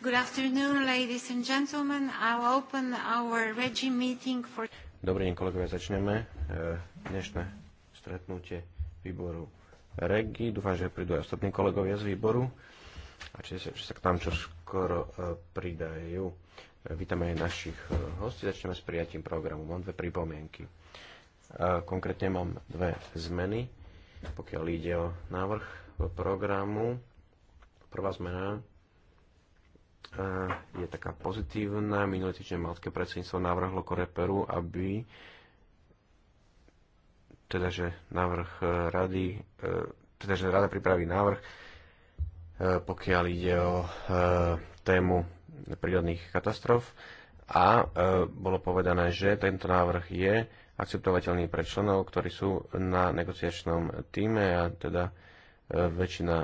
Good afternoon, ladies and gentlemen. I'll open our REGI meeting for... Dobrý deň, kolegovia, začneme eh, dnešné stretnutie výboru REGI. Dúfam, že prídu aj ostatní kolegovia z výboru a či sa, či sa k nám čo skoro eh, pridajú. Eh, vítame aj našich hostí. Začneme s prijatím programu. Mám dve pripomienky. Konkrétne mám dve zmeny, pokiaľ ide o návrh programu. Prvá zmena E, je taká pozitívna. Minulý týždeň malské predsedníctvo navrhlo Koreperu, aby teda, že návrh e, rady, e, teda, že rada pripraví návrh, pokiaľ ide o tému prírodných katastrof a bolo povedané, že tento návrh je akceptovateľný pre členov, ktorí sú na negociačnom týme a teda väčšina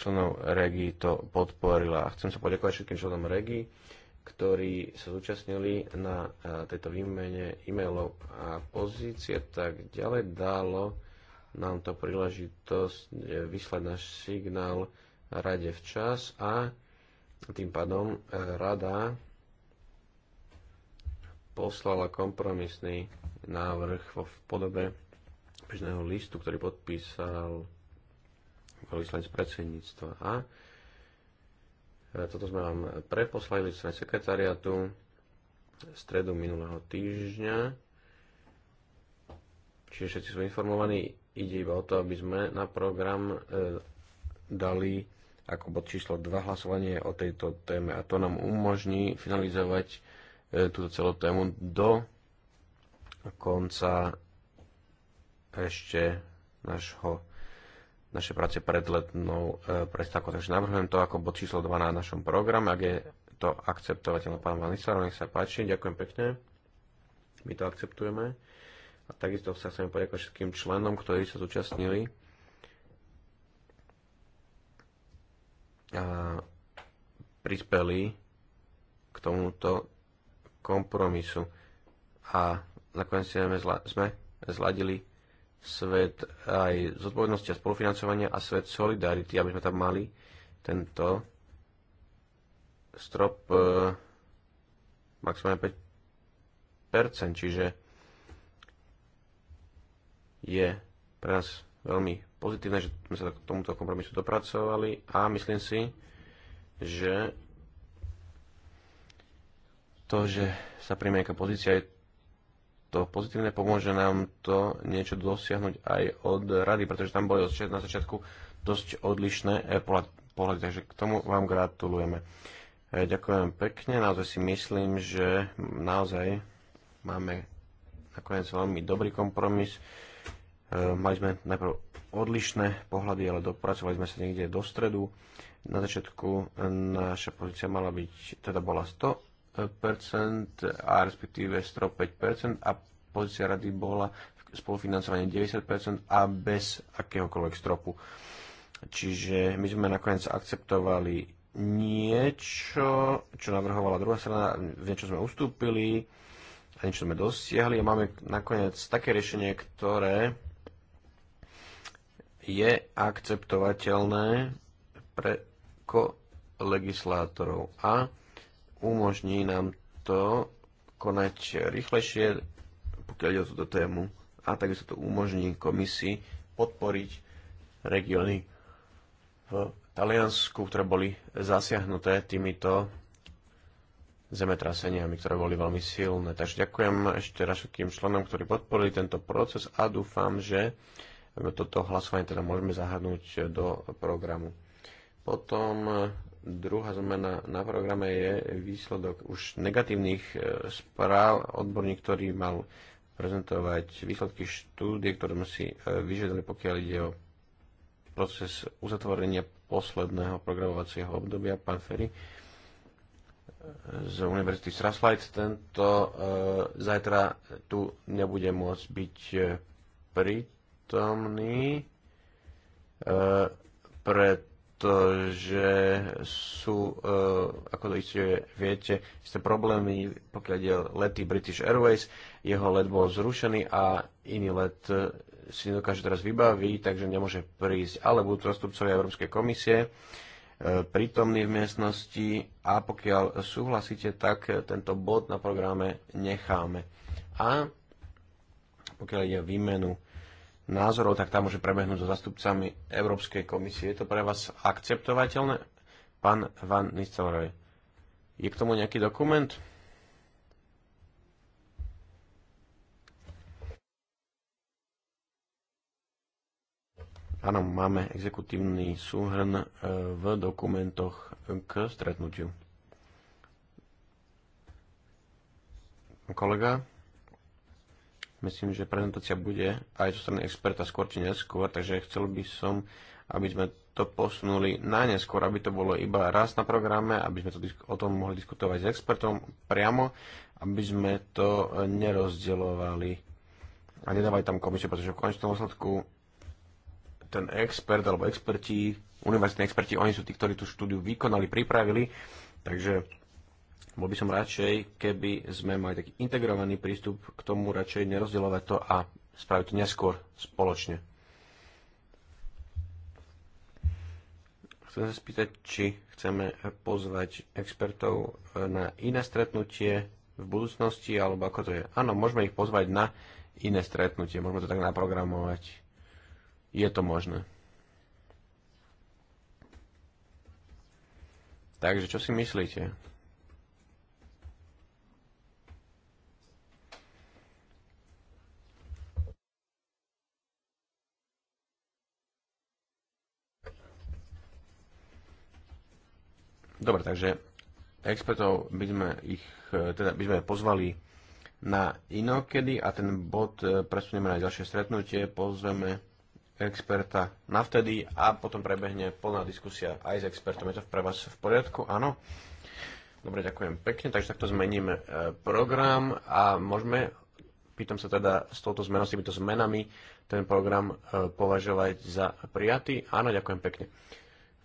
členov REGI to podporila. Chcem sa poďakovať všetkým členom REGI, ktorí sa zúčastnili na e, tejto výmene e-mailov a pozície, tak ďalej dalo nám to príležitosť e, vyslať náš signál rade včas a tým pádom e, rada poslala kompromisný návrh v podobe bežného listu, ktorý podpísal veľvyslanec predsedníctva. A e, toto sme vám preposlali na sekretariatu stredu minulého týždňa. Čiže všetci sú informovaní. Ide iba o to, aby sme na program e, dali ako bod číslo 2 hlasovanie o tejto téme. A to nám umožní finalizovať e, túto celú tému do konca ešte nášho naše práce pred letnou e, prestávkou. Takže navrhujem to ako bod číslo 2 na našom programe, ak je to akceptovateľné. Pán Van nech sa páči, ďakujem pekne. My to akceptujeme. A takisto sa chcem poďakovať všetkým členom, ktorí sa zúčastnili. A prispeli k tomuto kompromisu. A nakoniec sme, zla, sme zladili svet aj zodpovednosti a spolufinancovania a svet solidarity, aby sme tam mali tento strop e, maximálne 5%, čiže je pre nás veľmi pozitívne, že sme sa k tomuto kompromisu dopracovali a myslím si, že to, že sa príjme nejaká pozícia, je to pozitívne, pomôže nám to niečo dosiahnuť aj od rady, pretože tam boli na začiatku dosť odlišné eh, pohľady, takže k tomu vám gratulujeme. Eh, ďakujem pekne, naozaj si myslím, že naozaj máme nakoniec veľmi dobrý kompromis. Eh, mali sme najprv odlišné pohľady, ale dopracovali sme sa niekde do stredu. Na začiatku naša pozícia mala byť, teda bola 100 a respektíve strop 5% a pozícia rady bola spolufinancovanie 90% a bez akéhokoľvek stropu. Čiže my sme nakoniec akceptovali niečo, čo navrhovala druhá strana, v niečo sme ustúpili a niečo sme dosiahli a máme nakoniec také riešenie, ktoré je akceptovateľné pre ko legislátorov. A umožní nám to konať rýchlejšie, pokiaľ ide o túto tému, a takisto to umožní komisii podporiť regióny v Taliansku, ktoré boli zasiahnuté týmito zemetraseniami, ktoré boli veľmi silné. Takže ďakujem ešte raz všetkým členom, ktorí podporili tento proces a dúfam, že toto hlasovanie teda môžeme zahrnúť do programu. Potom Druhá zmena na programe je výsledok už negatívnych e, správ. Odborník, ktorý mal prezentovať výsledky štúdie, ktoré sme si e, vyžiadali, pokiaľ ide o proces uzatvorenia posledného programovacieho obdobia. Pán Ferry e, z Univerzity Straslajc, tento e, zajtra tu nebude môcť byť prítomný. E, pred pretože sú, eh, ako to isté viete, isté problémy, pokiaľ je lety British Airways, jeho let bol zrušený a iný let eh, si nedokáže teraz vybaviť, takže nemôže prísť. Ale budú zastupcovia Európskej komisie eh, prítomní v miestnosti a pokiaľ súhlasíte, tak tento bod na programe necháme. A pokiaľ ide o výmenu názorov, tak tá môže prebehnúť so zastupcami Európskej komisie. Je to pre vás akceptovateľné? Pán Van Nistelrooy, je k tomu nejaký dokument? Áno, máme exekutívny súhrn e, v dokumentoch k stretnutiu. Kolega? Myslím, že prezentácia bude aj zo strany experta skôr či neskôr, takže chcel by som, aby sme to posunuli na neskôr, aby to bolo iba raz na programe, aby sme to o tom mohli diskutovať s expertom priamo, aby sme to nerozdielovali a nedávali tam komisiu, pretože v konečnom dôsledku ten expert alebo experti, univerzitní experti, oni sú tí, ktorí tú štúdiu vykonali, pripravili, takže bol by som radšej, keby sme mali taký integrovaný prístup k tomu, radšej nerozdielovať to a spraviť to neskôr spoločne. Chcem sa spýtať, či chceme pozvať expertov na iné stretnutie v budúcnosti, alebo ako to je. Áno, môžeme ich pozvať na iné stretnutie, môžeme to tak naprogramovať. Je to možné. Takže čo si myslíte? Dobre, takže expertov by sme ich, e, teda by sme pozvali na inokedy a ten bod e, presunieme na ďalšie stretnutie, pozveme experta na vtedy a potom prebehne plná diskusia aj s expertom. Je to pre vás v poriadku? Áno? Dobre, ďakujem pekne. Takže takto zmeníme e, program a môžeme, pýtam sa teda s touto zmenou, s týmito zmenami, ten program považovať za prijatý? Áno, ďakujem pekne.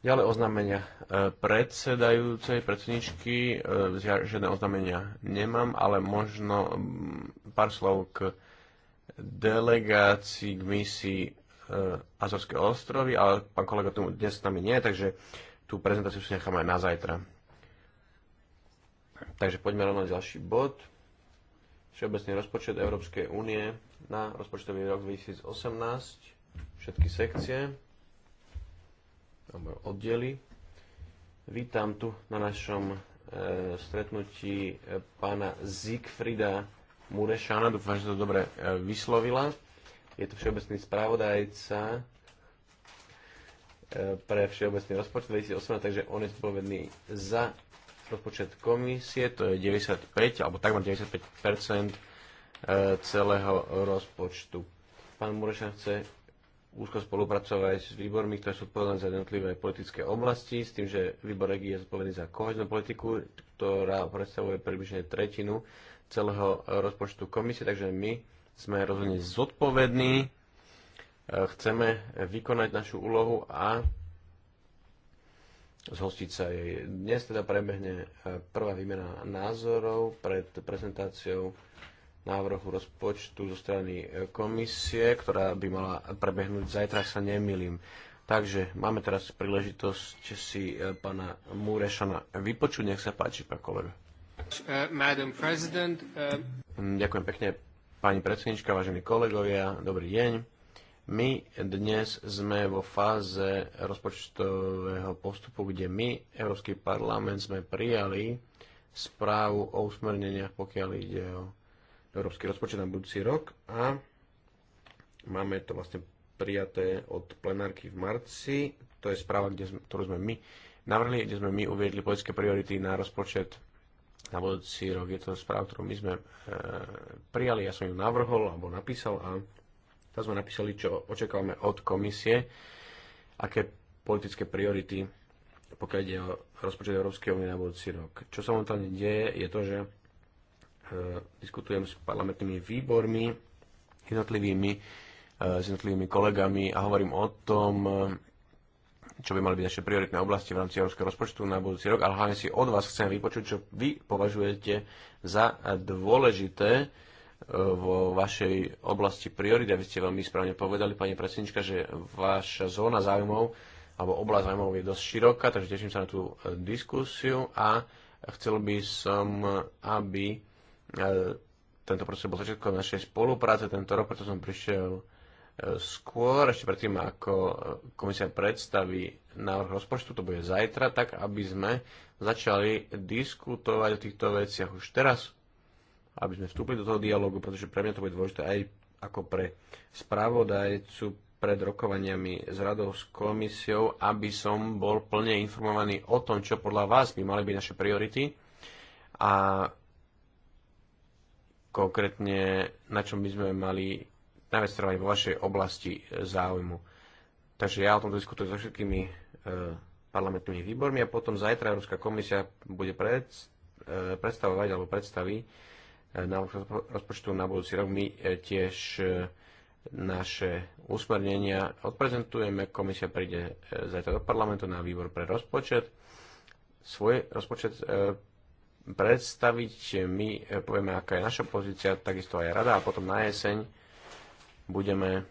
Ďalej oznámenia e, predsedajúcej, predsedničky. E, žiadne oznámenia nemám, ale možno mm, pár slov k delegácii k misii e, Azorské ostrovy, ale pán kolega tu dnes s nami nie, takže tú prezentáciu si necháme na zajtra. Takže poďme rovno na ďalší bod. Všeobecný rozpočet Európskej únie na rozpočtový rok 2018. Všetky sekcie oddeli. Vítam tu na našom e, stretnutí e, pána Zigfrida Murešana, dúfam, že to dobre e, vyslovila. Je to všeobecný spravodajca e, pre všeobecný rozpočet 2018, takže on je zodpovedný za rozpočet komisie, to je 95, alebo takmer 95 e, celého rozpočtu. Pán Murešan chce úzko spolupracovať s výbormi, ktoré sú odpovedné za jednotlivé politické oblasti, s tým, že výbor regie je zodpovedný za koheznú politiku, ktorá predstavuje približne tretinu celého rozpočtu komisie, takže my sme rozhodne zodpovední, e, chceme vykonať našu úlohu a zhostiť sa jej. Dnes teda prebehne e, prvá výmena názorov pred prezentáciou návrhu rozpočtu zo strany e, komisie, ktorá by mala prebehnúť zajtra, sa nemýlim. Takže máme teraz príležitosť si e, pána Múrešana vypočuť. Nech sa páči, pán kolega. Uh, uh... Mm, ďakujem pekne, pani predsednička, vážení kolegovia. Dobrý deň. My dnes sme vo fáze rozpočtového postupu, kde my, Európsky parlament, sme prijali správu o usmerneniach, pokiaľ ide o európsky rozpočet na budúci rok a máme to vlastne prijaté od plenárky v marci. To je správa, kde sme, ktorú sme my navrhli, kde sme my uviedli politické priority na rozpočet na budúci rok. Je to správa, ktorú my sme e, prijali, ja som ju navrhol alebo napísal a tam sme napísali, čo očakávame od komisie, aké politické priority, pokiaľ ide o rozpočet Európskej únie na budúci rok. Čo sa momentálne deje, je to, že E, diskutujem s parlamentnými výbormi, jednotlivými, e, s jednotlivými kolegami a hovorím o tom, e, čo by mali byť naše prioritné oblasti v rámci európskeho rozpočtu na budúci rok, ale hlavne si od vás chcem vypočuť, čo vy považujete za dôležité vo vašej oblasti priority. A vy ste veľmi správne povedali, pani predsednička, že vaša zóna záujmov alebo oblasť zájmov je dosť široká, takže teším sa na tú diskusiu a chcel by som, aby E, tento proces bol začiatkom našej spolupráce tento rok, preto som prišiel e, skôr, ešte predtým, ako e, komisia predstaví návrh rozpočtu, to bude zajtra, tak aby sme začali diskutovať o týchto veciach už teraz, aby sme vstúpili do toho dialogu, pretože pre mňa to bude dôležité aj ako pre spravodajcu pred rokovaniami s radou, s komisiou, aby som bol plne informovaný o tom, čo podľa vás by mali byť naše priority a konkrétne na čom by sme mali najviac trvať vo vašej oblasti záujmu. Takže ja o tom diskutujem so všetkými e, parlamentnými výbormi a potom zajtra Európska komisia bude pred, e, predstavovať alebo predstaví e, na rozpočtu na budúci rok. My tiež naše usmernenia odprezentujeme. Komisia príde zajtra do parlamentu na výbor pre rozpočet. Svoj rozpočet predstaviť. My povieme, aká je naša pozícia, takisto aj rada a potom na jeseň budeme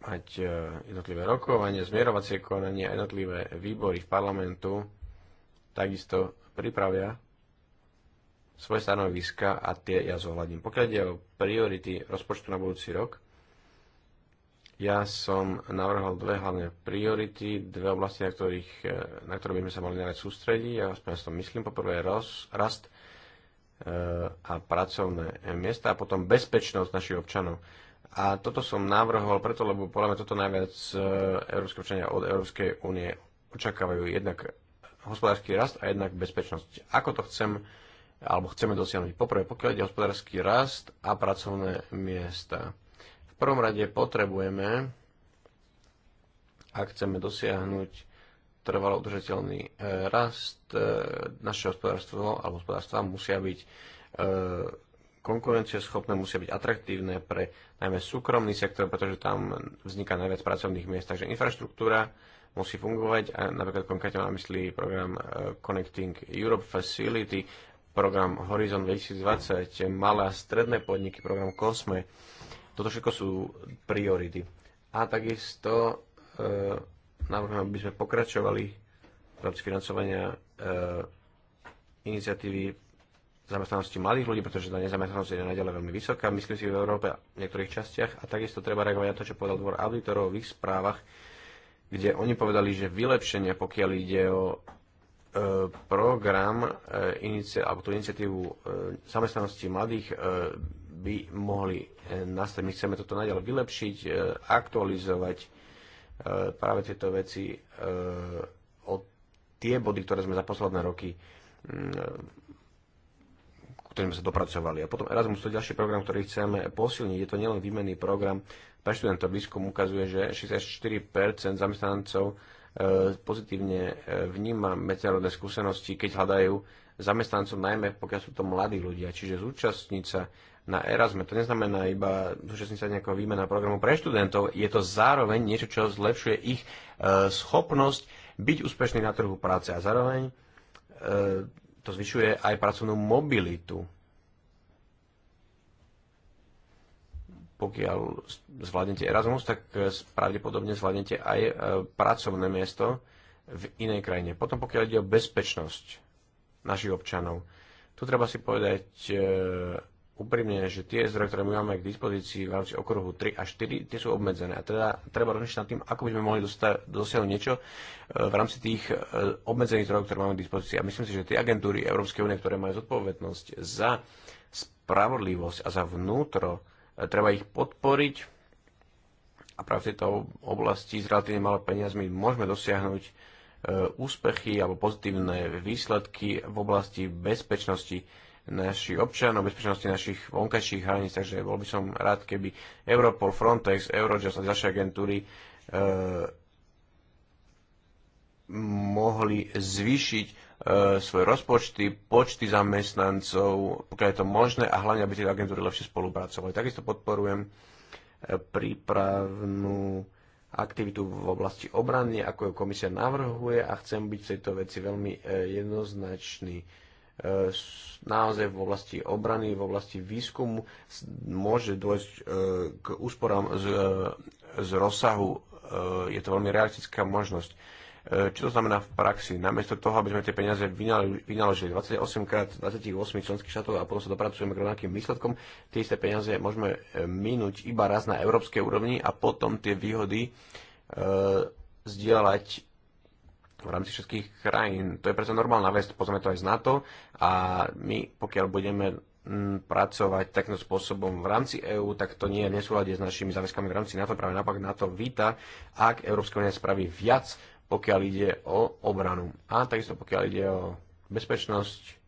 mať e, jednotlivé rokovanie, zmierovacie konanie a jednotlivé výbory v parlamentu takisto pripravia svoje stanoviska a tie ja zohľadím. Pokiaľ ide o priority rozpočtu na budúci rok, ja som navrhol dve hlavné priority, dve oblasti, na, ktorých, e, na ktoré by sme sa mali najviac sústrediť. Ja aspoň ja som myslím, poprvé roz, rast e, a pracovné miesta a potom bezpečnosť našich občanov. A toto som navrhol, preto, lebo podľa mňa toto najviac e, európske občania od Európskej únie očakávajú jednak hospodársky rast a jednak bezpečnosť. Ako to chcem alebo chceme dosiahnuť? Poprvé, pokiaľ ide hospodársky rast a pracovné miesta prvom rade potrebujeme, ak chceme dosiahnuť trvalo udržateľný e, rast, e, naše hospodárstvo alebo hospodárstva musia byť e, konkurencieschopné, musia byť atraktívne pre najmä súkromný sektor, pretože tam vzniká najviac pracovných miest. Takže infraštruktúra musí fungovať. A napríklad konkrétne mám myslí program Connecting Europe Facility, program Horizon 2020, malé a stredné podniky, program COSME. Toto všetko sú priority. A takisto e, navrhujem, aby sme pokračovali v rámci financovania e, iniciatívy zamestnanosti mladých ľudí, pretože tá nezamestnanosť je naďalej veľmi vysoká, myslím si v Európe v niektorých častiach a takisto treba reagovať na to, čo povedal dvor auditorov v ich správach, kde oni povedali, že vylepšenie, pokiaľ ide o e, program e, inici- alebo tú iniciatívu e, zamestnanosti mladých e, by mohli e, nastať. My chceme toto naďalej vylepšiť, e, aktualizovať e, práve tieto veci o tie body, ktoré sme za posledné roky mm, ktorým sme sa dopracovali. A potom Erasmus to je ďalší program, ktorý chceme posilniť. Je to nielen výmenný program pre študentov. Výskum ukazuje, že 64% zamestnancov pozitívne vníma medzinárodné skúsenosti, keď hľadajú zamestnancov, najmä pokiaľ sú to mladí ľudia. Čiže zúčastniť sa na Erasme. To neznamená iba zúčastniť sa nejakého výmena programu pre študentov, je to zároveň niečo, čo zlepšuje ich e, schopnosť byť úspešný na trhu práce a zároveň e, to zvyšuje aj pracovnú mobilitu. Pokiaľ zvládnete Erasmus, tak e, pravdepodobne zvládnete aj pracovné miesto v inej krajine. Potom pokiaľ ide o bezpečnosť našich občanov, tu treba si povedať úprimne, že tie zdroje, ktoré my máme k dispozícii v rámci okruhu 3 a 4, tie sú obmedzené. A teda treba rozmýšľať nad tým, ako by sme mohli dosiahnuť niečo e, v rámci tých e, obmedzených zdrojov, ktoré máme k dispozícii. A myslím si, že tie agentúry Európskej únie, ktoré majú zodpovednosť za spravodlivosť a za vnútro, e, treba ich podporiť a práve v tejto oblasti s relatívne malo peniazmi môžeme dosiahnuť úspechy alebo pozitívne výsledky v oblasti bezpečnosti našich občanov, bezpečnosti našich vonkajších hraníc, takže bol by som rád, keby Europol, Frontex, Eurojust a ďalšie agentúry e, mohli zvýšiť e, svoje rozpočty, počty zamestnancov, pokiaľ je to možné a hlavne, aby tie agentúry lepšie spolupracovali. Takisto podporujem e, prípravnú aktivitu v oblasti obrany, ako ju komisia navrhuje a chcem byť v tejto veci veľmi e, jednoznačný E, naozaj v oblasti obrany, v oblasti výskumu môže dôjsť e, k úsporám z, e, z rozsahu. Je to veľmi realistická možnosť. Čo to znamená v praxi? Namiesto toho, aby sme tie peniaze vynaložili 28 krát 28 členských štátov a potom sa dopracujeme k rovnakým výsledkom, tie isté peniaze môžeme minúť iba raz na európskej úrovni a potom tie výhody e, zdieľať v rámci všetkých krajín. To je preto normálna vec, poznáme to aj z NATO a my, pokiaľ budeme mm, pracovať takýmto spôsobom v rámci EÚ, tak to nie je nesúlade s našimi záväzkami v rámci NATO. Práve naopak NATO víta, ak Európska únia spraví viac, pokiaľ ide o obranu. A takisto pokiaľ ide o bezpečnosť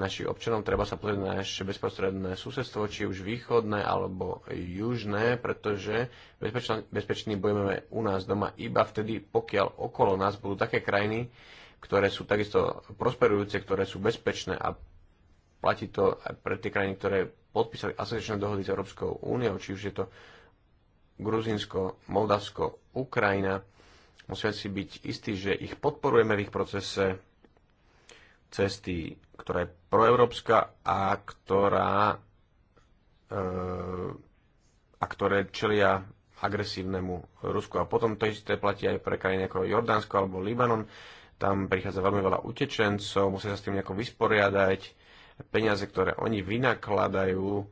našich občanov. Treba sa pozrieť na naše bezprostredné susedstvo, či už východné alebo južné, pretože bezpečný, bezpečný budeme u nás doma iba vtedy, pokiaľ okolo nás budú také krajiny, ktoré sú takisto prosperujúce, ktoré sú bezpečné a platí to aj pre tie krajiny, ktoré podpísali asociačné dohody s Európskou úniou, či už je to Gruzinsko, Moldavsko, Ukrajina. Musíme si byť istí, že ich podporujeme v ich procese cesty ktorá je proeurópska a ktorá e, a ktoré čelia agresívnemu Rusku. A potom to isté platí aj pre krajiny ako Jordánsko alebo Libanon. Tam prichádza veľmi veľa utečencov, musia sa s tým nejako vysporiadať. Peniaze, ktoré oni vynakladajú,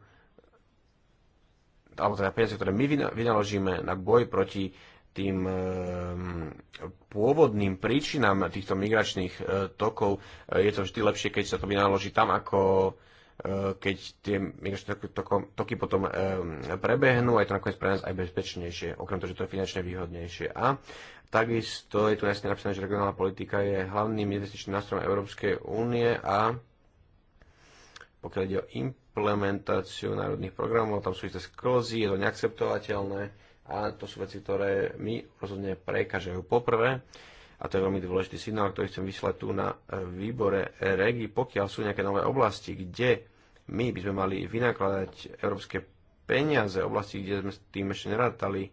alebo teda peniaze, ktoré my vynaložíme na boj proti tým eh, pôvodným príčinám týchto migračných eh, tokov, eh, je to vždy lepšie, keď sa to vynaloží tam, ako keď tie migračné toky potom prebehnú, aj to nakoniec pre nás aj bezpečnejšie, okrem toho, že to je finančne výhodnejšie. A takisto je tu jasne napísané, že regionálna politika je hlavným investičným nástrojom Európskej únie a pokiaľ ide o implementáciu národných programov, tam sú isté sklzy, je to neakceptovateľné a to sú veci, ktoré mi rozhodne prekážajú. Poprvé, a to je veľmi dôležitý signál, ktorý chcem vyslať tu na výbore REGI, pokiaľ sú nejaké nové oblasti, kde my by sme mali vynakladať európske peniaze, oblasti, kde sme s tým ešte nerátali.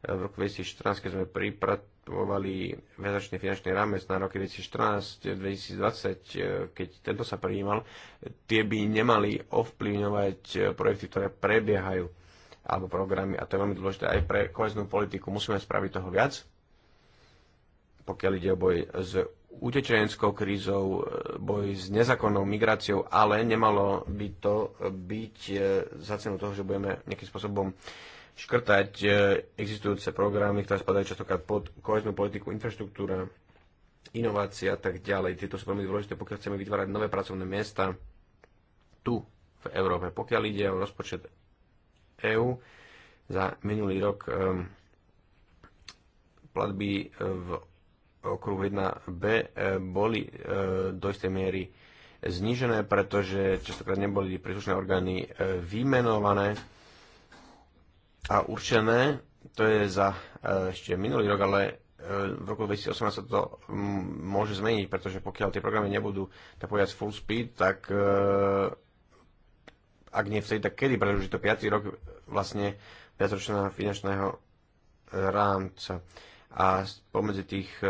V roku 2014, keď sme pripravovali viacročný finančný rámec na roky 2014-2020, keď tento sa prijímal, tie by nemali ovplyvňovať projekty, ktoré prebiehajú alebo programy a to je veľmi dôležité aj pre koheznú politiku. Musíme spraviť toho viac, pokiaľ ide o boj s utečenskou krízou, boj s nezákonnou migráciou, ale nemalo by to byť e, za cenu toho, že budeme nejakým spôsobom škrtať e, existujúce programy, ktoré spadajú častokrát pod koheznú politiku, infraštruktúra, inovácia a tak ďalej. Tieto sú veľmi dôležité, pokiaľ chceme vytvárať nové pracovné miesta tu v Európe. Pokiaľ ide o rozpočet EÚ. Za minulý rok ehm, platby eh, v okruhu 1B eh, boli eh, do istej miery znížené, pretože častokrát neboli príslušné orgány vymenované a určené. To je za ešte minulý rok, ale v roku 2018 sa to mm, môže zmeniť, pretože pokiaľ tie programy nebudú tak povedať full speed, tak ak nie vtedy, tak kedy pretože to 5. rok vlastne viacročného finančného e, rámca. A pomedzi tých e,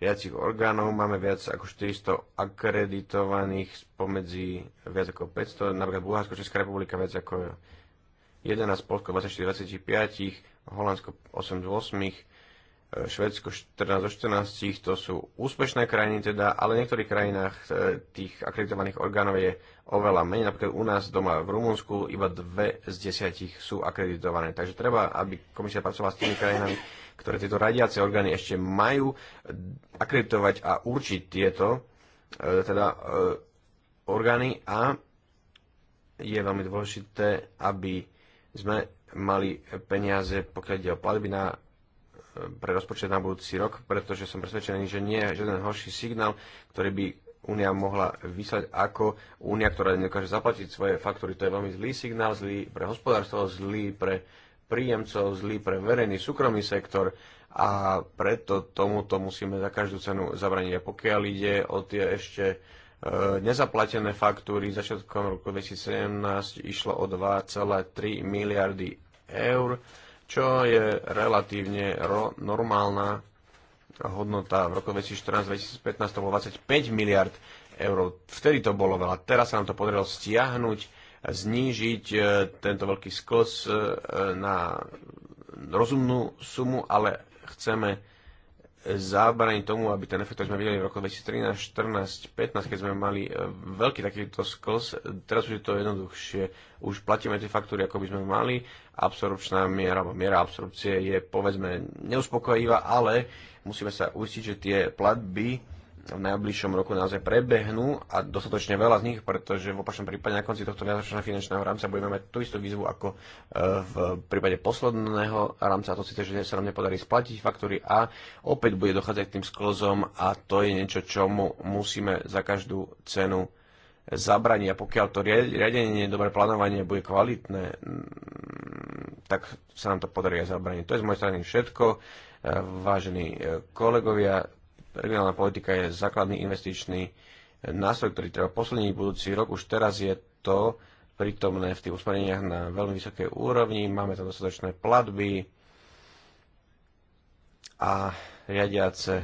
riadcich orgánov máme viac ako 400 akreditovaných pomedzi viac ako 500, napríklad Bulharsko, Česká republika viac ako 11, Polsko 24, 25, Holandsko 8 z 8, Švedsko 14 zo 14, to sú úspešné krajiny teda, ale v niektorých krajinách e, tých akreditovaných orgánov je oveľa menej. Napríklad u nás doma v Rumunsku iba dve z desiatich sú akreditované. Takže treba, aby komisia pracovala s tými krajinami, ktoré tieto radiace orgány ešte majú e, akreditovať a určiť tieto e, teda orgány a je veľmi dôležité, aby sme mali peniaze, pokiaľ ide o platby na pre rozpočet na budúci rok, pretože som presvedčený, že nie je žiaden horší signál, ktorý by Únia mohla vyslať ako Únia, ktorá nedokáže zaplatiť svoje faktúry. To je veľmi zlý signál, zlý pre hospodárstvo, zlý pre príjemcov, zlý pre verejný, súkromný sektor a preto tomuto musíme za každú cenu zabraniť. A pokiaľ ide o tie ešte e, nezaplatené faktúry, začiatkom roku 2017 išlo o 2,3 miliardy eur čo je relatívne ro- normálna hodnota v roku 2014-2015 to bolo 25 miliard eur. Vtedy to bolo veľa. Teraz sa nám to podarilo stiahnuť, znížiť e, tento veľký skos e, e, na rozumnú sumu, ale chceme zábraň tomu, aby ten efekt, ktorý sme videli v roku 2013, 2014-2015, keď sme mali e, veľký takýto sklz, teraz už je to jednoduchšie. Už platíme tie faktúry, ako by sme mali. Absorpčná miera, alebo miera absorpcie je, povedzme, neuspokojivá, ale musíme sa uistiť, že tie platby v najbližšom roku naozaj prebehnú a dostatočne veľa z nich, pretože v opačnom prípade na konci tohto viacročného finančného rámca budeme mať tú istú výzvu ako e, v prípade posledného rámca, a to síce, že sa nám nepodarí splatiť faktory a opäť bude dochádzať k tým sklzom a to je niečo, čo musíme za každú cenu zabraniť. A pokiaľ to riadenie, dobré plánovanie bude kvalitné, mm, tak sa nám to podarí aj zabraniť. To je z mojej strany všetko. E, vážení e, kolegovia, Regionálna politika je základný investičný nástroj, ktorý treba posilniť budúci rok. Už teraz je to prítomné v tých usmereniach na veľmi vysokej úrovni, máme tam dostatočné platby a riadiace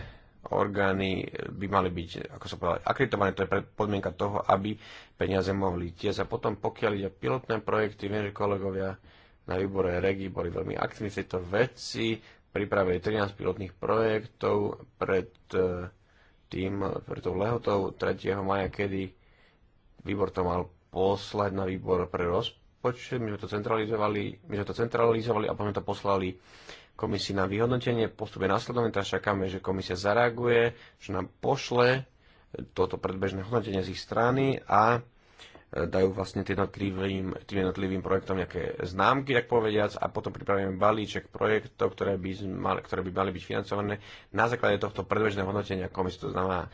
orgány by mali byť, ako sa povedal, akreditované, to je podmienka toho, aby peniaze mohli tiesť. A potom, pokiaľ ide pilotné projekty, viem, že kolegovia na výbore REGI boli veľmi aktívni v tejto veci, pripravili 13 pilotných projektov pred e, tým, pred tou lehotou 3. maja, kedy výbor to mal poslať na výbor pre rozpočet. My sme to centralizovali, my sme to centralizovali a potom to poslali komisii na vyhodnotenie. Postup je následovný, teraz čakáme, že komisia zareaguje, že nám pošle toto predbežné hodnotenie z ich strany a dajú vlastne tým jednotlivým, tým jednotlivým projektom nejaké známky, tak povediac, a potom pripravíme balíček projektov, ktoré by, mali, ktoré by mali byť financované na základe tohto predbežného hodnotenia komisie. To znamená,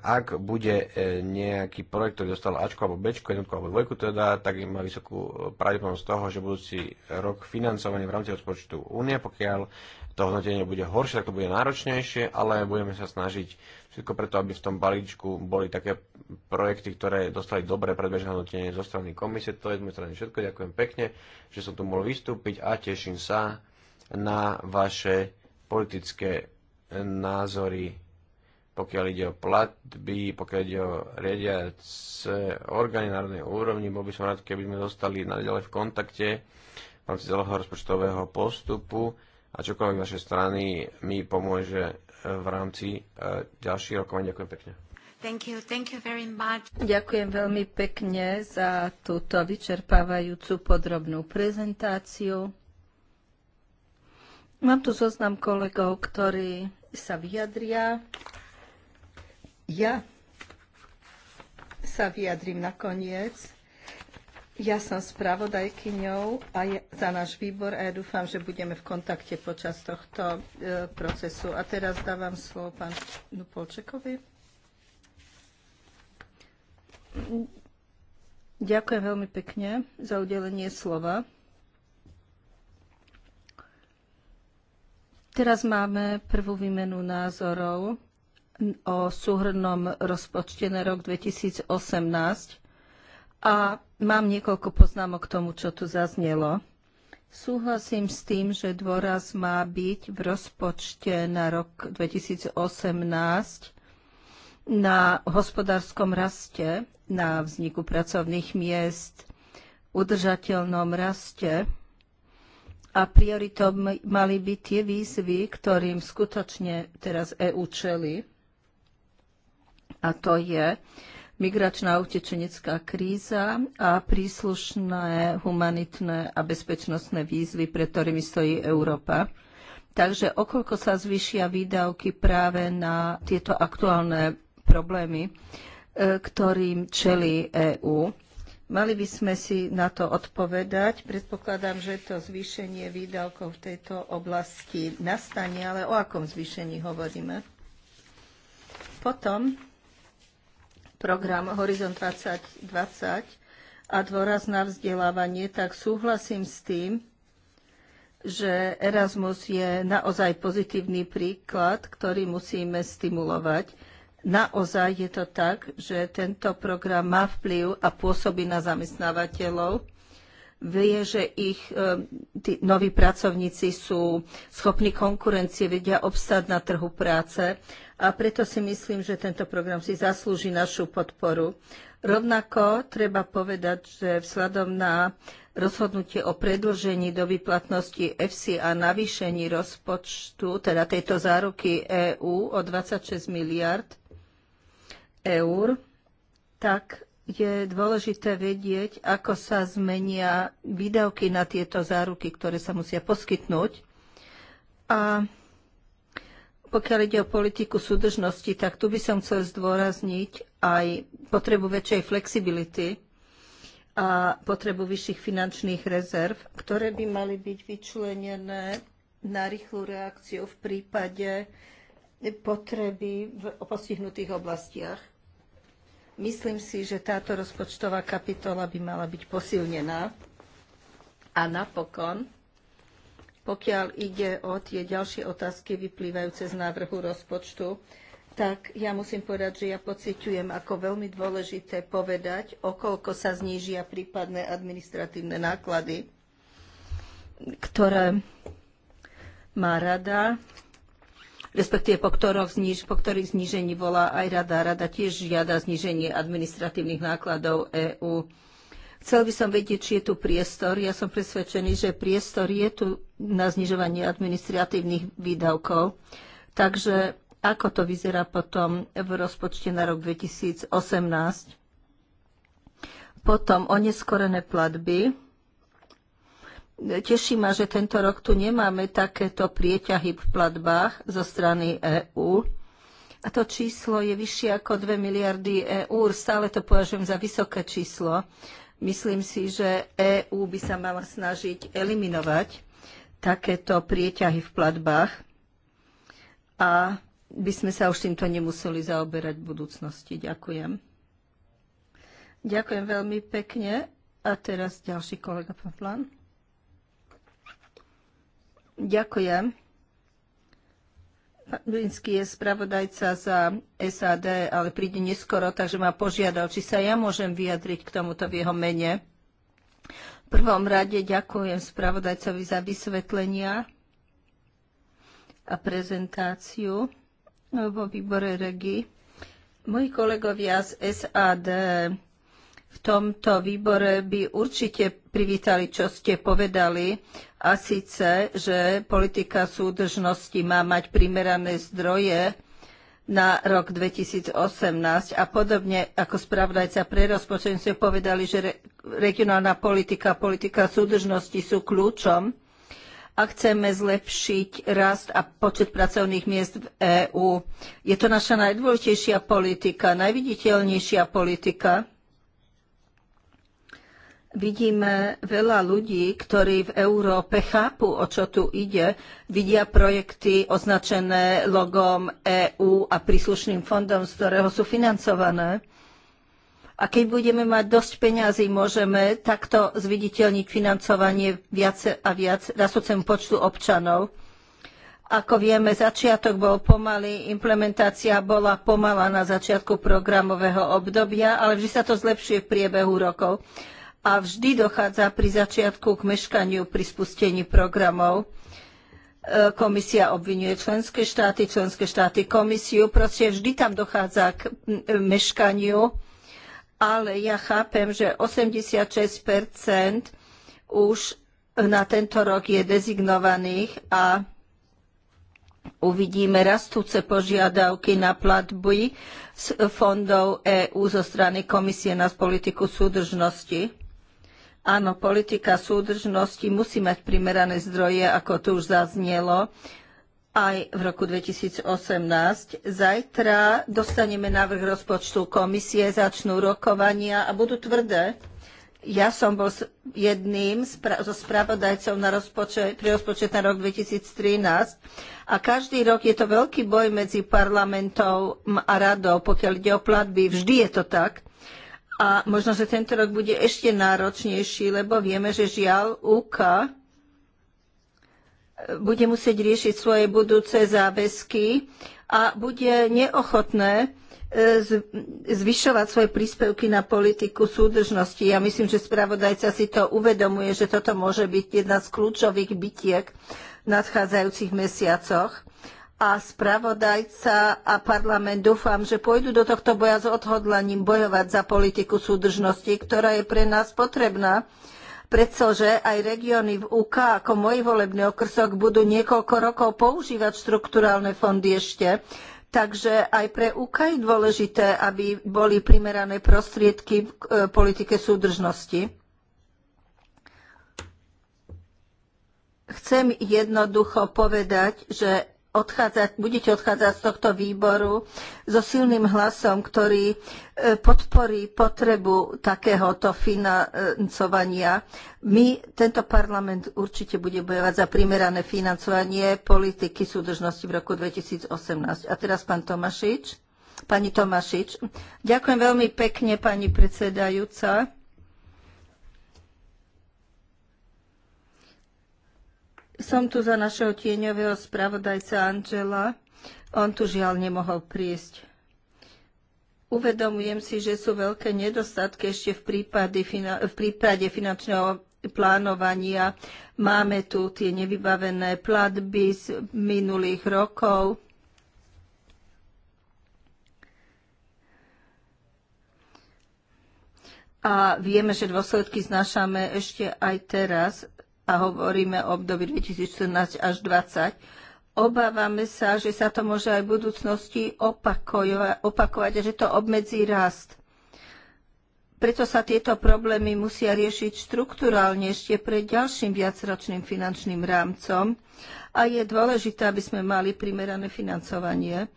ak bude e, nejaký projekt, ktorý dostal Ačko alebo Bčko, jednotku alebo dvojku teda, tak má vysokú pravdepodobnosť toho, že budúci rok financovanie v rámci rozpočtu únie, pokiaľ to hodnotenie bude horšie, tak to bude náročnejšie, ale budeme sa snažiť všetko preto, aby v tom balíčku boli také projekty, ktoré dostali dobré predbežné hodnotenie zo strany komisie. To je z mojej strany všetko. Ďakujem pekne, že som tu mohol vystúpiť a teším sa na vaše politické názory, pokiaľ ide o platby, pokiaľ ide o riadiace orgány národnej úrovni. Bol by som rád, keby sme zostali naďalej v kontakte v rámci celého rozpočtového postupu a čokoľvek z našej strany mi pomôže e, v rámci e, ďalších rokovaní. Ďakujem pekne. Thank you. Thank you very much. Ďakujem veľmi pekne za túto vyčerpávajúcu podrobnú prezentáciu. Mám tu zoznam kolegov, ktorí sa vyjadria. Ja sa vyjadrím nakoniec. Ja som spravodajkyňou a je, za náš výbor a ja dúfam, že budeme v kontakte počas tohto e, procesu. A teraz dávam slovo pánu Polčekovi. Ďakujem veľmi pekne za udelenie slova. Teraz máme prvú výmenu názorov o súhrnom rozpočte na rok 2018. A mám niekoľko poznámok k tomu, čo tu zaznelo. Súhlasím s tým, že dôraz má byť v rozpočte na rok 2018 na hospodárskom raste, na vzniku pracovných miest, udržateľnom raste a prioritou mali byť tie výzvy, ktorým skutočne teraz EU čeli. A to je migračná utečenecká kríza a príslušné humanitné a bezpečnostné výzvy, pre ktorými stojí Európa. Takže okolko sa zvyšia výdavky práve na tieto aktuálne problémy, e, ktorým čelí EÚ. Mali by sme si na to odpovedať. Predpokladám, že to zvýšenie výdavkov v tejto oblasti nastane, ale o akom zvýšení hovoríme? Potom program Horizon 2020 a dôraz na vzdelávanie, tak súhlasím s tým, že Erasmus je naozaj pozitívny príklad, ktorý musíme stimulovať. Naozaj je to tak, že tento program má vplyv a pôsobí na zamestnávateľov vie, že ich e, tí noví pracovníci sú schopní konkurencie, vedia obstáť na trhu práce a preto si myslím, že tento program si zaslúži našu podporu. Rovnako treba povedať, že vzhľadom na rozhodnutie o predlžení doby platnosti EFSI a navýšení rozpočtu, teda tejto záruky EÚ o 26 miliard eur, tak je dôležité vedieť, ako sa zmenia výdavky na tieto záruky, ktoré sa musia poskytnúť. A pokiaľ ide o politiku súdržnosti, tak tu by som chcel zdôrazniť aj potrebu väčšej flexibility a potrebu vyšších finančných rezerv, ktoré by mali byť vyčlenené na rýchlu reakciu v prípade potreby v postihnutých oblastiach. Myslím si, že táto rozpočtová kapitola by mala byť posilnená. A napokon, pokiaľ ide o tie ďalšie otázky vyplývajúce z návrhu rozpočtu, tak ja musím povedať, že ja pociťujem ako veľmi dôležité povedať, koľko sa znížia prípadné administratívne náklady, ktoré má rada respektíve po, zniž, po ktorých znížení volá aj rada. Rada tiež žiada zníženie administratívnych nákladov EÚ. Chcel by som vedieť, či je tu priestor. Ja som presvedčený, že priestor je tu na znižovanie administratívnych výdavkov. Takže ako to vyzerá potom v rozpočte na rok 2018? Potom oneskorené platby Teší ma, že tento rok tu nemáme takéto prieťahy v platbách zo strany EÚ. A to číslo je vyššie ako 2 miliardy eur. Stále to považujem za vysoké číslo. Myslím si, že EÚ by sa mala snažiť eliminovať takéto prieťahy v platbách a by sme sa už týmto nemuseli zaoberať v budúcnosti. Ďakujem. Ďakujem veľmi pekne. A teraz ďalší kolega Paplan. Ďakujem. Vinsky je spravodajca za SAD, ale príde neskoro, takže ma požiadal, či sa ja môžem vyjadriť k tomuto v jeho mene. V prvom rade ďakujem spravodajcovi za vysvetlenia a prezentáciu vo výbore REGI. Moji kolegovia z SAD v tomto výbore by určite privítali, čo ste povedali a síce, že politika súdržnosti má mať primerané zdroje na rok 2018 a podobne ako spravodajca pre rozpočet povedali, že re, regionálna politika a politika súdržnosti sú kľúčom a chceme zlepšiť rast a počet pracovných miest v EÚ. Je to naša najdôležitejšia politika, najviditeľnejšia politika Vidíme eh, veľa ľudí, ktorí v Európe chápu, o čo tu ide, vidia projekty označené logom EÚ a príslušným fondom, z ktorého sú financované. A keď budeme mať dosť peňazí, môžeme takto zviditeľniť financovanie viac a viac rastúcemu počtu občanov. Ako vieme, začiatok bol pomalý, implementácia bola pomalá na začiatku programového obdobia, ale vždy sa to zlepšuje v priebehu rokov a vždy dochádza pri začiatku k meškaniu pri spustení programov. E, komisia obvinuje členské štáty, členské štáty komisiu, proste vždy tam dochádza k meškaniu, ale ja chápem, že 86 už na tento rok je dezignovaných a uvidíme rastúce požiadavky na platby z fondov EÚ zo strany Komisie na politiku súdržnosti Áno, politika súdržnosti musí mať primerané zdroje, ako to už zaznelo, aj v roku 2018. Zajtra dostaneme návrh rozpočtu komisie, začnú rokovania a budú tvrdé. Ja som bol jedným zo spravodajcov na rozpočet, pri rozpočet na rok 2013 a každý rok je to veľký boj medzi parlamentom a radou, pokiaľ ide o platby. Vždy je to tak. A možno, že tento rok bude ešte náročnejší, lebo vieme, že žiaľ UK e, bude musieť riešiť svoje budúce záväzky a bude neochotné e, zvyšovať svoje príspevky na politiku súdržnosti. Ja myslím, že spravodajca si to uvedomuje, že toto môže byť jedna z kľúčových bitiek v nadchádzajúcich mesiacoch a spravodajca a parlament dúfam, že pôjdu do tohto boja s odhodlaním bojovať za politiku súdržnosti, ktorá je pre nás potrebná, pretože aj regióny v UK ako môj volebný okrsok budú niekoľko rokov používať štrukturálne fondy ešte. Takže aj pre UK je dôležité, aby boli primerané prostriedky v e, politike súdržnosti. Chcem jednoducho povedať, že odchádzať, budete odchádzať z tohto výboru so silným hlasom, ktorý e, podporí potrebu takéhoto financovania. My, tento parlament určite bude bojovať za primerané financovanie politiky súdržnosti v roku 2018. A teraz pán Tomašič. Pani Tomašič. Ďakujem veľmi pekne, pani predsedajúca. Som tu za našeho tieňového spravodajca Angela. On tu žiaľ nemohol prísť. Uvedomujem si, že sú veľké nedostatky ešte v prípade, v prípade finančného plánovania. Máme tu tie nevybavené platby z minulých rokov. A vieme, že dôsledky znašame ešte aj teraz a hovoríme o období 2014 až 2020, obávame sa, že sa to môže aj v budúcnosti opakovať, a že to obmedzí rast. Preto sa tieto problémy musia riešiť štruktúralne ešte pred ďalším viacročným finančným rámcom a je dôležité, aby sme mali primerané financovanie.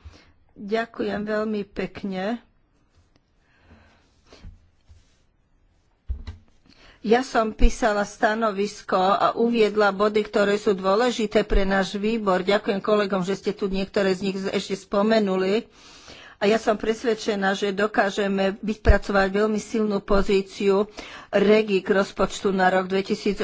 Ďakujem veľmi pekne. Ja som písala stanovisko a uviedla body, ktoré sú dôležité pre náš výbor. Ďakujem kolegom, že ste tu niektoré z nich ešte spomenuli. A ja som presvedčená, že dokážeme vypracovať veľmi silnú pozíciu regi k rozpočtu na rok 2018.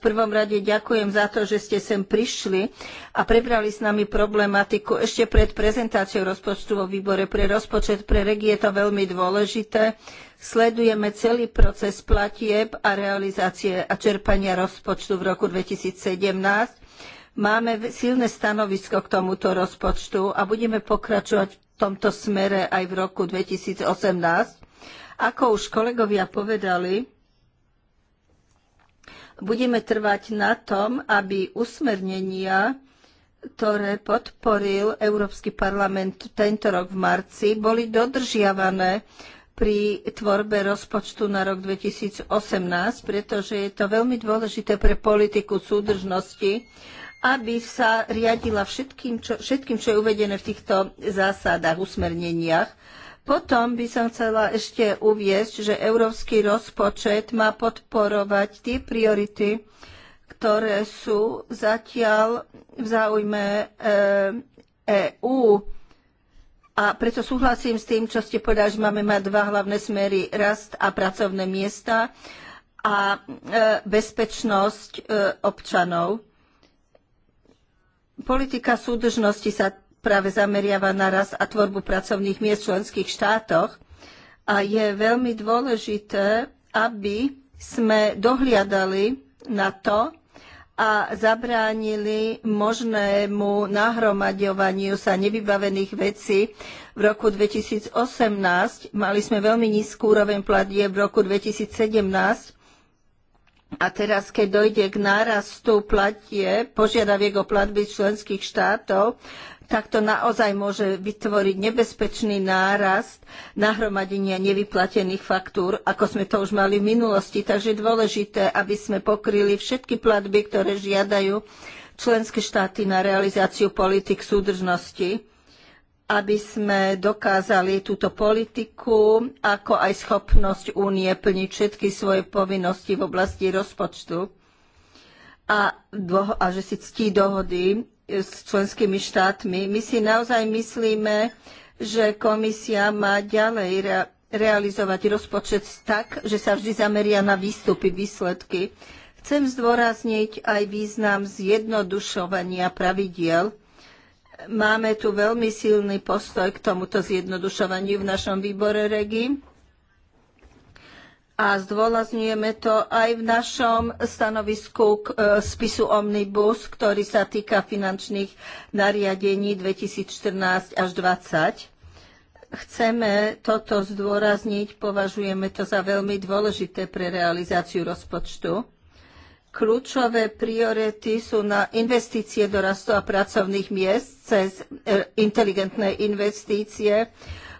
V prvom rade ďakujem za to, že ste sem prišli a prebrali s nami problematiku ešte pred prezentáciou rozpočtu vo výbore pre rozpočet. Pre regi je to veľmi dôležité. Sledujeme celý proces platieb a realizácie a čerpania rozpočtu v roku 2017 máme silné stanovisko k tomuto rozpočtu a budeme pokračovať tomto smere aj v roku 2018. Ako už kolegovia povedali, budeme trvať na tom, aby usmernenia, ktoré podporil Európsky parlament tento rok v marci, boli dodržiavané pri tvorbe rozpočtu na rok 2018, pretože je to veľmi dôležité pre politiku súdržnosti aby sa riadila všetkým čo, všetkým, čo je uvedené v týchto zásadách, usmerneniach. Potom by som chcela ešte uviesť, že európsky rozpočet má podporovať tie priority, ktoré sú zatiaľ v záujme EÚ. E a preto súhlasím s tým, čo ste povedali, že máme mať dva hlavné smery, rast a pracovné miesta a e, bezpečnosť e, občanov Politika súdržnosti sa práve zameriava na rast a tvorbu pracovných miest v členských štátoch a je veľmi dôležité, aby sme dohliadali na to a zabránili možnému nahromaďovaniu sa nevybavených vecí. V roku 2018 mali sme veľmi nízku úroveň platie v roku 2017 a teraz, keď dojde k nárastu platie, požiadaviek o platby členských štátov, tak to naozaj môže vytvoriť nebezpečný nárast nahromadenia nevyplatených faktúr, ako sme to už mali v minulosti. Takže je dôležité, aby sme pokryli všetky platby, ktoré žiadajú členské štáty na realizáciu politik súdržnosti aby sme dokázali túto politiku, ako aj schopnosť únie plniť všetky svoje povinnosti v oblasti rozpočtu a, a že si ctí dohody e, s členskými štátmi. My si naozaj myslíme, že komisia má ďalej realizovať rozpočet tak, že sa vždy zameria na výstupy, výsledky. Chcem zdôrazniť aj význam zjednodušovania pravidiel, Máme tu veľmi silný postoj k tomuto zjednodušovaniu v našom výbore REGI a zdôrazňujeme to aj v našom stanovisku k e, spisu Omnibus, ktorý sa týka finančných nariadení 2014 až 2020. Chceme toto zdôrazniť, považujeme to za veľmi dôležité pre realizáciu rozpočtu. Kľúčové priority sú na investície do rastu a pracovných miest cez e, inteligentné investície,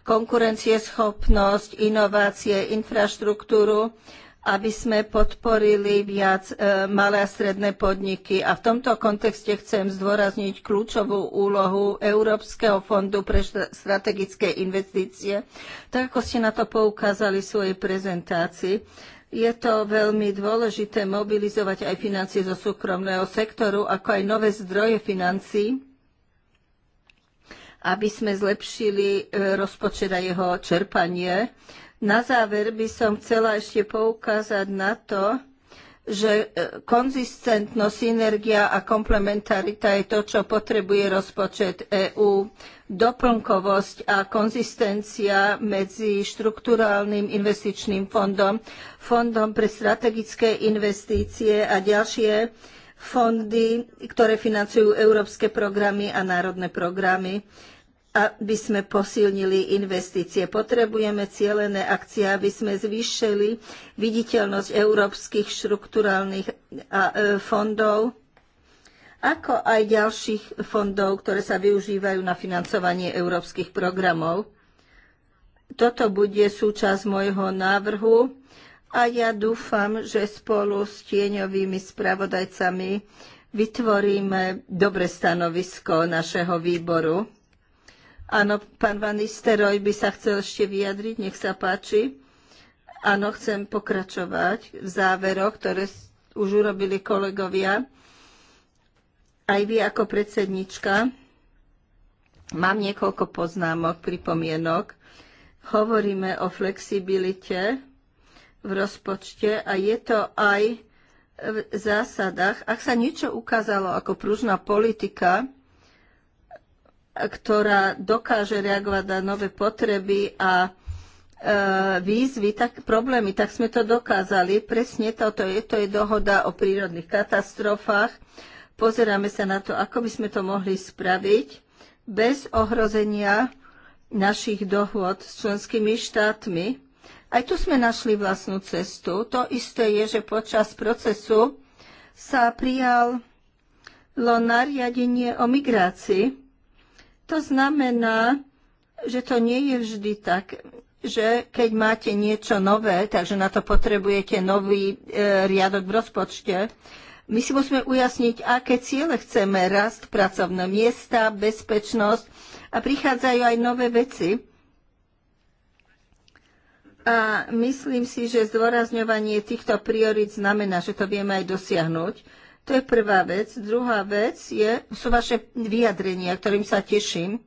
konkurencieschopnosť, inovácie, infraštruktúru, aby sme podporili viac e, malé a stredné podniky. A v tomto kontexte chcem zdôrazniť kľúčovú úlohu Európskeho fondu pre strategické investície, tak ako ste na to poukázali v svojej prezentácii je to veľmi dôležité mobilizovať aj financie zo súkromného sektoru, ako aj nové zdroje financií, aby sme zlepšili e, rozpočet a jeho čerpanie. Na záver by som chcela ešte poukázať na to, že e, konzistentnosť, synergia a komplementarita je to, čo potrebuje rozpočet EÚ. Doplnkovosť a konzistencia medzi štruktúrálnym investičným fondom, fondom pre strategické investície a ďalšie fondy, ktoré financujú európske programy a národné programy aby sme posilnili investície. Potrebujeme cielené akcie, aby sme zvýšili viditeľnosť európskych štrukturálnych e, fondov, ako aj ďalších fondov, ktoré sa využívajú na financovanie európskych programov. Toto bude súčasť môjho návrhu a ja dúfam, že spolu s tieňovými spravodajcami vytvoríme dobre stanovisko našeho výboru Áno, pán Van Nisteroj by sa chcel ešte vyjadriť, nech sa páči. Áno, chcem pokračovať v záveroch, ktoré už urobili kolegovia. Aj vy ako predsednička mám niekoľko poznámok, pripomienok. Hovoríme o flexibilite v rozpočte a je to aj v zásadách. Ak sa niečo ukázalo ako pružná politika, ktorá dokáže reagovať na nové potreby a e, výzvy, tak problémy, tak sme to dokázali. Presne toto je, to je dohoda o prírodných katastrofách. Pozeráme sa na to, ako by sme to mohli spraviť bez ohrozenia našich dohôd s členskými štátmi. Aj tu sme našli vlastnú cestu. To isté je, že počas procesu sa prijalo nariadenie o migrácii, to znamená, že to nie je vždy tak, že keď máte niečo nové, takže na to potrebujete nový e, riadok v rozpočte, my si musíme ujasniť, aké ciele chceme, rast, pracovné miesta, bezpečnosť a prichádzajú aj nové veci. A myslím si, že zdôrazňovanie týchto priorit znamená, že to vieme aj dosiahnuť. To je prvá vec. Druhá vec je, sú vaše vyjadrenia, ktorým sa teším,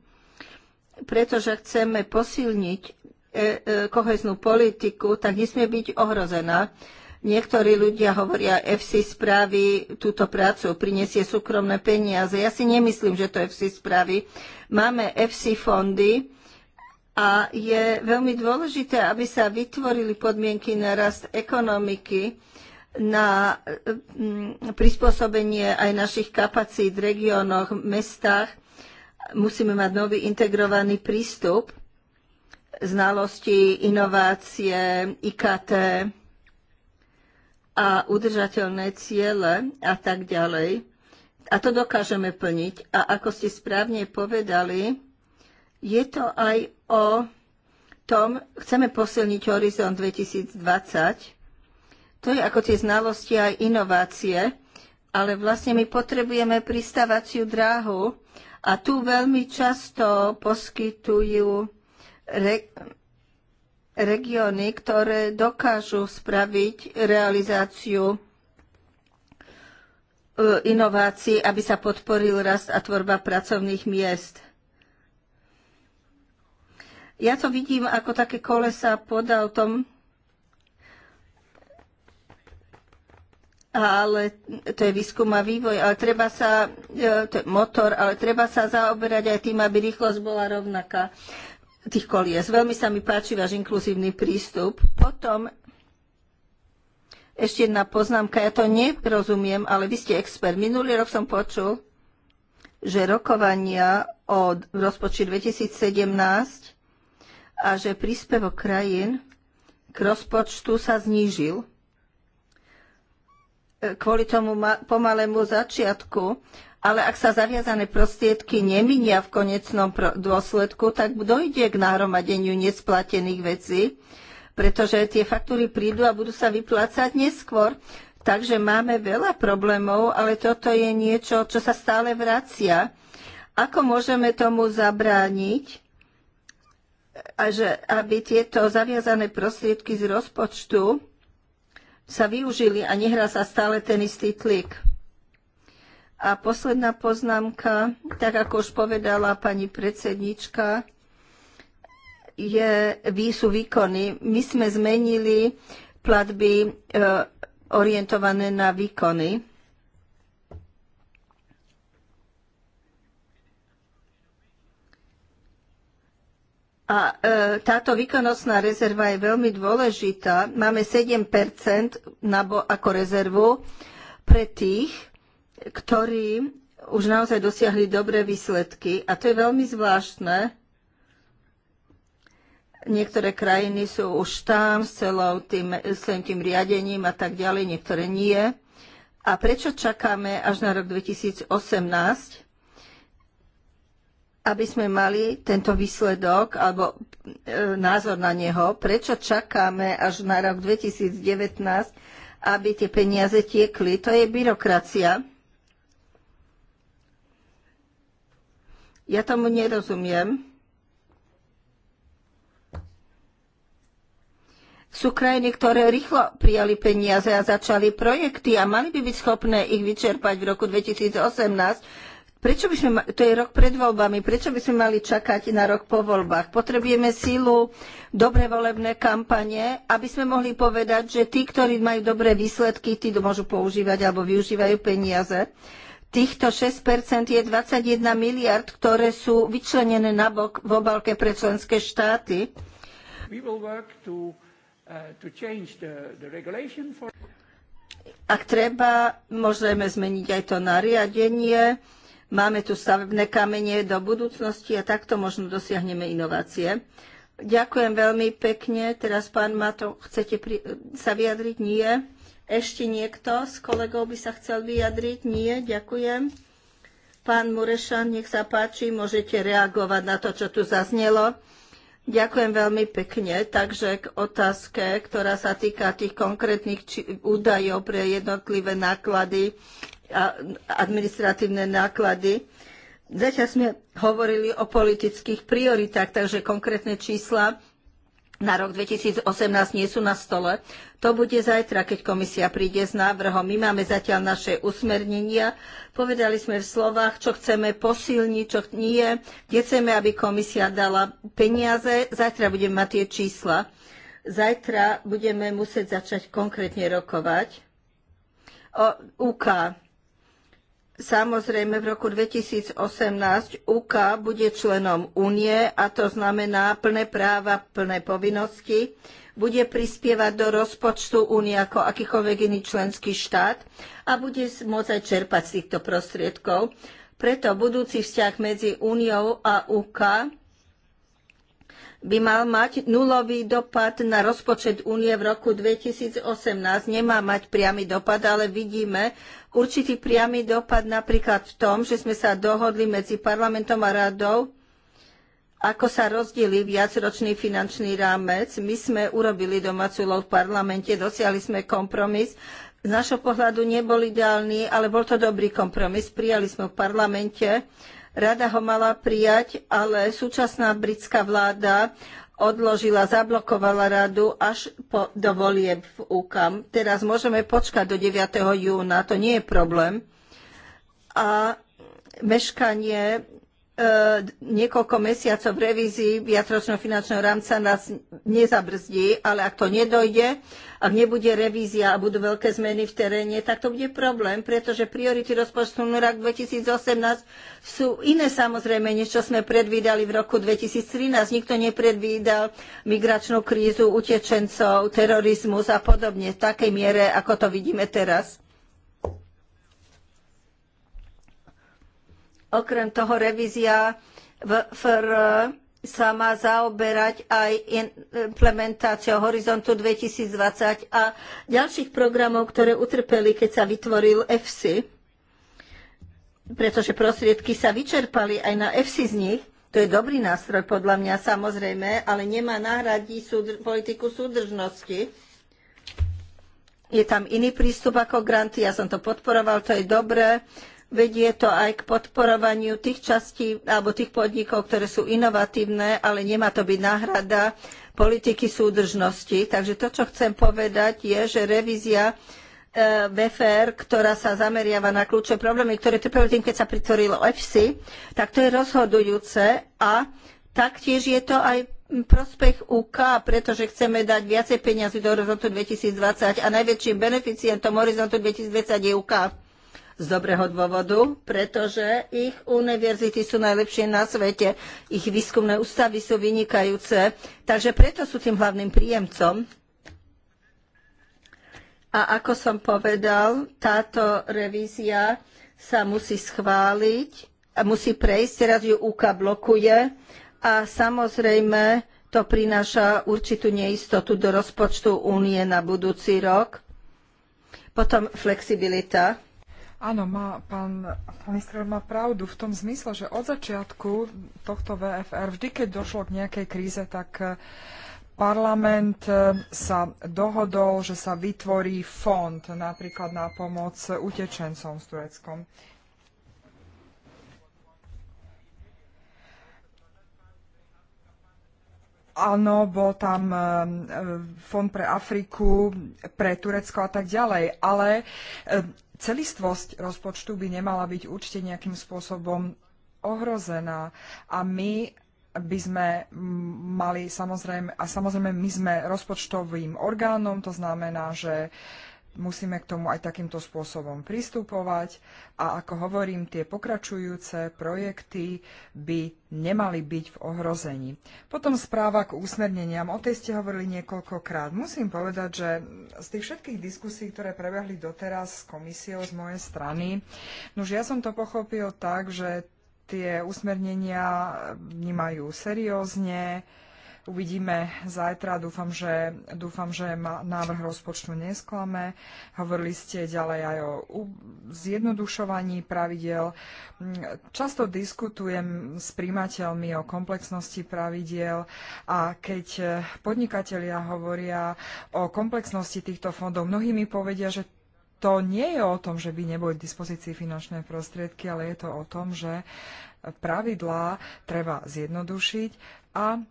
pretože chceme posilniť e, e, koheznú politiku, tak nesmie byť ohrozená. Niektorí ľudia hovoria, FC spraví túto prácu, prinesie súkromné peniaze. Ja si nemyslím, že to FC spraví. Máme FC fondy a je veľmi dôležité, aby sa vytvorili podmienky na rast ekonomiky na mm, prispôsobenie aj našich kapacít v regiónoch, mestách. Musíme mať nový integrovaný prístup, znalosti, inovácie, IKT a udržateľné ciele a tak ďalej. A to dokážeme plniť. A ako ste správne povedali, je to aj o tom, chceme posilniť horizont 2020 to je ako tie znalosti aj inovácie, ale vlastne my potrebujeme pristávaciu dráhu a tu veľmi často poskytujú re- regióny, ktoré dokážu spraviť realizáciu e, inovácií, aby sa podporil rast a tvorba pracovných miest. Ja to vidím ako také kolesa pod tom. ale to je výskum a vývoj, ale treba sa, e, to je motor, ale treba sa zaoberať aj tým, aby rýchlosť bola rovnaká tých kolies. Veľmi sa mi páči váš inkluzívny prístup. Potom ešte jedna poznámka, ja to nerozumiem, ale vy ste expert. Minulý rok som počul, že rokovania o rozpočet 2017 a že príspevok krajín k rozpočtu sa znížil kvôli tomu pomalému začiatku, ale ak sa zaviazané prostriedky neminia v konecnom dôsledku, tak dojde k nahromadeniu nesplatených vecí, pretože tie faktúry prídu a budú sa vyplácať neskôr. Takže máme veľa problémov, ale toto je niečo, čo sa stále vracia. Ako môžeme tomu zabrániť, a že, aby tieto zaviazané prostriedky z rozpočtu sa využili a nehrá sa stále ten istý tlik. A posledná poznámka, tak ako už povedala pani predsednička, je, sú výkony. My sme zmenili platby e, orientované na výkony. A e, táto výkonnostná rezerva je veľmi dôležitá. Máme 7 na bo, ako rezervu pre tých, ktorí už naozaj dosiahli dobré výsledky. A to je veľmi zvláštne. Niektoré krajiny sú už tam s, celou tým, s celým tým riadením a tak ďalej, niektoré nie. A prečo čakáme až na rok 2018? aby sme mali tento výsledok alebo e, názor na neho, prečo čakáme až na rok 2019, aby tie peniaze tiekli. To je byrokracia. Ja tomu nerozumiem. Sú krajiny, ktoré rýchlo prijali peniaze a začali projekty a mali by byť schopné ich vyčerpať v roku 2018 Prečo by sme, to je rok pred voľbami, prečo by sme mali čakať na rok po voľbách? Potrebujeme sílu, dobre volebné kampane, aby sme mohli povedať, že tí, ktorí majú dobré výsledky, tí to môžu používať alebo využívajú peniaze. Týchto 6% je 21 miliard, ktoré sú vyčlenené na bok v obalke pre členské štáty. Uh, Ak treba, môžeme zmeniť aj to nariadenie Máme tu stavebné kamene do budúcnosti a takto možno dosiahneme inovácie. Ďakujem veľmi pekne. Teraz pán Mato, chcete pri- sa vyjadriť? Nie. Ešte niekto z kolegov by sa chcel vyjadriť? Nie, ďakujem. Pán Murešan, nech sa páči, môžete reagovať na to, čo tu zaznelo. Ďakujem veľmi pekne. Takže k otázke, ktorá sa týka tých konkrétnych údajov pre jednotlivé náklady a administratívne náklady. Zatiaľ sme hovorili o politických prioritách, takže konkrétne čísla na rok 2018 nie sú na stole. To bude zajtra, keď komisia príde s návrhom. My máme zatiaľ naše usmernenia. Povedali sme v slovách, čo chceme posilniť, čo nie. Kde chceme, aby komisia dala peniaze. Zajtra budeme mať tie čísla. Zajtra budeme musieť začať konkrétne rokovať. O UK Samozrejme, v roku 2018 UK bude členom únie a to znamená plné práva, plné povinnosti. Bude prispievať do rozpočtu únie ako akýkoľvek iný členský štát a bude môcť aj čerpať z týchto prostriedkov. Preto budúci vzťah medzi úniou a UK by mal mať nulový dopad na rozpočet únie v roku 2018. Nemá mať priamy dopad, ale vidíme, určitý priamy dopad napríklad v tom, že sme sa dohodli medzi parlamentom a radou, ako sa rozdeli viacročný finančný rámec. My sme urobili domácu lov v parlamente, dosiahli sme kompromis. Z našho pohľadu nebol ideálny, ale bol to dobrý kompromis. Prijali sme v parlamente. Rada ho mala prijať, ale súčasná britská vláda odložila, zablokovala radu až po, do volieb v UKAM. Teraz môžeme počkať do 9. júna, to nie je problém. A meškanie E, niekoľko mesiacov revízii viacročného finančného rámca nás nezabrzdí, ale ak to nedojde, ak nebude revízia a budú veľké zmeny v teréne, tak to bude problém, pretože priority rozpočtu na rok 2018 sú iné samozrejme, než čo sme predvídali v roku 2013. Nikto nepredvídal migračnú krízu, utečencov, terorizmus a podobne v takej miere, ako to vidíme teraz. Okrem toho revízia v FR sa má zaoberať aj implementáciou Horizontu 2020 a ďalších programov, ktoré utrpeli, keď sa vytvoril EFSI, pretože prostriedky sa vyčerpali aj na EFSI z nich. To je dobrý nástroj podľa mňa samozrejme, ale nemá náhradí súdr- politiku súdržnosti. Je tam iný prístup ako granty, ja som to podporoval, to je dobré. Vedie to aj k podporovaniu tých častí alebo tých podnikov, ktoré sú inovatívne, ale nemá to byť náhrada politiky súdržnosti. Takže to, čo chcem povedať, je, že revízia VFR, e, ktorá sa zameriava na kľúčové problémy, ktoré trpeli tým, keď sa pritvorilo EFSI, tak to je rozhodujúce a taktiež je to aj prospech UK, pretože chceme dať viacej peniazy do horizontu 2020 a najväčším beneficientom horizontu 2020 je UK z dobrého dôvodu, pretože ich univerzity sú najlepšie na svete, ich výskumné ústavy sú vynikajúce, takže preto sú tým hlavným príjemcom. A ako som povedal, táto revízia sa musí schváliť a musí prejsť, teraz ju UK blokuje a samozrejme to prináša určitú neistotu do rozpočtu únie na budúci rok. Potom flexibilita Áno, má, pán, pán minister má pravdu v tom zmysle, že od začiatku tohto VFR, vždy keď došlo k nejakej kríze, tak eh, parlament eh, sa dohodol, že sa vytvorí fond napríklad na pomoc utečencom s Tureckom. Áno, bol tam eh, fond pre Afriku, pre Turecko a tak ďalej, ale celistvosť rozpočtu by nemala byť určite nejakým spôsobom ohrozená. A my by sme mali samozrejme, a samozrejme my sme rozpočtovým orgánom, to znamená, že uh, musíme k tomu aj takýmto spôsobom pristupovať a ako hovorím, tie pokračujúce projekty by nemali byť v ohrození. Potom správa k úsmerneniam. O tej ste hovorili niekoľkokrát. Musím povedať, že z tých všetkých diskusí, ktoré prebehli doteraz s komisiou z mojej strany, no ja som to pochopil tak, že tie usmernenia vnímajú seriózne, uvidíme zajtra. Dúfam, že, dúfam, že návrh rozpočtu nesklame. Hovorili ste ďalej aj o zjednodušovaní pravidel. Mm, často diskutujem s príjimateľmi o komplexnosti pravidiel a keď e, podnikatelia hovoria o komplexnosti týchto fondov, mnohí mi povedia, že to nie je o tom, že by neboli k dispozícii finančné prostriedky, ale je to o tom, že pravidlá treba zjednodušiť a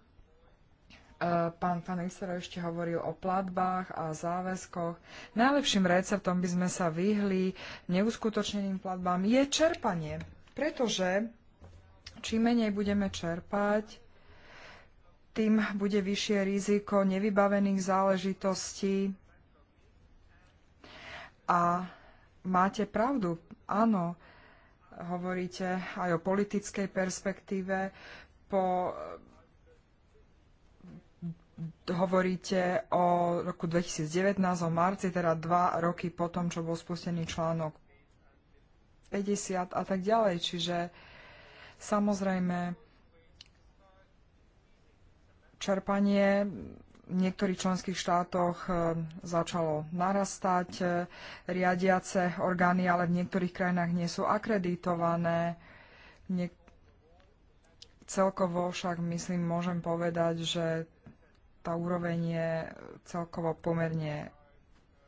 Eh, pán Kanisler ešte hovoril o platbách a záväzkoch. Najlepším receptom by sme sa vyhli neuskutočneným platbám je čerpanie, pretože čím menej budeme čerpať, tým bude vyššie riziko nevybavených záležitostí. A máte pravdu, áno, hovoríte aj o politickej perspektíve. Po hovoríte o roku 2019, o marci, teda dva roky potom, čo bol spustený článok 50 a tak ďalej. Čiže samozrejme čerpanie v niektorých členských štátoch e, začalo narastať, e, riadiace orgány ale v niektorých krajinách nie sú akreditované. Niek- celkovo však myslím, môžem povedať, že tá úroveň je celkovo pomerne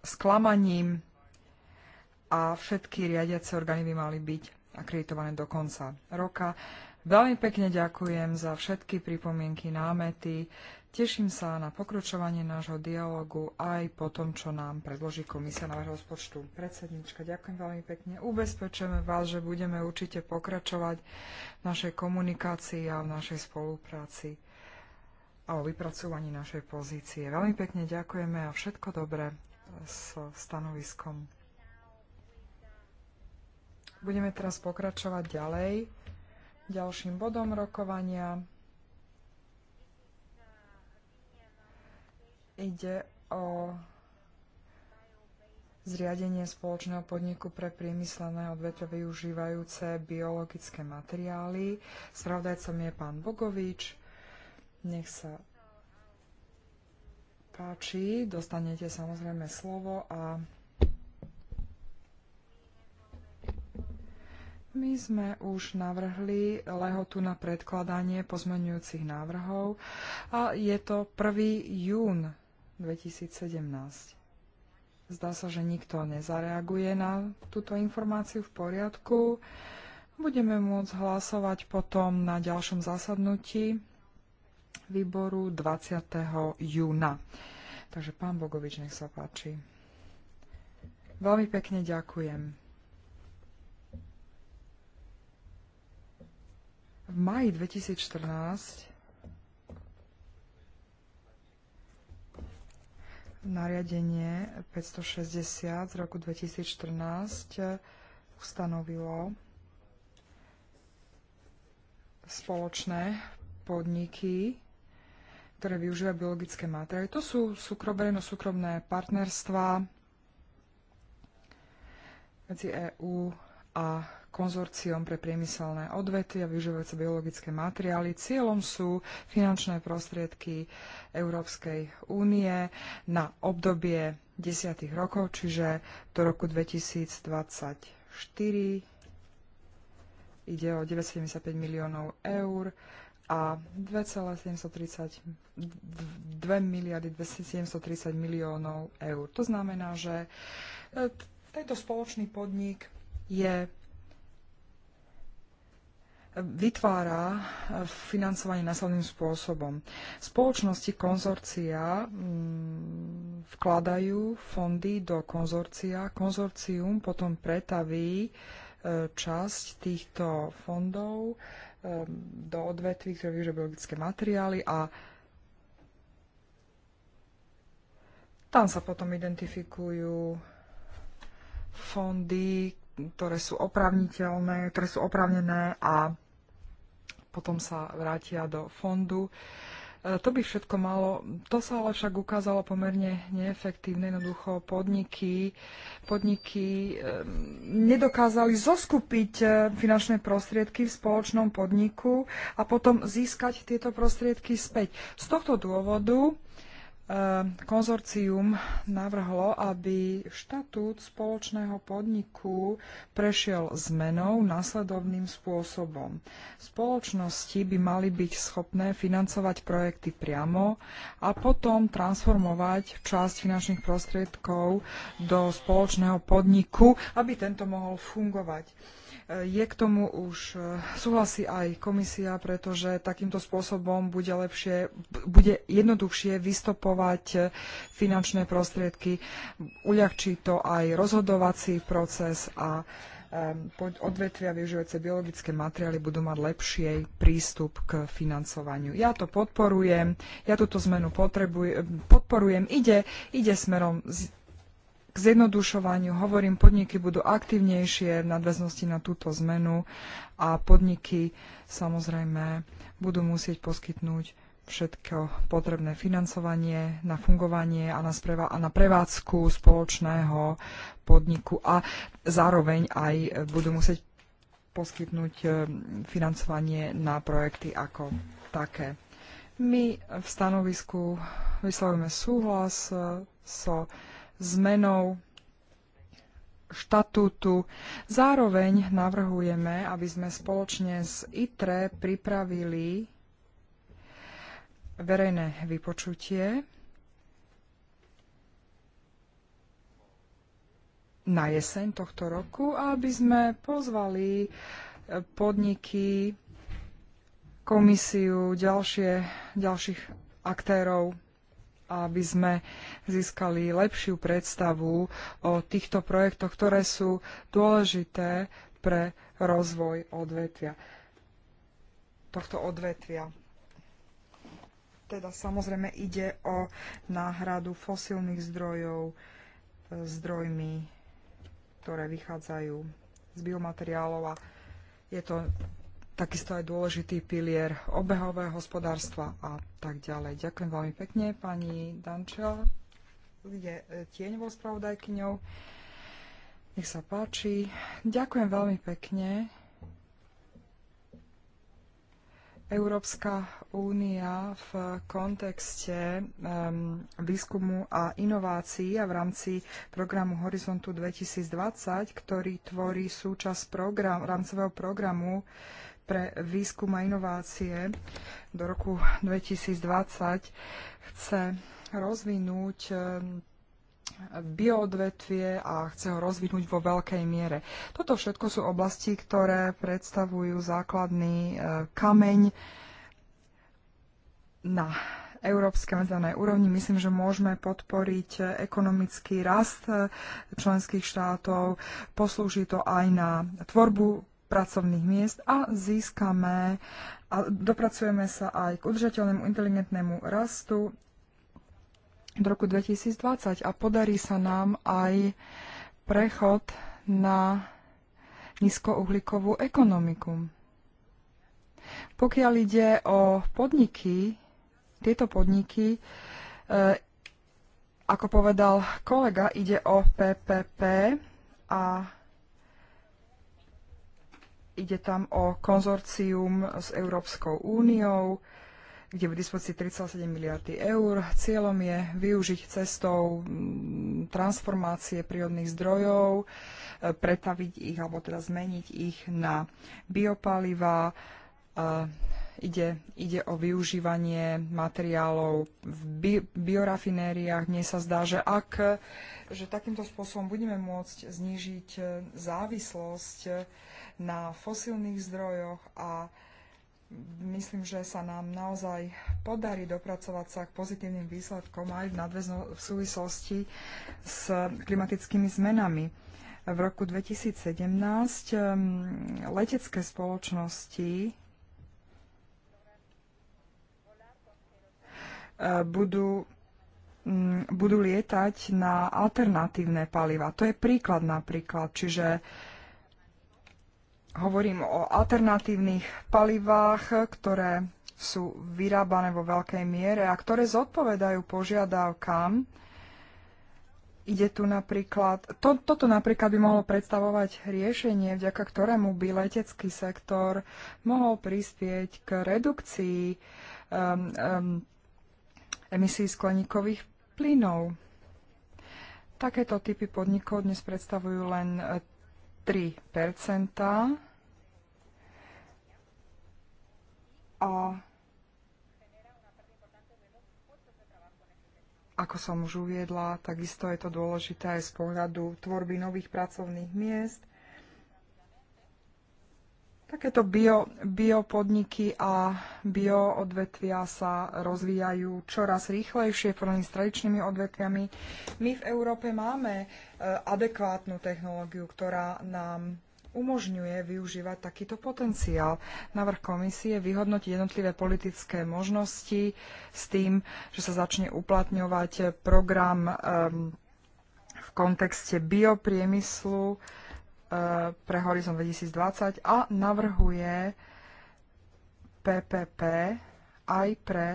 sklamaním a všetky riadiace orgány by mali byť akreditované do konca roka. Veľmi pekne ďakujem za všetky pripomienky, námety. Teším sa na pokračovanie nášho dialogu aj po tom, čo nám predloží komisia na rozpočtu. Predsednička, ďakujem veľmi pekne. Ubezpečujeme vás, že budeme určite pokračovať v našej komunikácii a v našej spolupráci a o vypracovaní našej pozície. Veľmi pekne ďakujeme a všetko dobré s stanoviskom. Budeme teraz pokračovať ďalej ďalším bodom rokovania. Ide o zriadenie spoločného podniku pre priemyselné odvetve využívajúce biologické materiály. Spravdajcom je pán Bogovič. Nech sa páči, dostanete samozrejme slovo a My sme už navrhli lehotu na predkladanie pozmenujúcich návrhov a je to 1. jún 2017. Zdá sa, že nikto nezareaguje na túto informáciu v poriadku. Budeme môcť hlasovať potom na ďalšom zasadnutí výboru 20. júna. Takže pán Bogovič, nech sa páči. Veľmi pekne ďakujem. V maji 2014 nariadenie 560 z roku 2014 ustanovilo spoločné podniky, ktoré využívajú biologické materiály. To sú súkromné no partnerstva medzi EÚ a konzorciom pre priemyselné odvety a využívajúce biologické materiály. Cieľom sú finančné prostriedky Európskej únie na obdobie 10 rokov, čiže do roku 2024 ide o 975 miliónov eur a 2 miliardy 730 miliónov eur. To znamená, že e, tento spoločný podnik je vytvára e, financovanie následným spôsobom. Spoločnosti konzorcia mm, vkladajú fondy do konzorcia. Konzorcium potom pretaví e, časť týchto fondov do odvetví, ktoré využívajú biologické materiály a tam sa potom identifikujú fondy, ktoré sú opravniteľné, ktoré sú opravnené a potom sa vrátia do fondu. E, to by všetko malo, to sa ale však ukázalo pomerne neefektívne, jednoducho podniky, podniky e, nedokázali zoskupiť e, finančné prostriedky v spoločnom podniku a potom získať tieto prostriedky späť. Z tohto dôvodu Ehm, konzorcium navrhlo, aby štatút spoločného podniku prešiel zmenou nasledovným spôsobom. Spoločnosti by mali byť schopné financovať projekty priamo a potom transformovať časť finančných prostriedkov do spoločného podniku, aby tento mohol fungovať. Je k tomu už e, súhlasí aj komisia, pretože takýmto spôsobom bude lepšie, bude jednoduchšie vystopovať e, finančné prostriedky, uľahčí to aj rozhodovací proces a e, odvetvia využívajúce biologické materiály budú mať lepší prístup k financovaniu. Ja to podporujem, ja túto zmenu podporujem, ide, ide smerom k zjednodušovaniu. Hovorím, podniky budú aktívnejšie v nadväznosti na túto zmenu a podniky samozrejme budú musieť poskytnúť všetko potrebné financovanie na fungovanie a na, spreva- a na prevádzku spoločného podniku a zároveň aj budú musieť poskytnúť e, financovanie na projekty ako také. My v stanovisku vyslovíme súhlas e, so zmenou štatútu. Zároveň navrhujeme, aby sme spoločne s ITRE pripravili verejné vypočutie na jeseň tohto roku, aby sme pozvali podniky, komisiu, ďalšie, ďalších aktérov aby sme získali lepšiu predstavu o týchto projektoch, ktoré sú dôležité pre rozvoj odvetvia. Tohto odvetvia. Teda samozrejme ide o náhradu fosilných zdrojov e, zdrojmi, ktoré vychádzajú z biomateriálov a je to takisto aj dôležitý pilier obehového hospodárstva a tak ďalej. Ďakujem veľmi pekne. Pani Dančel je e, tieňovou spravodajkyňou. Nech sa páči. Ďakujem veľmi pekne. Európska únia v kontexte um, výskumu a inovácií a v rámci programu Horizontu 2020, ktorý tvorí súčasť program, rámcového programu pre výskum a inovácie do roku 2020 chce rozvinúť eh, bioodvetvie a chce ho rozvinúť vo veľkej miere. Toto všetko sú oblasti, ktoré predstavujú základný eh, kameň na európskej medzinárodnej úrovni. Myslím, že môžeme podporiť eh, ekonomický rast členských štátov. Poslúži to aj na tvorbu pracovných miest a získame a dopracujeme sa aj k udržateľnému inteligentnému rastu do roku 2020 a podarí sa nám aj prechod na nízkouhlíkovú ekonomiku. Pokiaľ ide o podniky, tieto podniky, e, ako povedal kolega, ide o PPP a Ide tam o konzorcium s Európskou úniou, kde v dispozícii 37 miliardy eur. Cieľom je využiť cestou mm, transformácie prírodných zdrojov, e, pretaviť ich alebo teda zmeniť ich na biopaliva. E, ide, ide o využívanie materiálov v bi- biorafinériách. Mne sa zdá, že ak že takýmto spôsobom budeme môcť znížiť e, závislosť na fosílnych zdrojoch a myslím, že sa nám naozaj podarí dopracovať sa k pozitívnym výsledkom aj v, nadväzno- v súvislosti s klimatickými zmenami. V roku 2017 ehm, letecké spoločnosti eh, budú mm, budú lietať na alternatívne paliva. To je príklad napríklad. Čiže uh, Hovorím o alternatívnych palivách, ktoré sú vyrábané vo veľkej miere a ktoré zodpovedajú požiadavkám. Ide tu napríklad, to, toto napríklad by mohlo predstavovať riešenie, vďaka ktorému by letecký sektor mohol prispieť k redukcii um, um, emisí skleníkových plynov. Takéto typy podnikov dnes predstavujú len 3 a ako som už uviedla, takisto je to dôležité aj z pohľadu tvorby nových pracovných miest Takéto bio, biopodniky a bioodvetvia sa rozvíjajú čoraz rýchlejšie porovnaní s tradičnými odvetviami. My v Európe máme e, adekvátnu technológiu, ktorá nám umožňuje využívať takýto potenciál. Navrh komisie vyhodnotiť jednotlivé politické možnosti s tým, že sa začne uplatňovať program um, v kontexte biopriemyslu pre Horizon 2020 a navrhuje PPP aj pre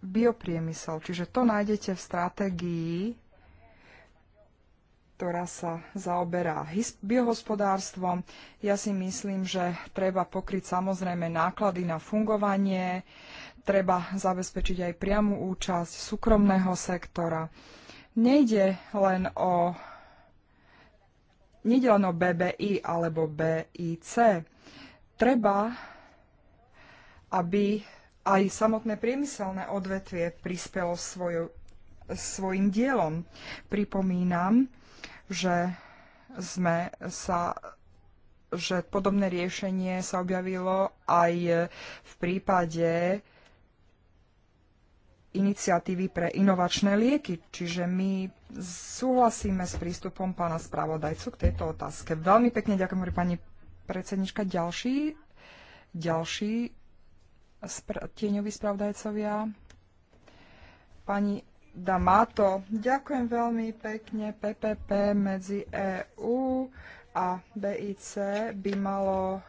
biopriemysel. Čiže to nájdete v stratégii, ktorá sa zaoberá biohospodárstvom. Ja si myslím, že treba pokryť samozrejme náklady na fungovanie, treba zabezpečiť aj priamu účasť súkromného sektora. Nejde len o Nede len o BBI alebo BIC. Treba, aby aj samotné priemyselné odvetvie prispelo svoju, svojim dielom. Pripomínam, že sme sa že podobné riešenie sa objavilo aj v prípade iniciatívy pre inovačné lieky. Čiže my súhlasíme s prístupom pána spravodajcu k tejto otázke. Veľmi pekne ďakujem, hovorí pani predsednička. Ďalší, ďalší spra- tieňoví spravodajcovia. Pani Damato, ďakujem veľmi pekne. PPP medzi EU a BIC by malo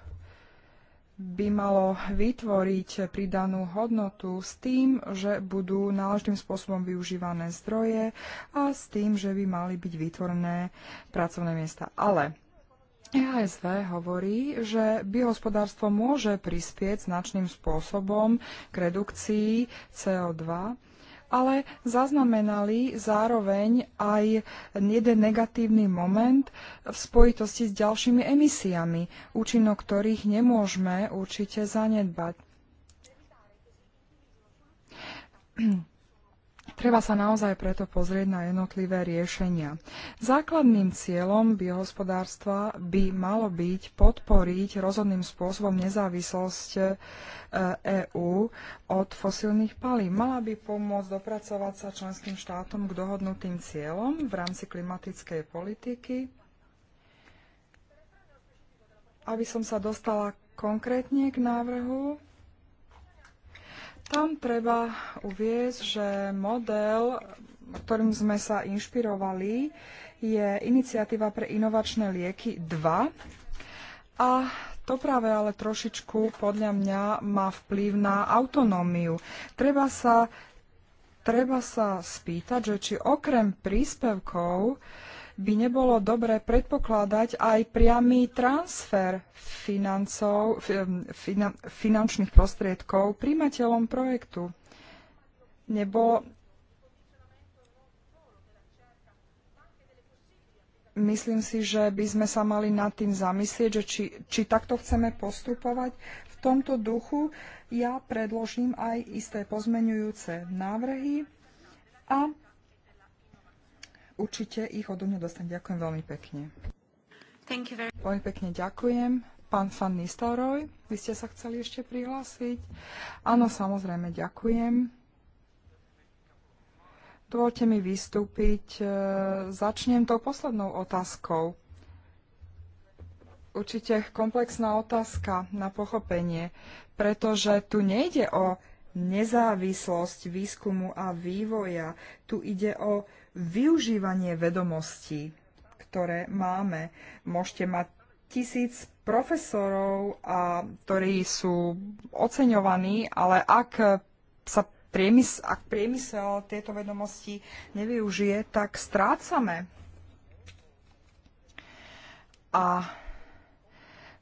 by malo vytvoriť pridanú hodnotu s tým, že budú náležitým spôsobom využívané zdroje a s tým, že by mali byť vytvorené pracovné miesta. Ale EASV hovorí, že biohospodárstvo môže prispieť značným spôsobom k redukcii CO2 ale zaznamenali zároveň aj jeden negatívny moment v spojitosti s ďalšími emisiami, účinok ktorých nemôžeme určite zanedbať. Treba sa naozaj preto pozrieť na jednotlivé riešenia. Základným cieľom biohospodárstva by malo byť podporiť rozhodným spôsobom nezávislosť EÚ e od fosílnych palív. Mala by pomôcť dopracovať sa členským štátom k dohodnutým cieľom v rámci klimatickej politiky. Aby som sa dostala konkrétne k návrhu, tam treba uviezť, že model, ktorým sme sa inšpirovali, je iniciatíva pre inovačné lieky 2. A to práve ale trošičku podľa mňa má vplyv na autonómiu. Treba sa, treba sa spýtať, že či okrem príspevkov by nebolo dobre predpokladať aj priamy transfer financov, finan, finančných prostriedkov príjmateľom projektu. Nebolo, myslím si, že by sme sa mali nad tým zamyslieť, že či, či takto chceme postupovať. V tomto duchu ja predložím aj isté pozmenujúce návrhy a určite ich odo mňa dostane. Ďakujem veľmi pekne. Veľmi pekne ďakujem. Pán Fan Nistelrooy, vy ste sa chceli ešte prihlásiť? Áno, samozrejme, ďakujem. Dovolte mi vystúpiť. E, začnem tou poslednou otázkou. Určite komplexná otázka na pochopenie, pretože tu nejde o nezávislosť výskumu a vývoja. Tu ide o využívanie vedomostí, ktoré máme. Môžete mať tisíc profesorov, a, ktorí sú oceňovaní, ale ak sa priemysel, ak priemysel tieto vedomosti nevyužije, tak strácame. A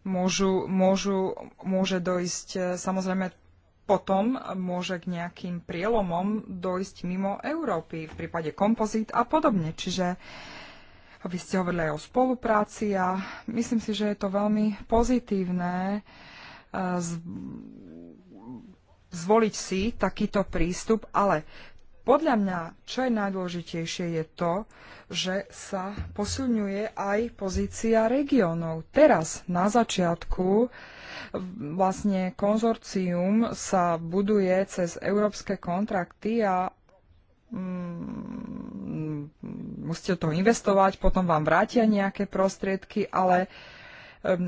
môžu, môžu, môže dojsť samozrejme potom môže k nejakým prielomom dojsť mimo Európy, v prípade kompozít a podobne. Čiže vy ste hovorili aj o spolupráci a myslím si, že je to veľmi pozitívne eh, zvoliť si takýto prístup, ale podľa mňa, čo je najdôležitejšie, je to, že sa posilňuje aj pozícia regiónov. Teraz, na začiatku, vlastne konzorcium sa buduje cez európske kontrakty a mm, musíte to investovať, potom vám vrátia nejaké prostriedky, ale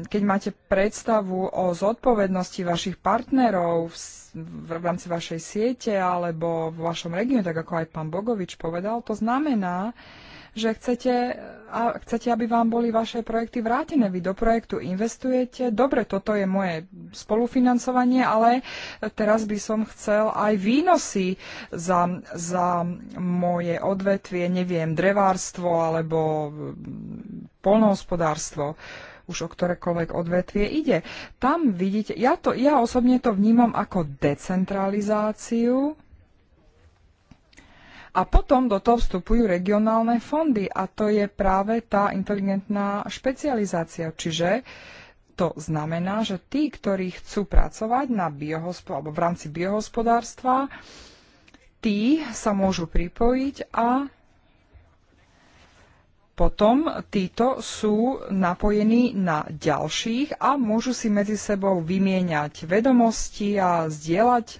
keď máte predstavu o zodpovednosti vašich partnerov v, rámci vašej siete alebo v vašom regióne, tak ako aj pán Bogovič povedal, to znamená, že chcete, a chcete, aby vám boli vaše projekty vrátené. Vy do projektu investujete. Dobre, toto je moje spolufinancovanie, ale teraz by som chcel aj výnosy za, za moje odvetvie, neviem, drevárstvo alebo mm, polnohospodárstvo už o ktorékoľvek odvetvie ide. Tam vidíte, ja, to, ja osobne to vnímam ako decentralizáciu a potom do toho vstupujú regionálne fondy a to je práve tá inteligentná špecializácia. Čiže to znamená, že tí, ktorí chcú pracovať na biohospo- alebo v rámci biohospodárstva, tí sa môžu pripojiť a potom títo sú napojení na ďalších a môžu si medzi sebou vymieňať vedomosti a zdieľať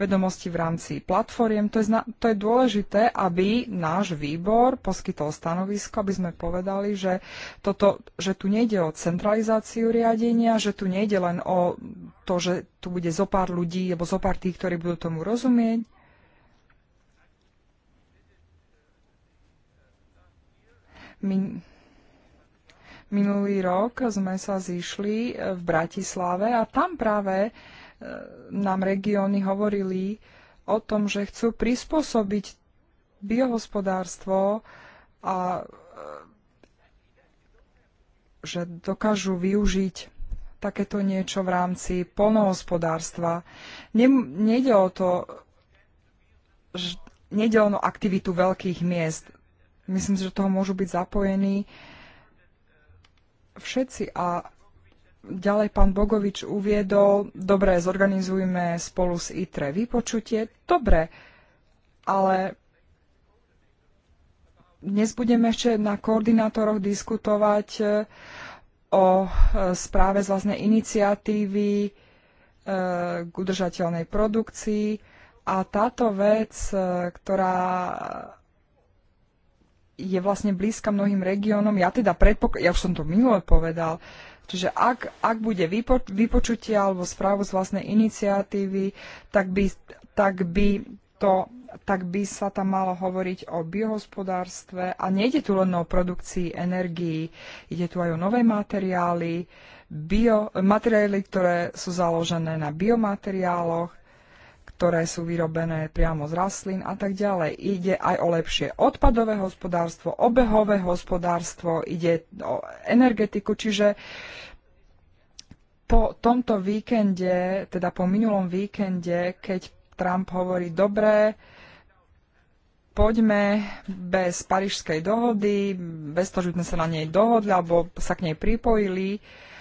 vedomosti v rámci platformiem. To je, to je dôležité, aby náš výbor poskytol stanovisko, aby sme povedali, že, toto, že tu nejde o centralizáciu riadenia, že tu nejde len o to, že tu bude zo pár ľudí alebo zo pár tých, ktorí budú tomu rozumieť, Min- minulý rok sme sa zišli eh, v Bratislave a tam práve eh, nám regióny hovorili o tom, že chcú prispôsobiť biohospodárstvo a eh, že dokážu využiť takéto niečo v rámci polnohospodárstva. Nedelo nejde o to, že, aktivitu veľkých miest. Myslím si, že toho môžu byť zapojení všetci a ďalej pán Bogovič uviedol, dobre, zorganizujme spolu s ITRE vypočutie, dobre, ale dnes budeme ešte na koordinátoroch diskutovať e, o e, správe z vlastnej iniciatívy e, k udržateľnej produkcii a táto vec, ktorá je vlastne blízka mnohým regiónom. Ja teda predpok- ja už som to minule povedal, čiže ak, ak bude vypo- vypočutie alebo správu z vlastnej iniciatívy, tak by, tak by to tak by sa tam malo hovoriť o biohospodárstve a nejde tu len o produkcii energií, ide tu aj o nové materiály, bio, materiály, ktoré sú založené na biomateriáloch, ktoré sú vyrobené priamo z rastlín a tak ďalej. Ide aj o lepšie odpadové hospodárstvo, obehové hospodárstvo, ide o energetiku, čiže po tomto víkende, teda po minulom víkende, keď Trump hovorí, dobre, poďme bez Parížskej dohody, bez toho, že sme sa na nej dohodli alebo sa k nej pripojili, uh,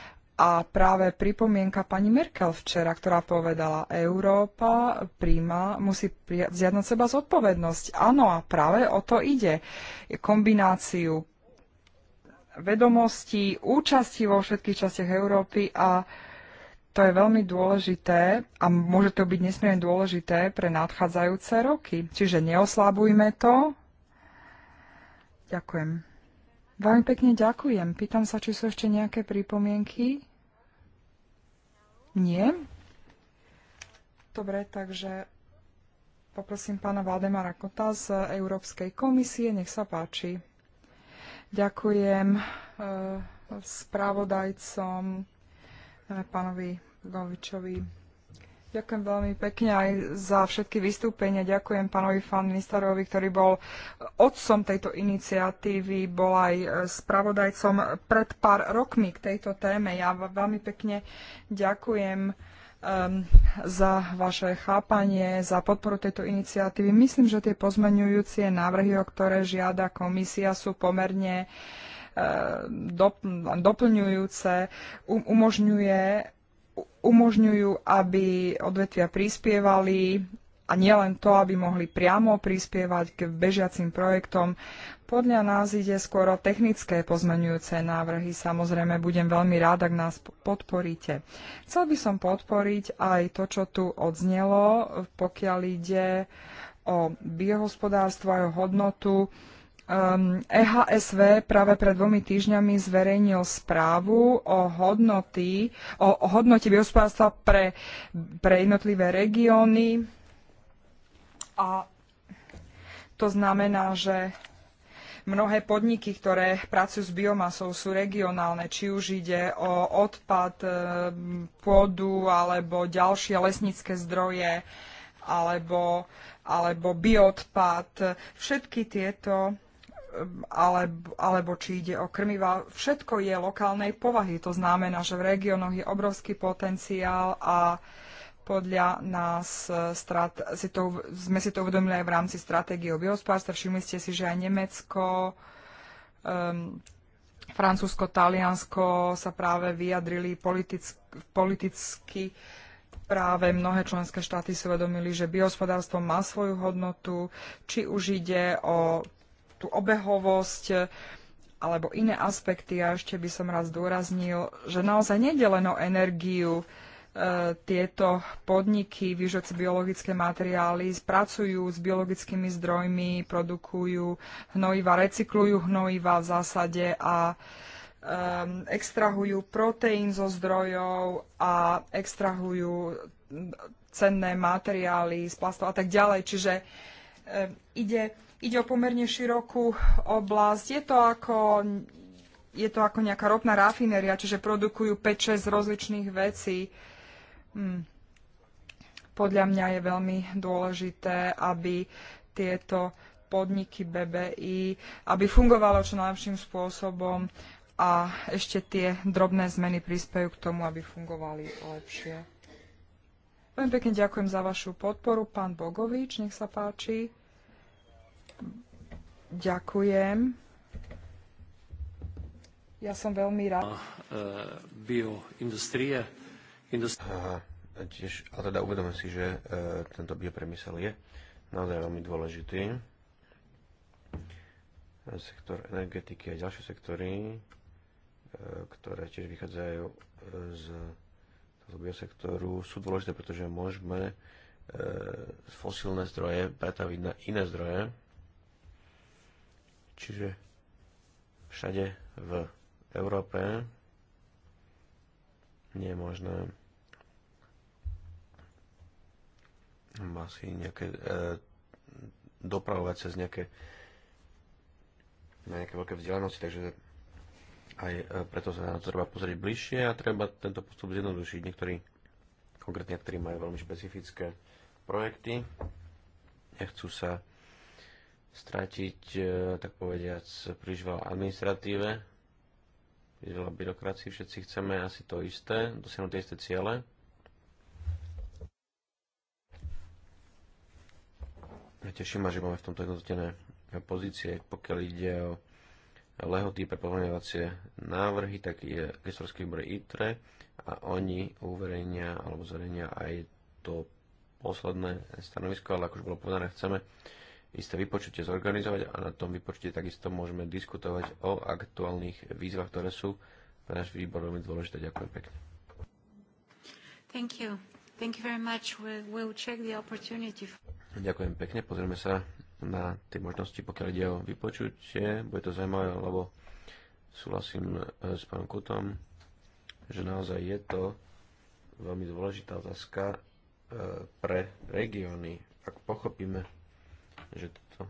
a práve pripomienka pani Merkel včera, ktorá povedala, Európa príjma, musí vziať na seba zodpovednosť. Áno, a práve o to ide. Kombináciu vedomostí, účasti vo všetkých častiach Európy a to je veľmi dôležité a môže to byť nesmierne dôležité pre nadchádzajúce roky. Čiže neoslabujme to. Ďakujem. Veľmi pekne ďakujem. Pýtam sa, či sú ešte nejaké pripomienky. Nie? Dobre, takže poprosím pána Valdemara Kota z Európskej komisie. Nech sa páči. Ďakujem e, spravodajcom e, pánovi Govičovi Ďakujem veľmi pekne aj za všetky vystúpenia. Ďakujem pánovi fan ministerovi, ktorý bol otcom tejto iniciatívy, bol aj e, spravodajcom pred pár rokmi k tejto téme. Ja veľmi pekne ďakujem um, za vaše chápanie, za podporu tejto iniciatívy. Myslím, že tie pozmenujúcie návrhy, o ktoré žiada komisia, sú pomerne uh, doplňujúce, um, umožňuje umožňujú, aby odvetvia prispievali a nielen to, aby mohli priamo prispievať k bežiacim projektom. Podľa nás ide skôr o technické pozmenujúce návrhy. Samozrejme, budem veľmi rád, ak nás podporíte. Chcel by som podporiť aj to, čo tu odznelo, pokiaľ ide o biohospodárstvo a jeho hodnotu. Um, ehm, EHSV práve pred dvomi týždňami zverejnil správu o, hodnoty, o, hodnote biospodárstva pre, pre jednotlivé regióny. A to znamená, že mnohé podniky, ktoré pracujú s biomasou, sú regionálne, či už ide o odpad, ehm, pôdu alebo ďalšie lesnícke zdroje alebo, alebo bioodpad. Všetky tieto alebo, alebo či ide o krmiva, všetko je lokálnej povahy. To znamená, že v regiónoch je obrovský potenciál a podľa nás e, strat, si to, sme si to uvedomili aj v rámci stratégie o biospárstve. Všimli ste si, že aj Nemecko, um, Francúzsko, Taliansko sa práve vyjadrili politicky, politicky práve mnohé členské štáty si uvedomili, že biospodárstvo má svoju hodnotu, či už ide o tú obehovosť e, alebo iné aspekty. A ešte by som raz zdôraznil, že naozaj nejde o energiu. E, tieto podniky vyžujúce biologické materiály spracujú s biologickými zdrojmi, produkujú hnojiva, recyklujú hnojiva v zásade a um, extrahujú proteín zo zdrojov a extrahujú cenné materiály z plastov a tak ďalej. Čiže um, ide Ide o pomerne širokú oblasť. Je to ako, je to ako nejaká ropná rafinéria, čiže produkujú 5-6 rozličných vecí. Hm. Podľa mňa je veľmi dôležité, aby tieto podniky BBI, aby fungovalo čo najlepším spôsobom a ešte tie drobné zmeny prispäjú k tomu, aby fungovali lepšie. Veľmi pekne ďakujem za vašu podporu. Pán Bogovič, nech sa páči. Ďakujem. Ja som veľmi rád. E, bioindustrie. Industrie. Tiež, ale teda uvedome si, že e, tento biopremysel je naozaj veľmi dôležitý. Sektor energetiky a ďalšie sektory, e, ktoré tiež vychádzajú e, z toho biosektoru, sú dôležité, pretože môžeme e, fosílne zdroje pretaviť na iné zdroje, Čiže všade v Európe nie je možné asi nejaké e, dopravovať cez nejaké na nejaké veľké vzdialenosti, takže aj e, preto sa na to treba pozrieť bližšie a treba tento postup zjednodušiť. Niektorí, konkrétne, ktorí majú veľmi špecifické projekty, nechcú sa stratiť, e, tak povediac, príliš veľa administratíve, príliš veľa byrokracie, Všetci chceme asi to isté, dosiahnuť tie isté ciele. Ja teším ma, že máme v tomto jednotené pozície, pokiaľ ide o lehoty pre pozmeňovacie návrhy, tak je gestorský výbor ITRE a oni uverejnia alebo zverejnia aj to posledné stanovisko, ale ako už bolo povedané, chceme isté vypočutie zorganizovať a na tom vypočutie takisto môžeme diskutovať o aktuálnych výzvach, ktoré sú pre náš výbor veľmi dôležité. Ďakujem pekne. Thank you. Thank you very much. check the opportunity. Ďakujem pekne. Pozrieme sa na tie možnosti, pokiaľ ide o vypočutie. Bude to zaujímavé, lebo súhlasím eh, s pánom Kutom, že naozaj je to veľmi dôležitá otázka eh, pre regióny. Ak pochopíme že toto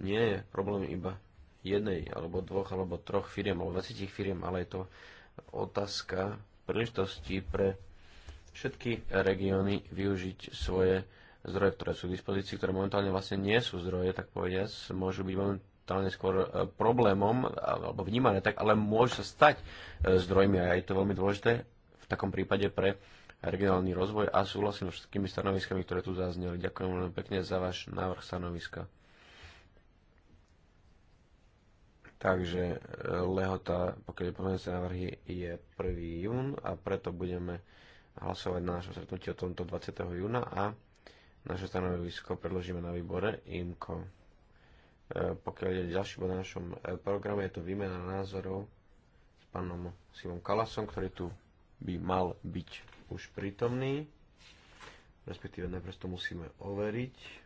nie je problém iba jednej, alebo dvoch, alebo troch firiem, alebo 20 firiem, ale je to otázka príležitosti pre všetky regióny využiť svoje zdroje, ktoré sú k dispozícii, ktoré momentálne vlastne nie sú zdroje, tak povediac, môžu byť momentálne skôr e, problémom, alebo vnímané tak, ale môžu sa stať e, zdrojmi a je to veľmi dôležité v takom prípade pre regionálny rozvoj a súhlasím s všetkými stanoviskami, ktoré tu zazneli. Ďakujem veľmi pekne za váš návrh stanoviska. Takže e, lehota, pokiaľ je pomenúce návrhy, je 1. jún a preto budeme hlasovať na našom stretnutí o tomto 20. júna a naše stanovisko predložíme na výbore IMCO. E, pokiaľ je ďalší bod na našom e, programe, je to výmena názorov s pánom Simom Kalasom, ktorý tu by mal byť už prítomný. Respektíve najprv to musíme overiť.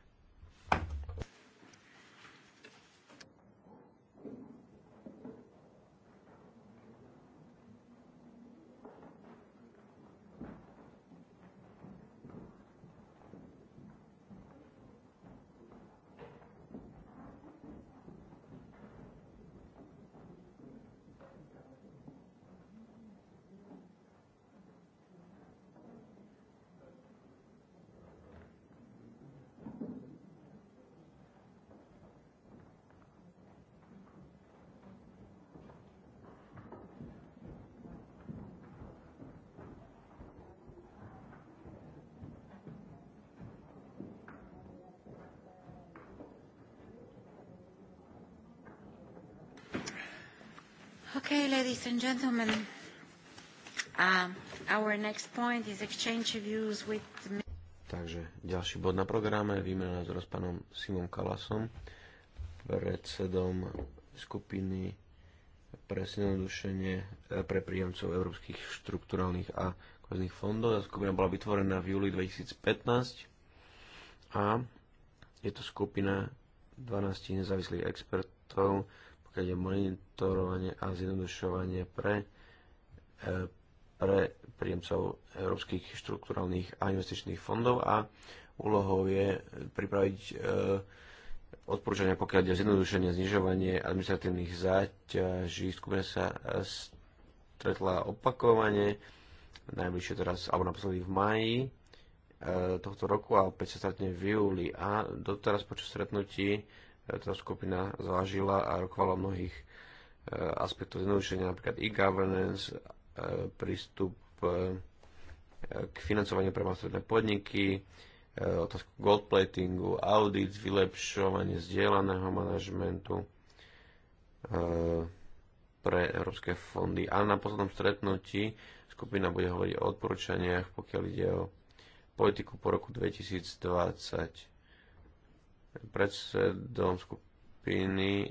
Ladies and gentlemen, uh, our next point is exchange views with... Takže ďalší bod na programe, výmena názor s pánom Simom Kalasom, predsedom skupiny pre zjednodušenie eh, pre príjemcov európskych štrukturálnych a kohezných fondov. Tá skupina bola vytvorená v júli 2015 a je to skupina 12 nezávislých expertov keď je monitorovanie a zjednodušovanie pre, e, pre príjemcov európskych štruktúrálnych a investičných fondov a úlohou je pripraviť e, odporúčania, pokiaľ ide o zjednodušenie, znižovanie administratívnych záťaží. Skupina sa stretla opakovane, najbližšie teraz, alebo naposledy v maji e, tohto roku a opäť sa stretne v júli. A doteraz počas stretnutí táto skupina zvážila a rokovala mnohých eh, aspektov zjednodušenia, napríklad e-governance, eh, prístup eh, k financovaniu pre malé podniky, otázku goldplatingu, audit, vylepšovanie zdieľaného manažmentu pre európske fondy. A na poslednom stretnutí skupina bude hovoriť o odporúčaniach, pokiaľ ide o politiku po roku 2020 Predsedom skupiny e,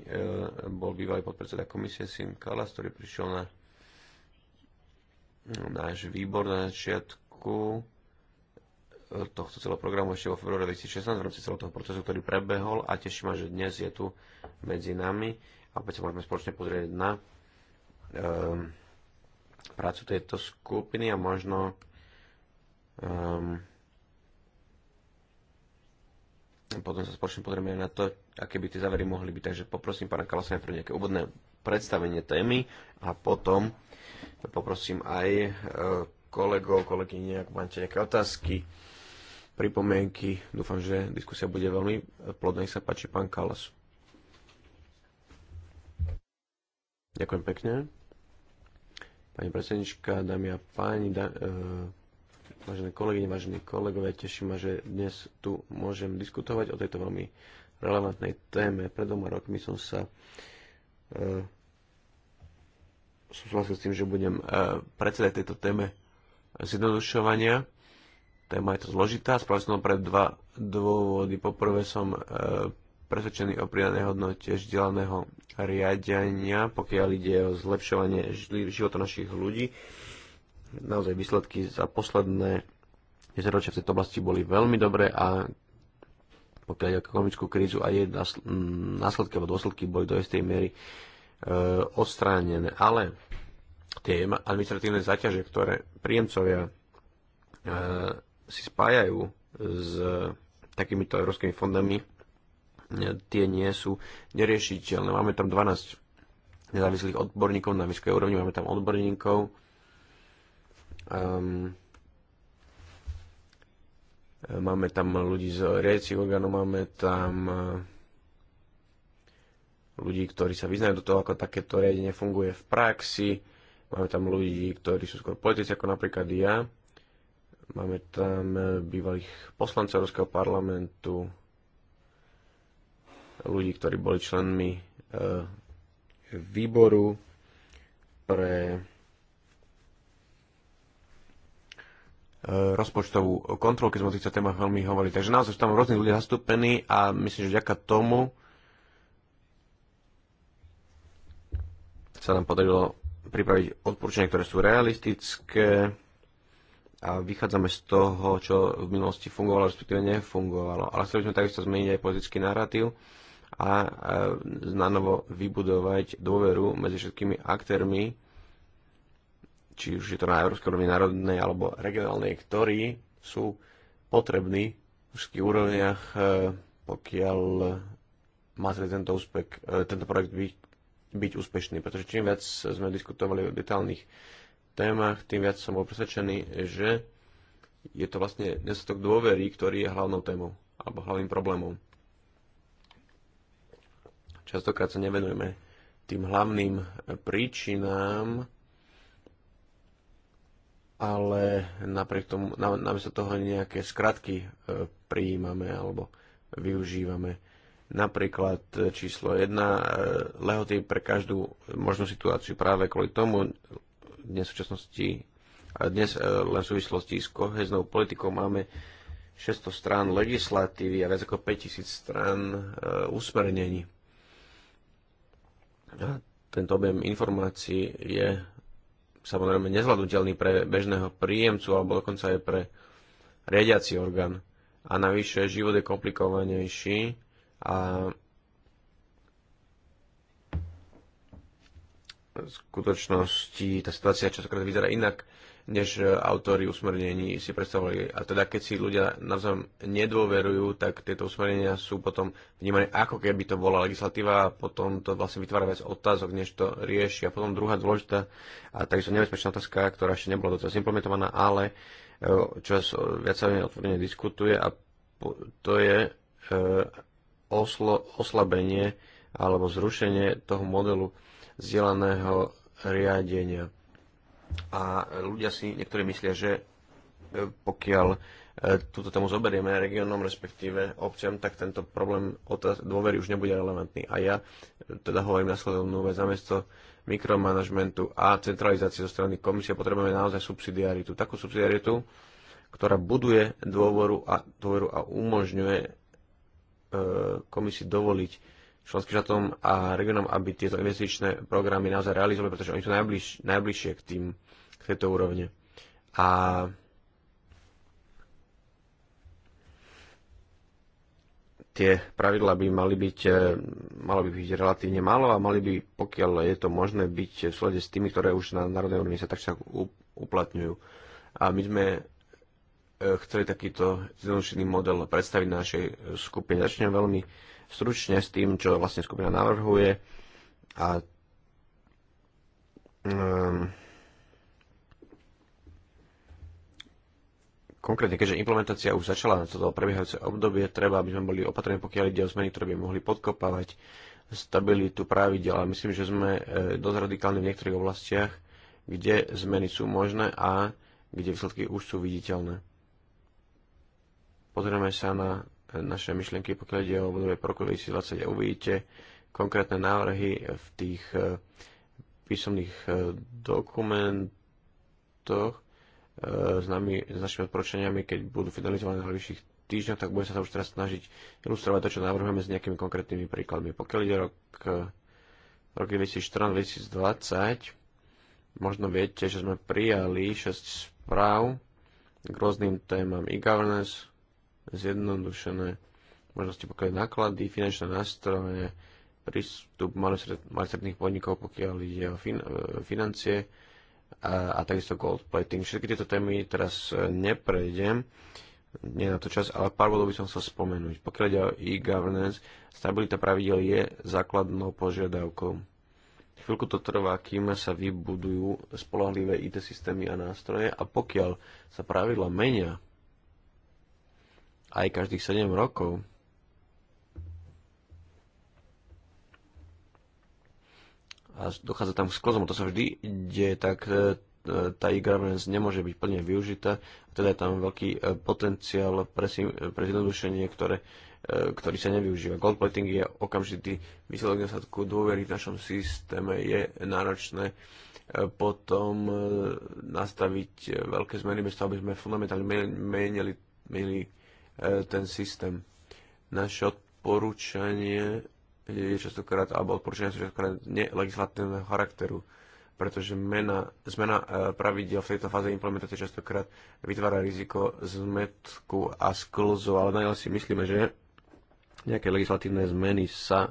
bol bývalý podpredseda komisie Sim Kalas, ktorý prišiel na náš výbor na začiatku e, tohto celého programu ešte vo februári 2016 v rámci celého toho procesu, ktorý prebehol a teší ma, že dnes je tu medzi nami a opäť sa môžeme spoločne pozrieť na e, prácu tejto skupiny a možno e, potom sa spoločne pozrieme na to, aké by tie závery mohli byť. Takže poprosím pána Kalasa pre nejaké úvodné predstavenie témy a potom poprosím aj e, kolegov, kolegyne, ak máte nejaké otázky, pripomienky. Dúfam, že diskusia bude veľmi plodná. Nech sa páči, pán Kalas. Ďakujem pekne. Pani predsednička, dámy a páni, da, e Vážené kolegyne, vážení kolegovia, teším ma, že dnes tu môžem diskutovať o tejto veľmi relevantnej téme. Pred dvoma rokmi som sa e, súhlasil s tým, že budem e, predsedať tejto téme zjednodušovania. Téma je to zložitá. Spravil som pre dva dôvody. Poprvé som e, presvedčený o pridanej hodnote vzdelaného riadenia, pokiaľ ide o zlepšovanie života našich ľudí naozaj výsledky za posledné 10 ročia v tejto oblasti boli veľmi dobré a pokiaľ ide o ekonomickú krízu a jej mm, následky alebo dôsledky boli do istej miery e, odstránené. Ale tie administratívne zaťaže, ktoré príjemcovia e, si spájajú s takýmito európskymi fondami, e, tie nie sú neriešiteľné. Máme tam 12 nezávislých odborníkov na vysokej úrovni, máme tam odborníkov, Um, máme tam ľudí z riadiacich orgánov, máme tam eh, ľudí, ktorí sa vyznajú do toho, ako takéto riadenie funguje v praxi. Máme tam ľudí, ktorí sú skôr politici, ako napríklad ja. Máme tam eh, bývalých poslancov Európskeho parlamentu, ľudí, ktorí boli členmi eh, výboru pre rozpočtovú kontrolu, keď sme o týchto témach veľmi hovorili. Takže naozaj sú tam rôzni ľudia zastúpení a myslím, že vďaka tomu sa nám podarilo pripraviť odporúčania, ktoré sú realistické a vychádzame z toho, čo v minulosti fungovalo, respektíve nefungovalo. Ale chceli sme takisto zmeniť aj politický narratív a e, na vybudovať dôveru medzi všetkými aktérmi, či už je to na európskej úrovni, národnej alebo regionálnej, ktorí sú potrební v všetkých úrovniach, e, pokiaľ má teda tento, úspech, e, tento projekt byť, byť úspešný. Pretože čím viac sme diskutovali o detálnych témach, tým viac som bol presvedčený, že je to vlastne nedostatok dôvery, ktorý je hlavnou témou alebo hlavným problémom. Častokrát sa nevenujeme tým hlavným príčinám, ale napriek tomu, namiesto toho nejaké skratky e, prijímame alebo využívame. Napríklad e, číslo 1, e, lehoty pre každú možnú situáciu. Práve kvôli tomu dnes v súčasnosti, a dnes len v súvislosti s koheznou politikou máme 600 strán legislatívy a viac ako 5000 strán usmernení. A tento objem informácií je samozrejme nezvládnutelný pre bežného príjemcu alebo dokonca aj pre riadiaci orgán. A navyše život je komplikovanejší a v skutočnosti tá situácia častokrát vyzerá inak, než e, autory usmernení si predstavovali. A teda keď si ľudia navzájom nedôverujú, tak tieto usmernenia sú potom vnímané ako keby to bola legislatíva a potom to vlastne vytvára viac otázok, než to rieši. A potom druhá dôležitá a takisto nebezpečná otázka, ktorá ešte nebola doteraz implementovaná, ale e, čo viac sa otvorene diskutuje a to je e, oslo, oslabenie alebo zrušenie toho modelu zdieľaného riadenia a ľudia si, niektorí myslia, že e, pokiaľ e, túto tému zoberieme regiónom, respektíve občan, tak tento problém dôvery už nebude relevantný. A ja e, teda hovorím nasledovnú vec, zamesto mikromanagementu a centralizácie zo strany komisie potrebujeme naozaj subsidiaritu. Takú subsidiaritu, ktorá buduje dôvoru a, dôveru a umožňuje e, komisii dovoliť členským štátom a regionom, aby tieto investičné programy naozaj realizovali, pretože oni sú najbliž, najbližšie k, tým, k tejto úrovne. A tie pravidla by mali byť, e, malo by byť relatívne málo a mali by, pokiaľ je to možné, byť v slede s tými, ktoré už na národnej úrovni sa tak sa uplatňujú. A my sme e, chceli takýto zjednodušený model predstaviť na našej skupine. Začnem veľmi stručne s tým, čo vlastne skupina navrhuje a um, konkrétne, keďže implementácia už začala na toto prebiehajúce obdobie, treba, aby sme boli opatrení, pokiaľ ide o zmeny, ktoré by mohli podkopávať stabilitu pravidel. ale myslím, že sme e, dosť radikálni v niektorých oblastiach, kde zmeny sú možné a kde výsledky už sú viditeľné. Pozrieme sa na naše myšlienky, pokiaľ ide o obdobie po roku 2020 a uvidíte konkrétne návrhy v tých e, písomných e, dokumentoch e, s, nami, s našimi odporúčaniami, keď budú finalizované na najbližších týždňoch, tak budeme sa už teraz snažiť ilustrovať to, čo navrhujeme s nejakými konkrétnymi príkladmi. Pokiaľ ide rok, rok 2014-2020, možno viete, že sme prijali 6 správ k rôznym témam e-governance, zjednodušené možnosti pokiaľ náklady, finančné nástroje, prístup malostredných podnikov, pokiaľ ide o fin- financie a, a takisto gold plating. Všetky tieto témy teraz e, neprejdem, nie na to čas, ale pár bodov by som chcel spomenúť. Pokiaľ ide o e-governance, stabilita pravidel je základnou požiadavkou. Chvíľku to trvá, kým sa vybudujú spolahlivé IT systémy a nástroje a pokiaľ sa pravidla menia aj každých 7 rokov. A dochádza tam k sklozom, to sa vždy deje, tak e, e, tá e-governance nemôže byť plne využitá, teda je tam veľký e, potenciál pre, pre zjednodušenie, ktoré, ktorý sa nevyužíva. Gold plating je okamžitý výsledok nedostatku dôvery v našom systéme, je náročné potom nastaviť veľké zmeny bez toho, aby sme fundamentálne menili, menili E, ten systém. Naše odporúčanie je častokrát, alebo odporúčania sú častokrát nelegislatívneho charakteru, pretože mena, zmena e, pravidel v tejto fáze implementácie častokrát vytvára riziko zmetku a sklzu, ale najmä si myslíme, že nejaké legislatívne zmeny sa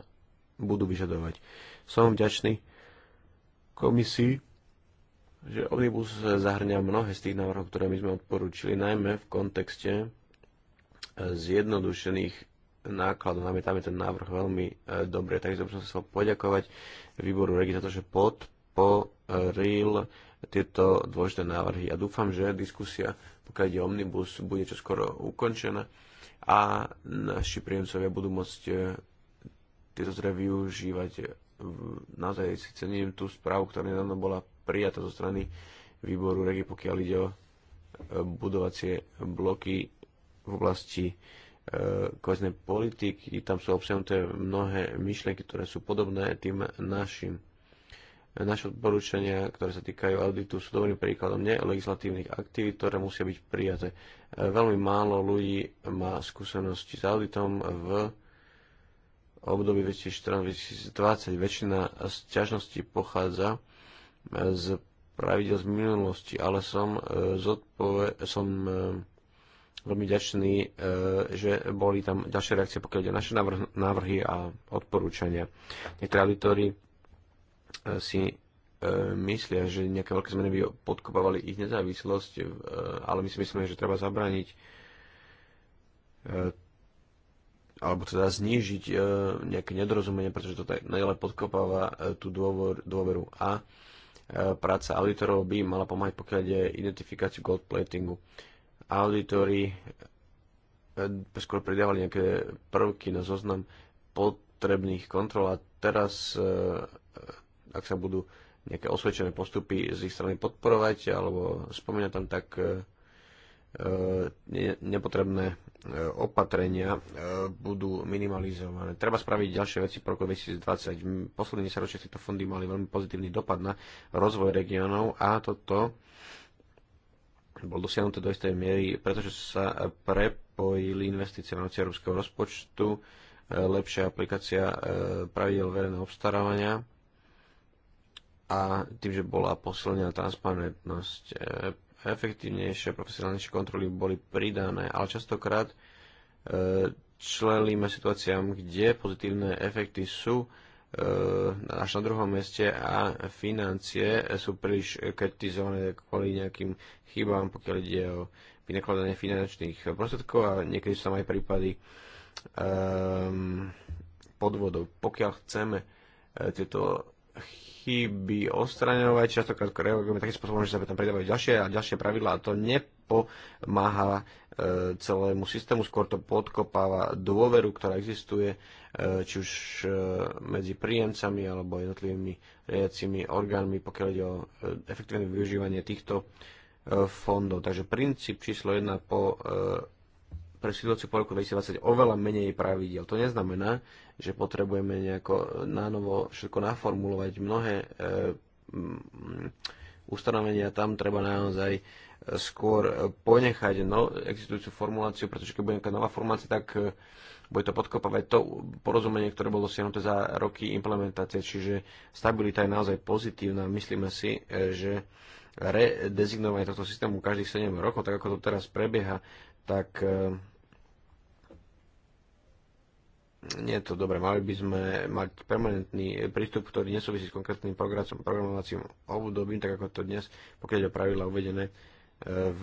budú vyžadovať. Som vďačný komisii, že Omnibus zahrňa mnohé z tých návrhov, ktoré my sme odporúčili, najmä v kontexte zjednodušených nákladov. Tam je ten návrh veľmi e, dobre, takisto som chcel poďakovať výboru Regi za to, že podporil tieto dôležité návrhy. Ja dúfam, že diskusia, pokiaľ ide omnibus, bude čoskoro ukončená a naši príjemcovia budú môcť e, tieto zdroje využívať. Naozaj si cením tú správu, ktorá nedávno bola prijatá zo strany výboru Regi, pokiaľ ide o e, budovacie bloky v oblasti e, kváznej politiky, tam sú obsahnuté mnohé myšlienky, ktoré sú podobné tým našim. Naše odporúčania, ktoré sa týkajú auditu, sú dobrým príkladom nelegislatívnych aktivít, ktoré musia byť prijaté. E, veľmi málo ľudí má skúsenosti s auditom v období 2014-2020. Väčšina sťažností pochádza e, z pravidel z minulosti, ale som, zodpoved som veľmi ďačný, e, že boli tam ďalšie reakcie, pokiaľ ide naše návrhy a odporúčania. Niektorí auditori e, si e, myslia, že nejaké veľké zmeny by podkopávali ich nezávislosť, ale my si myslíme, že treba zabrániť alebo teda znížiť nejaké nedorozumenie, pretože to najlepšie podkopáva tú dôveru. A práca auditorov by mala pomáhať, pokiaľ ide identifikáciu gold platingu auditori eh, skôr pridávali nejaké prvky na zoznam potrebných kontrol a teraz, eh, ak sa budú nejaké osvedčené postupy z ich strany podporovať alebo spomínať tam tak eh, nepotrebné opatrenia budú minimalizované. Treba spraviť ďalšie veci pro roku 2020. Posledne sa ročne tieto fondy mali veľmi pozitívny dopad na rozvoj regiónov a toto bol dosiahnuté do istej miery, pretože sa prepojili investície v rámci európskeho rozpočtu, e, lepšia aplikácia e, pravidel verejného obstarávania a tým, že bola posilnená transparentnosť, e, efektívnejšie profesionálnejšie kontroly boli pridané, ale častokrát čelíme situáciám, kde pozitívne efekty sú E, až na druhom meste a financie sú príliš kritizované kvôli nejakým chybám, pokiaľ ide o vynakladanie finančných prostriedkov a niekedy sú tam aj prípady e, podvodov. Pokiaľ chceme e, tieto chyby ostraňovať, častokrát reagujeme takým spôsobom, že sa tam pridávajú ďalšie a ďalšie pravidlá a to ne pomáha e, celému systému, skôr to podkopáva dôveru, ktorá existuje e, či už e, medzi príjemcami alebo jednotlivými riadcimi orgánmi, pokiaľ ide o efektívne využívanie týchto fondov. Takže princíp číslo 1 po pre situáciu po roku 2020 oveľa menej pravidel. To neznamená, že potrebujeme nejako nánovo všetko naformulovať. Mnohé e, m, ustanovenia tam treba naozaj skôr ponechať no, existujúcu formuláciu, pretože keď bude nejaká nová formulácia, tak e, bude to podkopávať to porozumenie, ktoré bolo dosiahnuté za roky implementácie. Čiže stabilita je naozaj pozitívna. Myslíme si, e, že redezignovanie tohto systému každých 7 rokov, tak ako to teraz prebieha, tak e, nie je to dobré. Mali by sme mať permanentný prístup, ktorý nesúvisí s konkrétnym programovacím obdobím, tak ako to dnes, pokiaľ je pravidla uvedené v,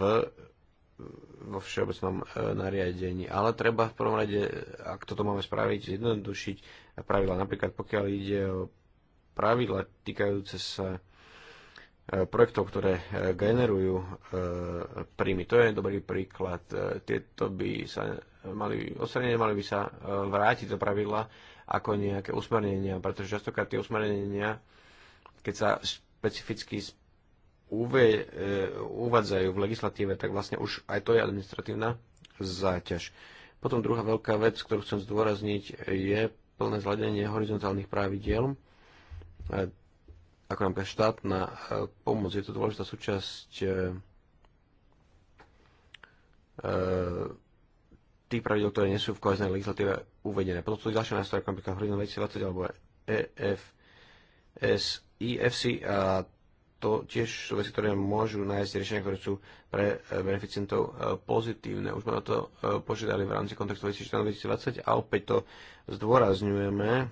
vo všeobecnom e, nariadení. Ale treba v prvom rade, ak toto máme spraviť, zjednodušiť pravidla. Napríklad pokiaľ ide o pravidla týkajúce sa e, projektov, ktoré e, generujú príjmy. To je dobrý príklad. Tieto by sa mali odstranené, mali by sa vrátiť do pravidla ako nejaké usmernenia, pretože častokrát tie usmernenia, keď sa špecificky uve, e, uvádzajú v legislatíve, tak vlastne už aj to je administratívna záťaž. Potom druhá veľká vec, ktorú chcem zdôrazniť, je plné zladenie horizontálnych pravidiel, e, ako napríklad štátna e, pomoc. Je to dôležitá súčasť tých pravidel, ktoré nie sú v koheznej legislatíve uvedené. Potom sú to ďalšie nástroje, ako napríklad Horizon 2020 alebo EF, SIFC a to tiež sú veci, ktoré môžu nájsť riešenia, ktoré sú pre e, beneficientov e, pozitívne. Už sme na to e, požiadali v rámci kontextu 2014-2020 a opäť to zdôrazňujeme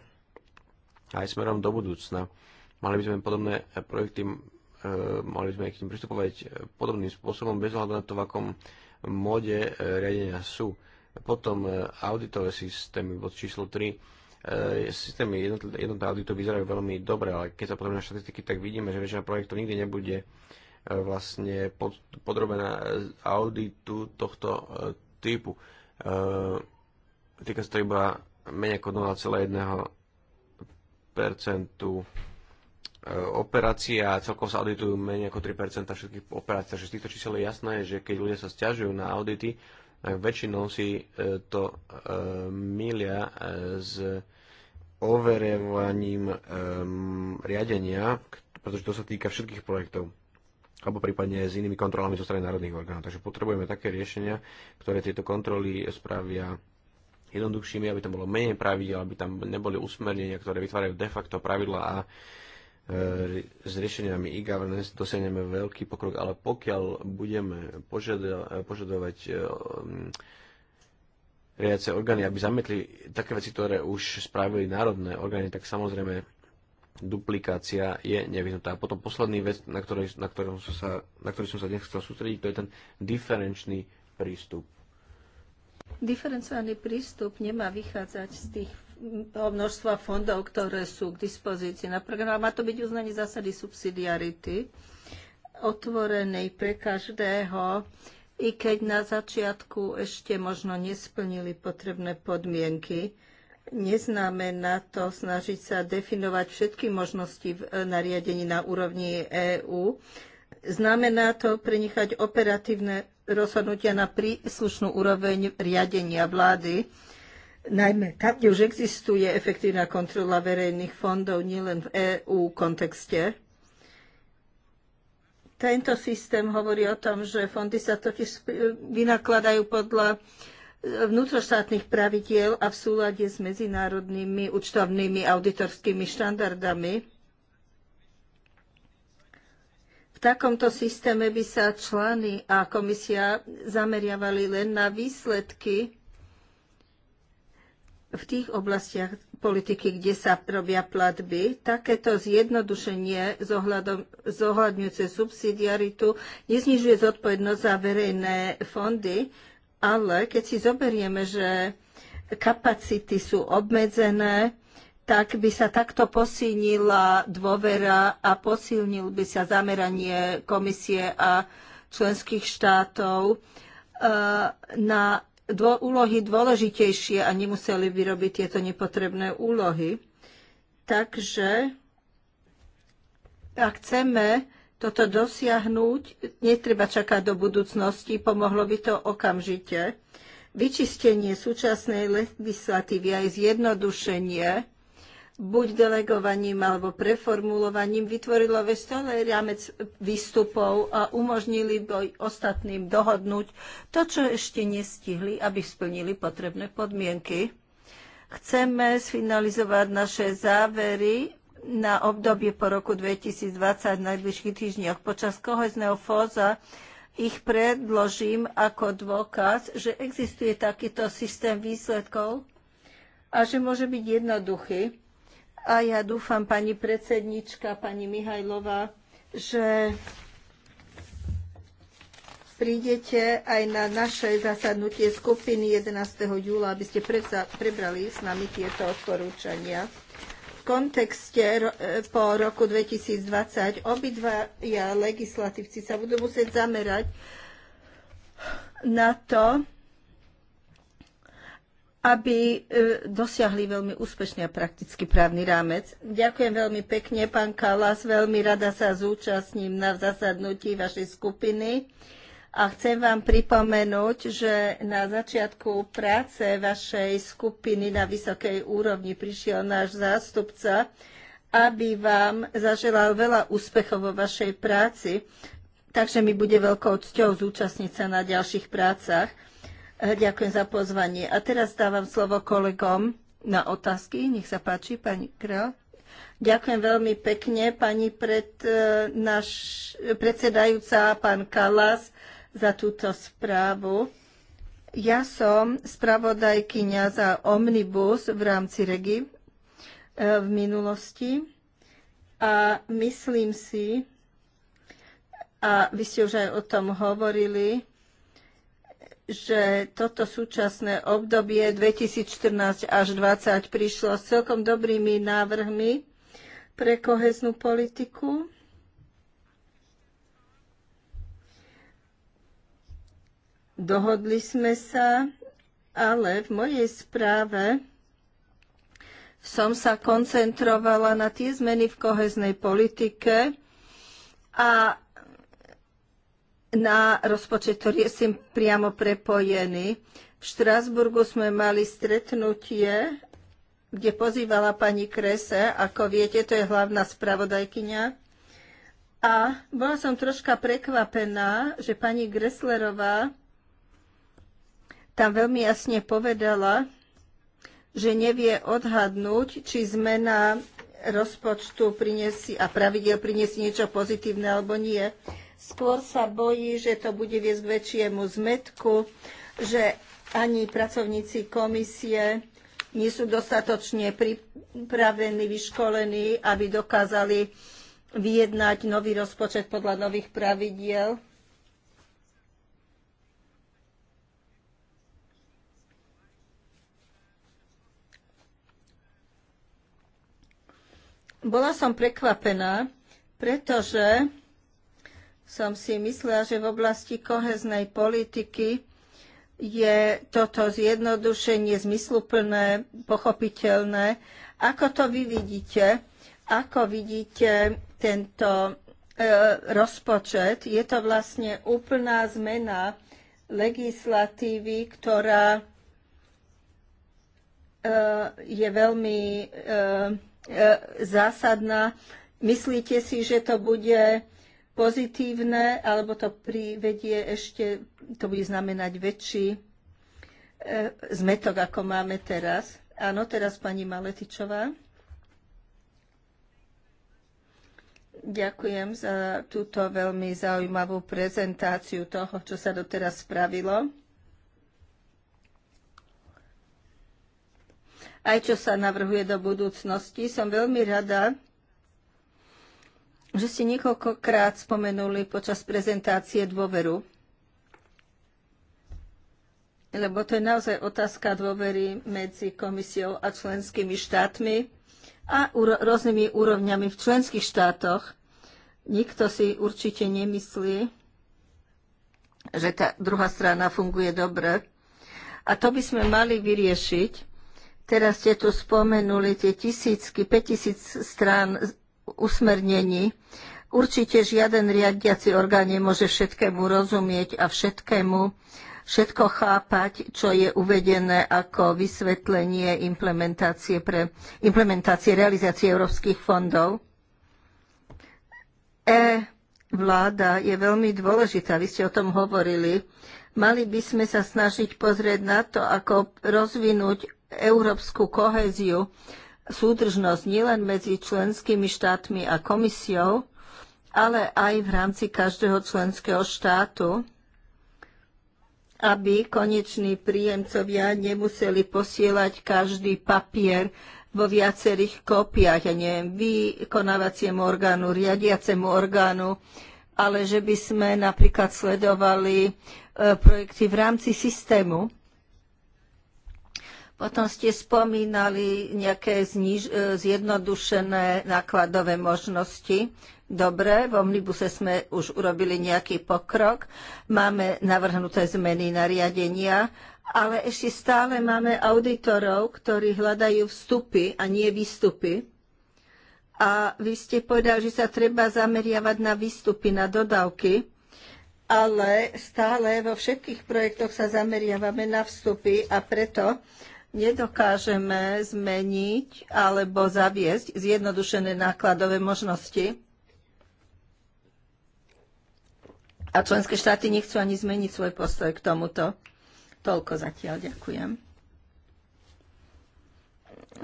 aj smerom do budúcna. Mali by sme podobné projekty, mali by sme k tým pristupovať podobným spôsobom, bez ohľadu na to, v akom mode riadenia sú. Potom auditové systémy, bod číslo 3, E, systémy jednotného auditu vyzerajú veľmi dobre, ale keď sa pozrieme na štatistiky, tak vidíme, že väčšina projektov nikdy nebude e, vlastne pod, podrobená e, auditu tohto typu. Týka sa to iba menej ako 0,1 operácií a celkovo sa auditujú menej ako 3% všetkých operácií. Takže z týchto čísel je jasné, že keď ľudia sa stiažujú na audity, tak väčšinou si e, to e, milia e, s overovaním riadenia, pretože to sa týka všetkých projektov alebo prípadne s inými kontrolami zo strany národných orgánov. Takže potrebujeme také riešenia, ktoré tieto kontroly spravia jednoduchšími, aby tam bolo menej pravidel, aby tam neboli usmernenia, ktoré vytvárajú de facto pravidla a E, s riešeniami e-governance dosiahneme veľký pokrok, ale pokiaľ budeme požada- požadovať e, mm, riadce orgány, aby zametli také veci, ktoré už spravili národné orgány, tak samozrejme duplikácia je nevyhnutá. A potom posledný vec, na, ktorý, na, ktorý som sa, na ktorý som sa dnes chcel sústrediť, to je ten diferenčný prístup. Diferencovaný prístup nemá vychádzať z tých toho množstva fondov, ktoré sú k dispozícii na program. Má to byť uznanie zásady subsidiarity otvorenej pre každého, i keď na začiatku ešte možno nesplnili potrebné podmienky. Neznamená to snažiť sa definovať všetky možnosti v e, nariadení na úrovni EÚ. Znamená to prenechať operatívne rozhodnutia na príslušnú úroveň riadenia vlády najmä tam, kde už existuje efektívna kontrola verejných fondov, nielen v EÚ kontexte. Tento systém hovorí o tom, že fondy sa totiž vynakladajú podľa e, vnútroštátnych pravidiel a v súlade s medzinárodnými účtovnými auditorskými štandardami. V takomto systéme by sa člány a komisia zameriavali len na výsledky v tých oblastiach politiky, kde sa robia platby, takéto zjednodušenie zohľadňujúce subsidiaritu neznižuje zodpovednosť za verejné fondy, ale keď si zoberieme, že kapacity sú obmedzené, tak by sa takto posilnila dôvera a posilnil by sa zameranie komisie a členských štátov eh, na dô, úlohy dôležitejšie a nemuseli by robiť tieto nepotrebné úlohy. Takže ak chceme toto dosiahnuť, netreba čakať do budúcnosti, pomohlo by to okamžite. Vyčistenie súčasnej legislatívy aj zjednodušenie buď delegovaním alebo preformulovaním vytvorilo ve stole rámec výstupov a umožnili by ostatným dohodnúť to, čo ešte nestihli, aby splnili potrebné podmienky. Chceme sfinalizovať naše závery na obdobie po roku 2020 v najbližších týždňoch. Počas kohezného fóza ich predložím ako dôkaz, že existuje takýto systém výsledkov a že môže byť jednoduchý a ja dúfam, pani predsednička, pani Mihajlova, že prídete aj na naše zasadnutie skupiny 11. júla, aby ste prebrali s nami tieto odporúčania. V kontexte eh, po roku 2020 obidva ja, legislatívci sa budú musieť zamerať na to, aby e, dosiahli veľmi úspešný a praktický právny rámec. Ďakujem veľmi pekne, pán Kalas. Veľmi rada sa zúčastním na zasadnutí vašej skupiny. A chcem vám pripomenúť, že na začiatku práce vašej skupiny na vysokej úrovni prišiel náš zástupca, aby vám zaželal veľa úspechov vo vašej práci. Takže mi bude veľkou cťou zúčastniť sa na ďalších prácach. Eh, ďakujem za pozvanie. A teraz dávam slovo kolegom na otázky. Nech sa páči, pani Král. Ďakujem veľmi pekne, pani pred, eh, naš, predsedajúca, pán Kalas, za túto správu. Ja som spravodajkyňa za Omnibus v rámci Regi eh, v minulosti a myslím si, a vy ste už aj o tom hovorili, že toto súčasné obdobie 2014 až 2020 prišlo s celkom dobrými návrhmi pre koheznú politiku. Dohodli sme sa, ale v mojej správe som sa koncentrovala na tie zmeny v koheznej politike a na rozpočet, ktorý je s tým priamo prepojený. V Štrásburgu sme mali stretnutie, kde pozývala pani Krese, ako viete, to je hlavná spravodajkyňa. A bola som troška prekvapená, že pani Greslerová tam veľmi jasne povedala, že nevie odhadnúť, či zmena rozpočtu prinesie a pravidel prinesie niečo pozitívne alebo nie. Skôr sa bojí, že to bude viesť k väčšiemu zmetku, že ani pracovníci komisie nie sú dostatočne pripravení, vyškolení, aby dokázali vyjednať nový rozpočet podľa nových pravidiel. Bola som prekvapená, pretože som si myslela, že v oblasti koheznej politiky je toto zjednodušenie zmysluplné, pochopiteľné. Ako to vy vidíte? Ako vidíte tento e, rozpočet? Je to vlastne úplná zmena legislatívy, ktorá e, je veľmi e, e, zásadná. Myslíte si, že to bude pozitívne, alebo to privedie ešte, to bude znamenať väčší e, zmetok, ako máme teraz. Áno, teraz pani Maletičová. Ďakujem za túto veľmi zaujímavú prezentáciu toho, čo sa doteraz spravilo. Aj čo sa navrhuje do budúcnosti. Som veľmi rada, že ste niekoľkokrát spomenuli počas prezentácie dôveru. Lebo to je naozaj otázka dôvery medzi komisiou a členskými štátmi a rôznymi úrovňami v členských štátoch. Nikto si určite nemyslí, že tá druhá strana funguje dobre. A to by sme mali vyriešiť. Teraz ste tu spomenuli tie tisícky, 5000 strán usmernení. Určite žiaden riadiaci orgán nemôže všetkému rozumieť a všetkému všetko chápať, čo je uvedené ako vysvetlenie implementácie, pre, implementácie realizácie európskych fondov. E vláda je veľmi dôležitá, vy ste o tom hovorili. Mali by sme sa snažiť pozrieť na to, ako rozvinúť európsku kohéziu, súdržnosť nielen medzi členskými štátmi a komisiou, ale aj v rámci každého členského štátu, aby koneční príjemcovia nemuseli posielať každý papier vo viacerých kópiách, ja neviem, vykonávaciemu orgánu, riadiacemu orgánu, ale že by sme napríklad sledovali e, projekty v rámci systému potom ste spomínali nejaké zniž, e, zjednodušené nákladové možnosti. Dobre, v Omnibuse sme už urobili nejaký pokrok. Máme navrhnuté zmeny nariadenia, ale ešte stále máme auditorov, ktorí hľadajú vstupy a nie výstupy. A vy ste povedali, že sa treba zameriavať na výstupy, na dodávky ale stále vo všetkých projektoch sa zameriavame na vstupy a preto nedokážeme zmeniť alebo zaviesť zjednodušené nákladové možnosti. A členské štáty nechcú ani zmeniť svoj postoj k tomuto. Toľko zatiaľ. Ďakujem.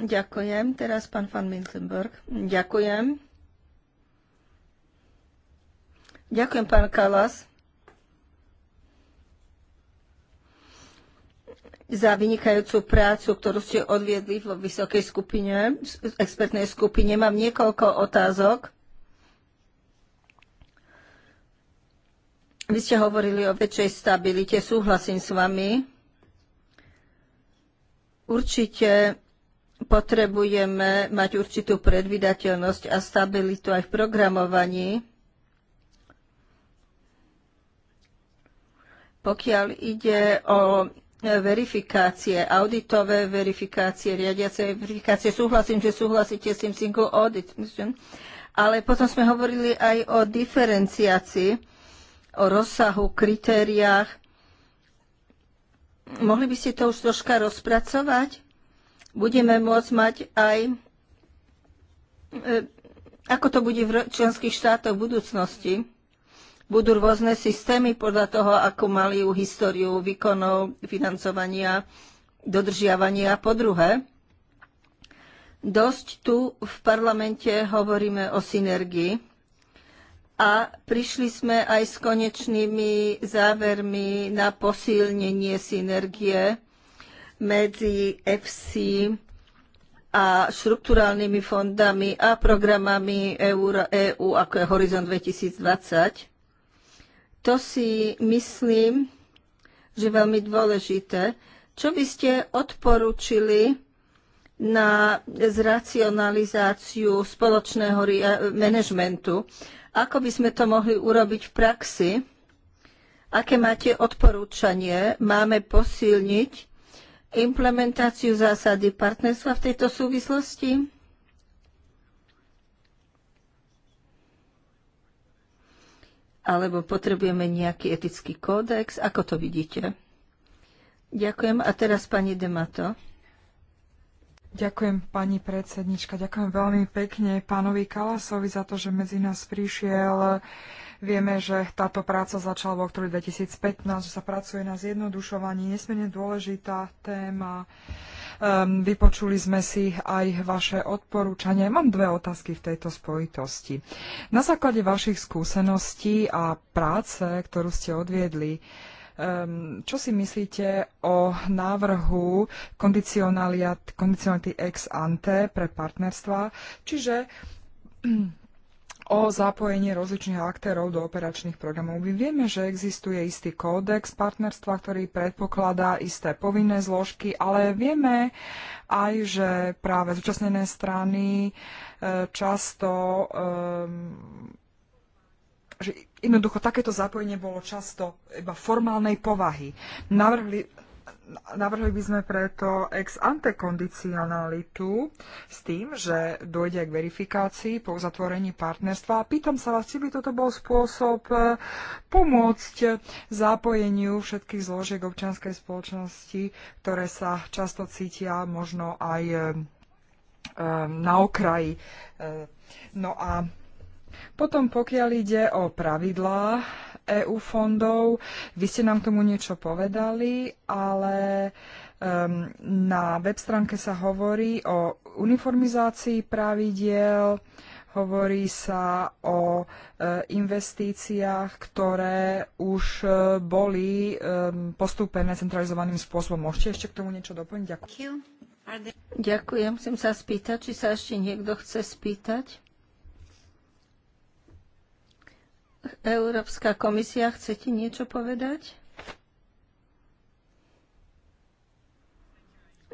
Ďakujem. Teraz pán van Miltenberg. Ďakujem. Ďakujem, pán Kalas. za vynikajúcu prácu, ktorú ste odviedli vo vysokej skupine, expertnej skupine. Mám niekoľko otázok. Vy ste hovorili o väčšej stabilite, súhlasím s vami. Určite potrebujeme mať určitú predvydateľnosť a stabilitu aj v programovaní. Pokiaľ ide o verifikácie, auditové verifikácie, riadiace verifikácie. Súhlasím, že súhlasíte s tým single audit Myslím. Ale potom sme hovorili aj o diferenciácii, o rozsahu, kritériách. Mohli by ste to už troška rozpracovať? Budeme môcť mať aj... E, ako to bude v členských štátoch v budúcnosti? budú rôzne systémy podľa toho, ako mali históriu výkonov, financovania, dodržiavania. a podruhé. dosť tu v parlamente hovoríme o synergii a prišli sme aj s konečnými závermi na posilnenie synergie medzi FC a štruktúrálnymi fondami a programami EU, EU ako je Horizon 2020. To si myslím, že veľmi dôležité. Čo by ste odporúčili na zracionalizáciu spoločného eh, manažmentu? Ako by sme to mohli urobiť v praxi? Aké máte odporúčanie? Máme posilniť implementáciu zásady partnerstva v tejto súvislosti? alebo potrebujeme nejaký etický kódex? Ako to vidíte? Ďakujem. A teraz pani Demato. Ďakujem pani predsednička, ďakujem veľmi pekne pánovi Kalasovi za to, že medzi nás prišiel. Vieme, že táto práca začala v oktobri 2015, že sa pracuje na zjednodušovaní, nesmierne dôležitá téma. Ehm, vypočuli sme si aj vaše odporúčania. Mám dve otázky v tejto spojitosti. Na základe vašich skúseností a práce, ktorú ste odviedli, ehm, čo si myslíte o návrhu kondicionality ex ante pre partnerstva? Čiže o zapojení rozličných aktérov do operačných programov. My vieme, že existuje istý kódex partnerstva, ktorý predpokladá isté povinné zložky, ale vieme aj, že práve zúčastnené strany eh, často ehm, že jednoducho takéto zapojenie bolo často iba formálnej povahy. Navrhli, Navrhli by sme preto ex ante kondicionalitu s tým, že dojde k verifikácii po uzatvorení partnerstva. Pýtam sa vás, či by toto bol spôsob eh, pomôcť zapojeniu všetkých zložiek občianskej spoločnosti, ktoré sa často cítia možno aj eh, na okraji. Eh, no a potom, pokiaľ ide o pravidlá, EU fondov. Vy ste nám tomu niečo povedali, ale um, na web stránke sa hovorí o uniformizácii pravidiel, hovorí sa o e, investíciách, ktoré už e, boli e, postúpené centralizovaným spôsobom. Môžete ešte k tomu niečo doplniť? Ďakujem. Ďakujem. Chcem sa spýtať, či sa ešte niekto chce spýtať. Európska komisia, chcete niečo povedať?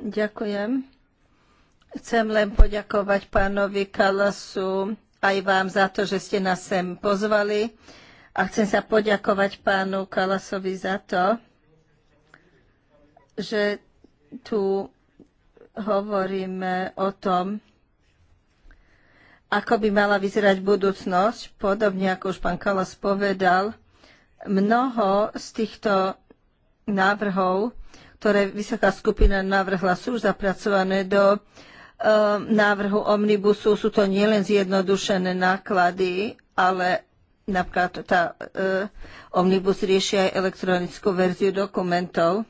Ďakujem. Chcem len poďakovať pánovi Kalasu aj vám za to, že ste nás sem pozvali. A chcem sa poďakovať pánu Kalasovi za to, že tu hovoríme o tom, ako by mala vyzerať budúcnosť. Podobne ako už pán Kalas povedal, mnoho z týchto návrhov, ktoré vysoká skupina navrhla, sú už zapracované do e, návrhu omnibusu. Sú to nielen zjednodušené náklady, ale napríklad tá e, omnibus rieši aj elektronickú verziu dokumentov.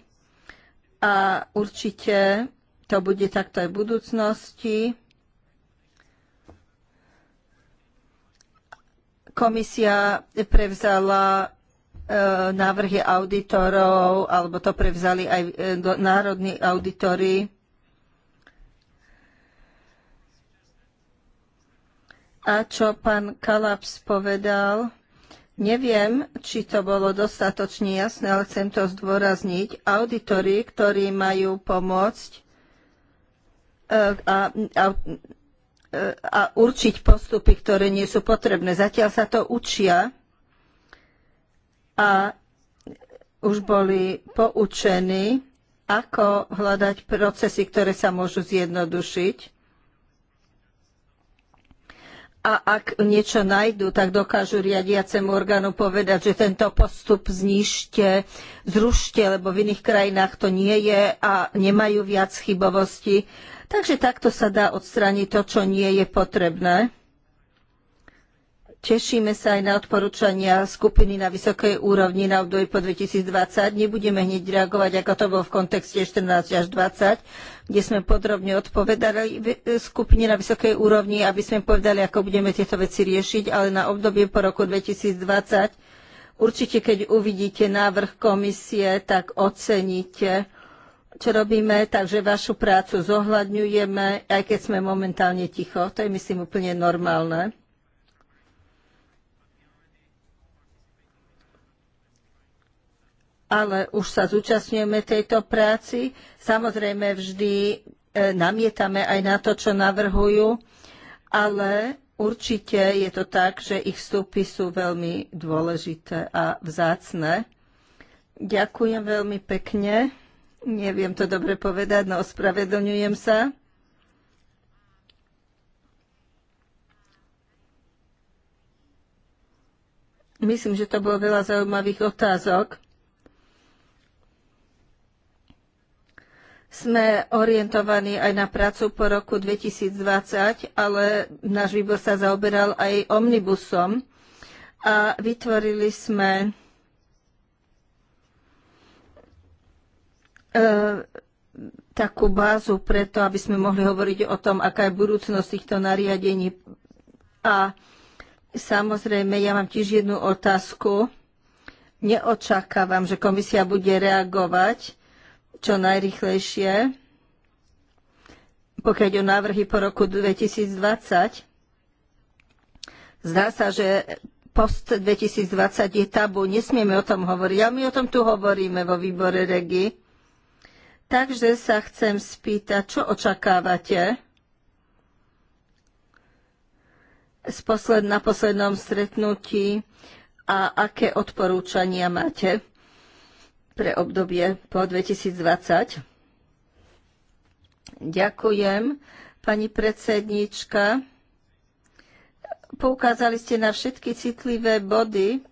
A určite to bude takto aj v budúcnosti Komisia prevzala e, návrhy auditorov, alebo to prevzali aj e, národní auditory. A čo pán Kalaps povedal, neviem, či to bolo dostatočne jasné, ale chcem to zdôrazniť. Auditory, ktorí majú pomôcť e, a, a, a určiť postupy, ktoré nie sú potrebné. Zatiaľ sa to učia a už boli poučení, ako hľadať procesy, ktoré sa môžu zjednodušiť. A ak niečo nájdú, tak dokážu riadiacemu orgánu povedať, že tento postup znište, zrušte, lebo v iných krajinách to nie je a nemajú viac chybovosti Takže takto sa dá odstrániť to, čo nie je potrebné. Tešíme sa aj na odporúčania skupiny na vysokej úrovni na obdobie po 2020. Nebudeme hneď reagovať, ako to bolo v kontexte 14 až 20, kde sme podrobne odpovedali e, skupine na vysokej úrovni, aby sme povedali, ako budeme tieto veci riešiť, ale na obdobie po roku 2020 určite, keď uvidíte návrh komisie, tak oceníte čo robíme, takže vašu prácu zohľadňujeme, aj keď sme momentálne ticho. To je, myslím, úplne normálne. ale už sa zúčastňujeme tejto práci. Samozrejme vždy e, namietame aj na to, čo navrhujú, ale určite je to tak, že ich vstupy sú veľmi dôležité a vzácne. Ďakujem veľmi pekne. Neviem to dobre povedať, no ospravedlňujem sa. Myslím, že to bolo veľa zaujímavých otázok. Sme orientovaní aj na prácu po roku 2020, ale náš výbor sa zaoberal aj omnibusom a vytvorili sme E, takú bázu preto, aby sme mohli hovoriť o tom, aká je budúcnosť týchto nariadení. A samozrejme, ja mám tiež jednu otázku. Neočakávam, že komisia bude reagovať čo najrychlejšie, pokiaľ o návrhy po roku 2020. Zdá sa, že post 2020 je tabu, nesmieme o tom hovoriť, A my o tom tu hovoríme vo výbore REGI. Takže sa chcem spýtať, čo očakávate posled, na poslednom stretnutí a aké odporúčania máte pre obdobie po 2020? Ďakujem, pani predsednička. Poukázali ste na všetky citlivé body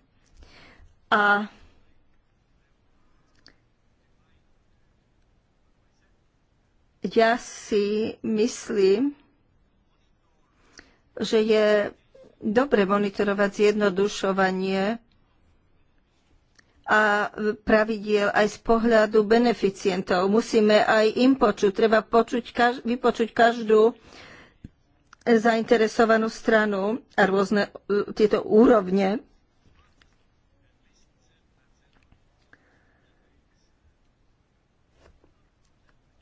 a Ja si myslím, že je dobre monitorovať zjednodušovanie a pravidiel aj z pohľadu beneficientov. Musíme aj im počuť. Treba počuť, kaž, vypočuť každú zainteresovanú stranu a rôzne e, tieto úrovne.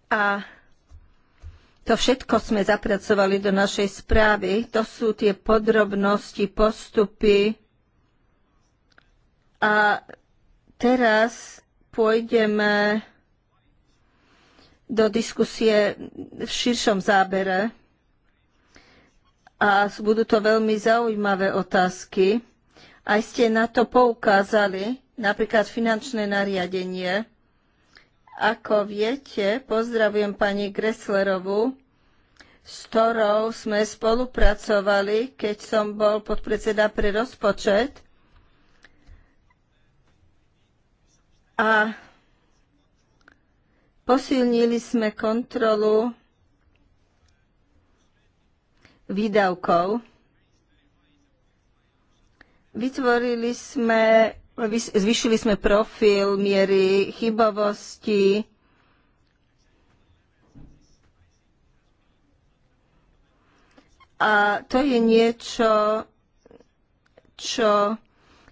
A to všetko sme zapracovali do našej správy. To sú tie podrobnosti, postupy. A teraz pôjdeme do diskusie v širšom zábere a budú to veľmi zaujímavé otázky. Aj ste na to poukázali, napríklad finančné nariadenie. Ako viete, pozdravujem pani Gresslerovú, s ktorou sme spolupracovali, keď som bol podpredseda pre rozpočet. A posilnili sme kontrolu výdavkov. Vytvorili sme Zvyšili sme profil miery chybovosti. A to je niečo, čo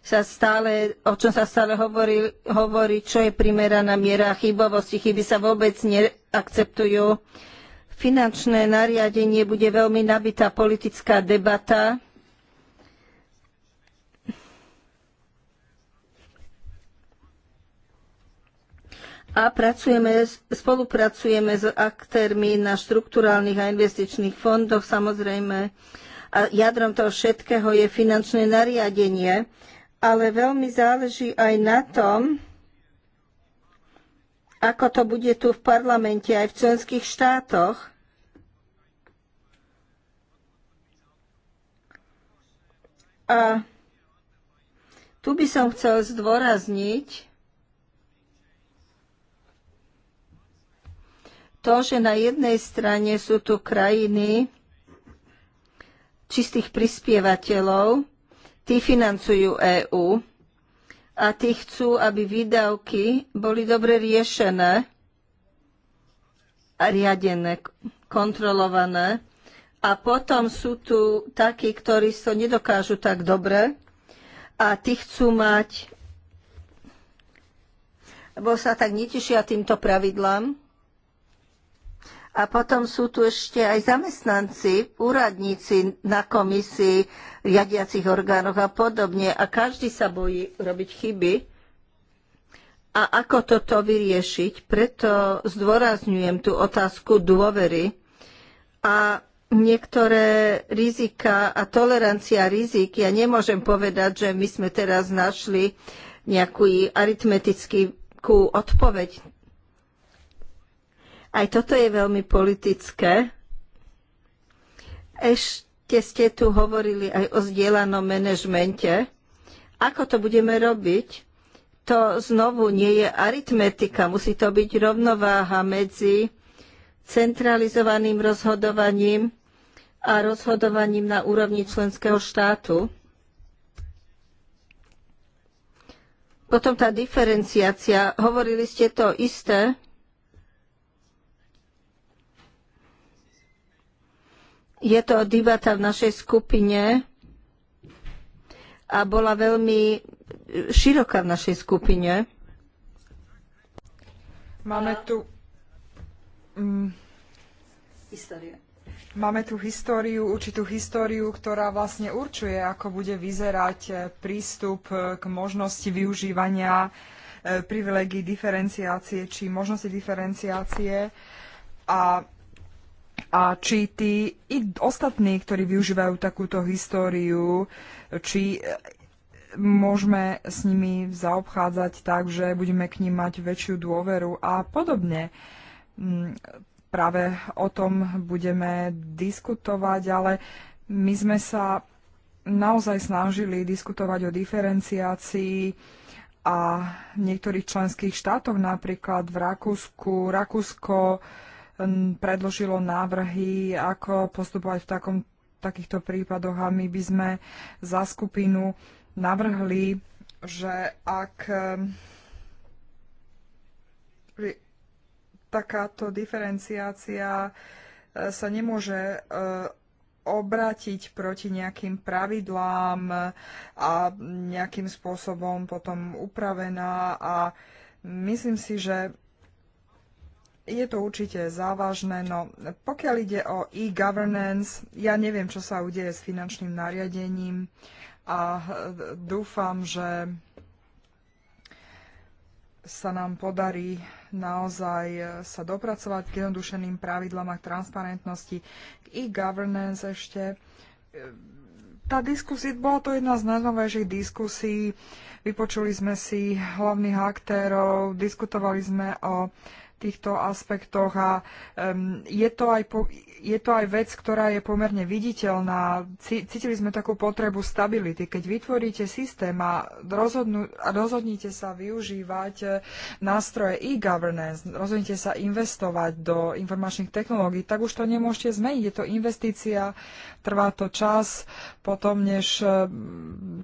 sa stále, o čom sa stále hovorí, hovorí, čo je primeraná miera chybovosti. Chyby sa vôbec neakceptujú. Finančné nariadenie bude veľmi nabitá politická debata a pracujeme, spolupracujeme s aktérmi na štrukturálnych a investičných fondoch samozrejme. A jadrom toho všetkého je finančné nariadenie, ale veľmi záleží aj na tom, ako to bude tu v parlamente aj v členských štátoch. A tu by som chcel zdôrazniť, to, že na jednej strane sú tu krajiny čistých prispievateľov, tí financujú EÚ a tí chcú, aby výdavky boli dobre riešené a riadené, kontrolované. A potom sú tu takí, ktorí to so nedokážu tak dobre a tí chcú mať, lebo sa tak netešia týmto pravidlám, a potom sú tu ešte aj zamestnanci, úradníci na komisii, riadiacich orgánoch a podobne. A každý sa bojí robiť chyby. A ako toto vyriešiť? Preto zdôrazňujem tú otázku dôvery. A niektoré rizika a tolerancia rizik, ja nemôžem povedať, že my sme teraz našli nejakú aritmetickú odpoveď aj toto je veľmi politické. Ešte ste tu hovorili aj o zdieľanom manažmente. Ako to budeme robiť? To znovu nie je aritmetika, musí to byť rovnováha medzi centralizovaným rozhodovaním a rozhodovaním na úrovni členského štátu. Potom tá diferenciácia. Hovorili ste to isté Je to debata v našej skupine a bola veľmi široká v našej skupine. Máme tu... Mm, História. Máme tu históriu, určitú históriu, ktorá vlastne určuje, ako bude vyzerať e, prístup e, k možnosti využívania e, privilegií diferenciácie či možnosti diferenciácie. A a či tí i ostatní, ktorí využívajú takúto históriu, či e, môžeme s nimi zaobchádzať tak, že budeme k ním mať väčšiu dôveru a podobne. Mm, práve o tom budeme diskutovať, ale my sme sa naozaj snažili diskutovať o diferenciácii a niektorých členských štátoch, napríklad v Rakúsku. Rakúsko predložilo návrhy, ako postupovať v takom, takýchto prípadoch a my by sme za skupinu navrhli, že ak takáto diferenciácia e, sa nemôže e, obrátiť proti nejakým pravidlám a nejakým spôsobom potom upravená a myslím si, že je to určite závažné, no pokiaľ ide o e-governance, ja neviem, čo sa udeje s finančným nariadením a e, dúfam, že sa nám podarí naozaj e, sa dopracovať k jednodušeným pravidlám a k transparentnosti. K e-governance ešte e, tá diskusia, bola to jedna z najnovejších diskusí. Vypočuli sme si hlavných aktérov, diskutovali sme o týchto aspektoch a um, je, to aj po, je to aj vec, ktorá je pomerne viditeľná. Cítili sme takú potrebu stability. Keď vytvoríte systém a, rozhodnú, a rozhodnite sa využívať e, nástroje e-governance, rozhodnite sa investovať do informačných technológií, tak už to nemôžete zmeniť. Je to investícia, trvá to čas, potom než e,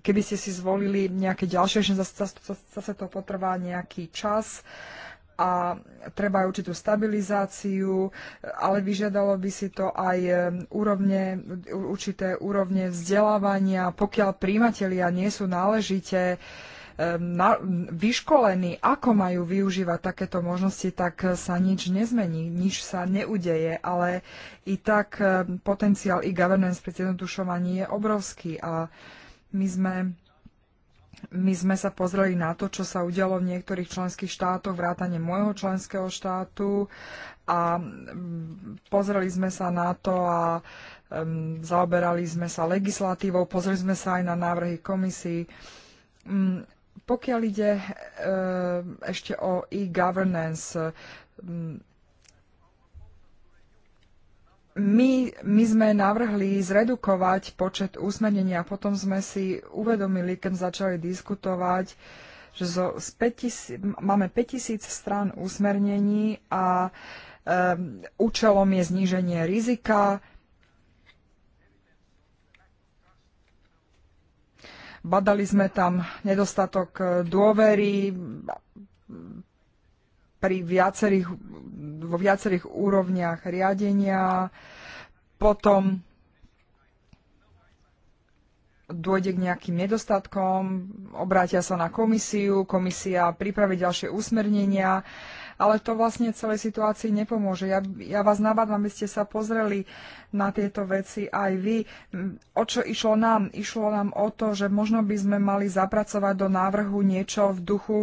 keby ste si zvolili nejaké ďalšie, že zase, zase to potrvá nejaký čas a treba aj určitú stabilizáciu, ale vyžiadalo by si to aj úrovne, určité úrovne vzdelávania, pokiaľ príjimatelia nie sú náležite na, vyškolení, ako majú využívať takéto možnosti, tak sa nič nezmení, nič sa neudeje, ale i tak potenciál i governance pri zjednodušovaní je obrovský a my sme my sme sa pozreli na to, čo sa udialo v niektorých členských štátoch, vrátane môjho členského štátu a mm, pozreli sme sa na to a um, zaoberali sme sa legislatívou, pozreli sme sa aj na návrhy komisí. Um, mm, pokiaľ ide um, ešte o e-governance, um, my, my sme navrhli zredukovať počet úsmenení a potom sme si uvedomili, keď začali diskutovať, že zo, z 5000, máme 5000 strán úsmernení a e, účelom je zníženie rizika. Badali sme tam nedostatok eh, dôvery, pri viacerých, vo viacerých úrovniach riadenia, potom dôjde k nejakým nedostatkom, obrátia sa na komisiu, komisia pripraví ďalšie usmernenia, ale to vlastne celej situácii nepomôže. Ja, ja vás nabádam, aby ste sa pozreli na tieto veci aj vy. O čo išlo nám? Išlo nám o to, že možno by sme mali zapracovať do návrhu niečo v duchu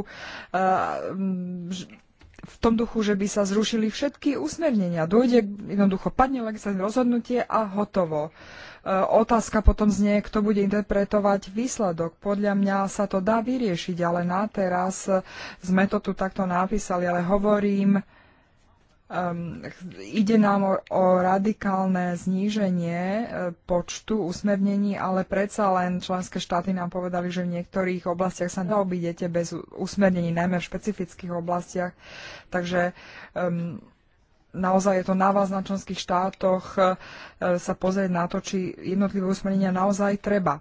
uh, v tom duchu, že by sa zrušili všetky usmernenia. Dôjde, jednoducho padne legislatívne rozhodnutie a hotovo. E, otázka potom znie, kto bude interpretovať výsledok. Podľa mňa sa to dá vyriešiť, ale na teraz sme to tu takto napísali, ale hovorím, Um, ide nám o, o radikálne zníženie e, počtu usmernení, ale predsa len členské štáty nám povedali, že v niektorých oblastiach sa neobídete bez usmernení, najmä v špecifických oblastiach. Takže um, naozaj je to na vás, na členských štátoch, uh, sa pozrieť na to, či jednotlivé usmernenia naozaj treba.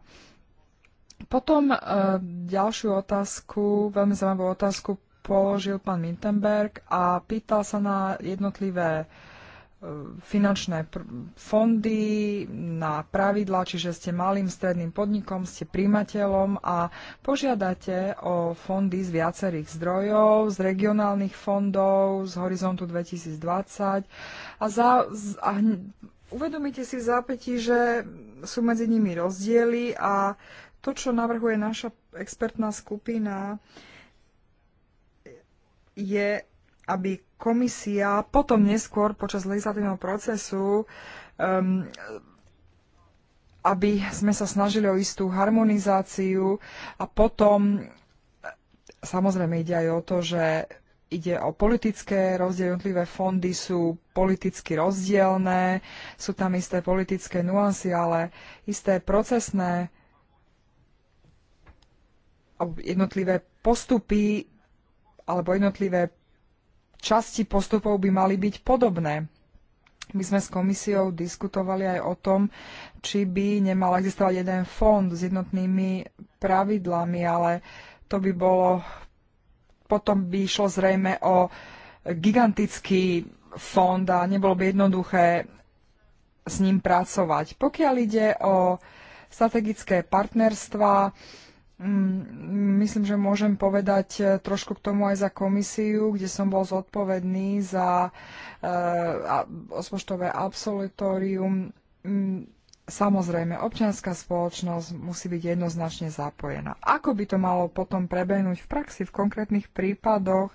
Potom e, ďalšiu otázku, veľmi zaujímavú otázku položil pán Mintenberg a pýtal sa na jednotlivé e, finančné fondy, na pravidla, čiže ste malým stredným podnikom, ste príjmateľom a požiadate o fondy z viacerých zdrojov, z regionálnych fondov, z Horizontu 2020 a, za, a uvedomíte si v zápätí, že sú medzi nimi rozdiely a to, čo navrhuje naša expertná skupina, uh, je, aby komisia potom neskôr počas legislatívneho procesu um, aby sme sa snažili o istú harmonizáciu a potom samozrejme ide aj o to, že ide o politické rozdiel. jednotlivé fondy sú politicky rozdielne, sú tam isté politické nuancy, ale isté procesné jednotlivé postupy alebo jednotlivé časti postupov by mali byť podobné. My sme s komisiou diskutovali aj o tom, či by nemal existovať jeden fond s jednotnými pravidlami, ale to by bolo, potom by išlo zrejme o gigantický fond a nebolo by jednoduché s ním pracovať. Pokiaľ ide o strategické partnerstva, Mm, myslím, že môžem povedať eh, trošku k tomu aj za komisiu, kde som bol zodpovedný za eh, rozpočtové absolutórium. Mm, samozrejme, občianská spoločnosť musí byť jednoznačne zapojená. Ako by to malo potom prebehnúť v praxi v konkrétnych prípadoch?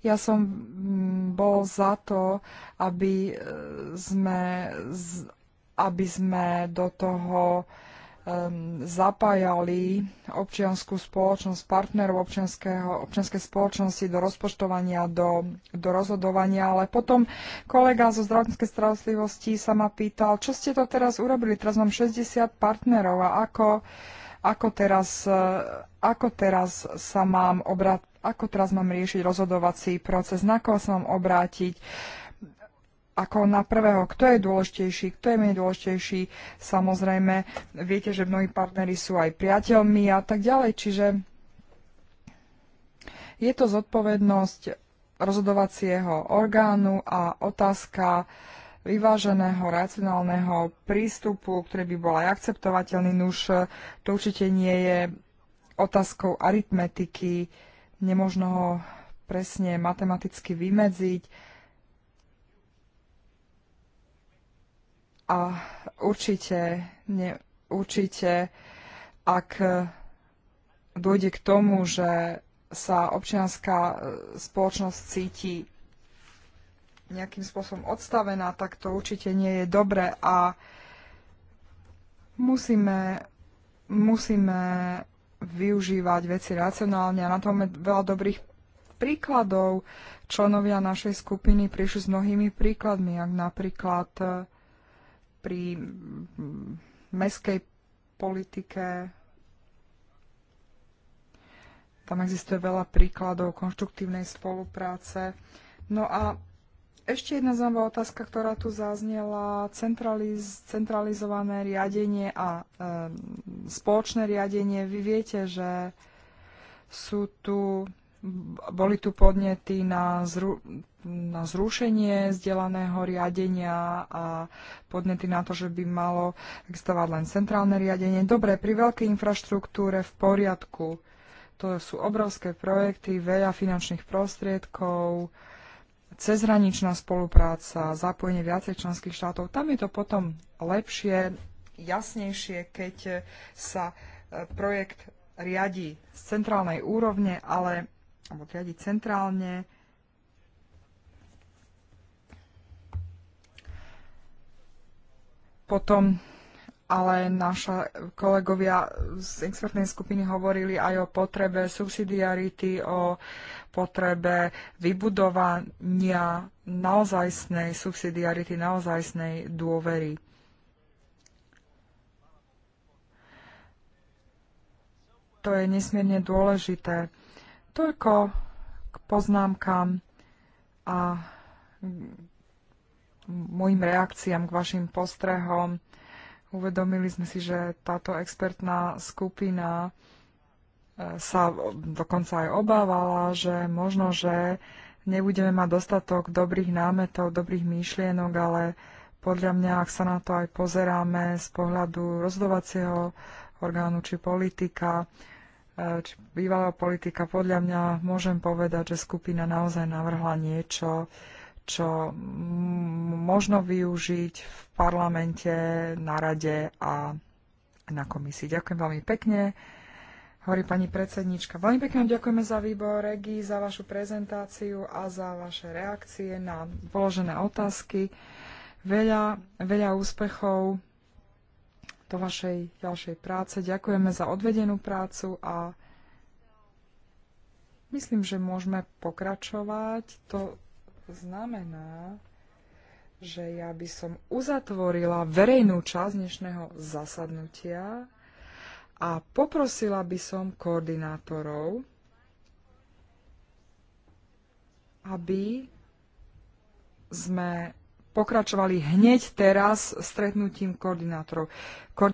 Ja som mm, bol za to, aby eh, sme, aby sme do toho Um, zapájali občianskú spoločnosť, partnerov občianskej spoločnosti do rozpočtovania, do, do rozhodovania. Ale potom kolega zo zdravotníckej starostlivosti sa ma pýtal, čo ste to teraz urobili? Teraz mám 60 partnerov a ako, ako, teraz, ako teraz sa mám obrat, ako teraz mám riešiť rozhodovací proces, na koho sa mám obrátiť, ako na prvého, kto je dôležitejší, kto je menej dôležitejší. Samozrejme, viete, že mnohí partnery sú aj priateľmi a tak ďalej, čiže je to zodpovednosť rozhodovacieho orgánu a otázka vyváženého, racionálneho prístupu, ktorý by bol aj akceptovateľný, už to určite nie je otázkou aritmetiky, nemožno ho presne matematicky vymedziť a určite, ne, určite ak e, dôjde k tomu, že sa občianská e, spoločnosť cíti nejakým spôsobom odstavená, tak to určite nie je dobre a musíme, musíme využívať veci racionálne a na tom je veľa dobrých príkladov. Členovia našej skupiny prišli s mnohými príkladmi, ak napríklad e, pri meskej politike tam existuje veľa príkladov konštruktívnej spolupráce. No a ešte jedna zaujímavá otázka, ktorá tu zaznela, centraliz, centralizované riadenie a e, spoločné riadenie. Vy viete, že sú tu boli tu podnety na, zru, na zrušenie vzdelaného riadenia a podnety na to, že by malo existovať len centrálne riadenie. Dobre, pri veľkej infraštruktúre v poriadku. To sú obrovské projekty, veľa finančných prostriedkov, cezhraničná spolupráca, zapojenie viacej členských štátov. Tam je to potom lepšie, jasnejšie, keď sa e, projekt riadi z centrálnej úrovne, ale alebo riadiť centrálne. Potom ale naša kolegovia z expertnej skupiny hovorili aj o potrebe subsidiarity, o potrebe vybudovania naozajstnej subsidiarity, naozajstnej dôvery. To je nesmierne dôležité. Toľko k poznámkam a mojim reakciám, k vašim postrehom. Uvedomili sme si, že táto expertná skupina e, sa dokonca aj obávala, že možno, že nebudeme mať dostatok dobrých námetov, dobrých myšlienok, ale podľa mňa, ak sa na to aj pozeráme z pohľadu rozhodovacieho orgánu či politika, Eh, či bývalého politika, podľa mňa môžem povedať, že skupina naozaj navrhla niečo, čo možno využiť v parlamente, na rade a na komisii. Ďakujem veľmi pekne. Hovorí pani predsednička. Veľmi pekne ďakujeme za výbor Regi, za vašu prezentáciu a za vaše reakcie na položené otázky. Veľa, veľa úspechov do vašej ďalšej práce. Ďakujeme za odvedenú prácu a myslím, že môžeme pokračovať. To znamená, že ja by som uzatvorila verejnú časť dnešného zasadnutia a poprosila by som koordinátorov, aby sme pokračovali hneď teraz stretnutím koordinátorov.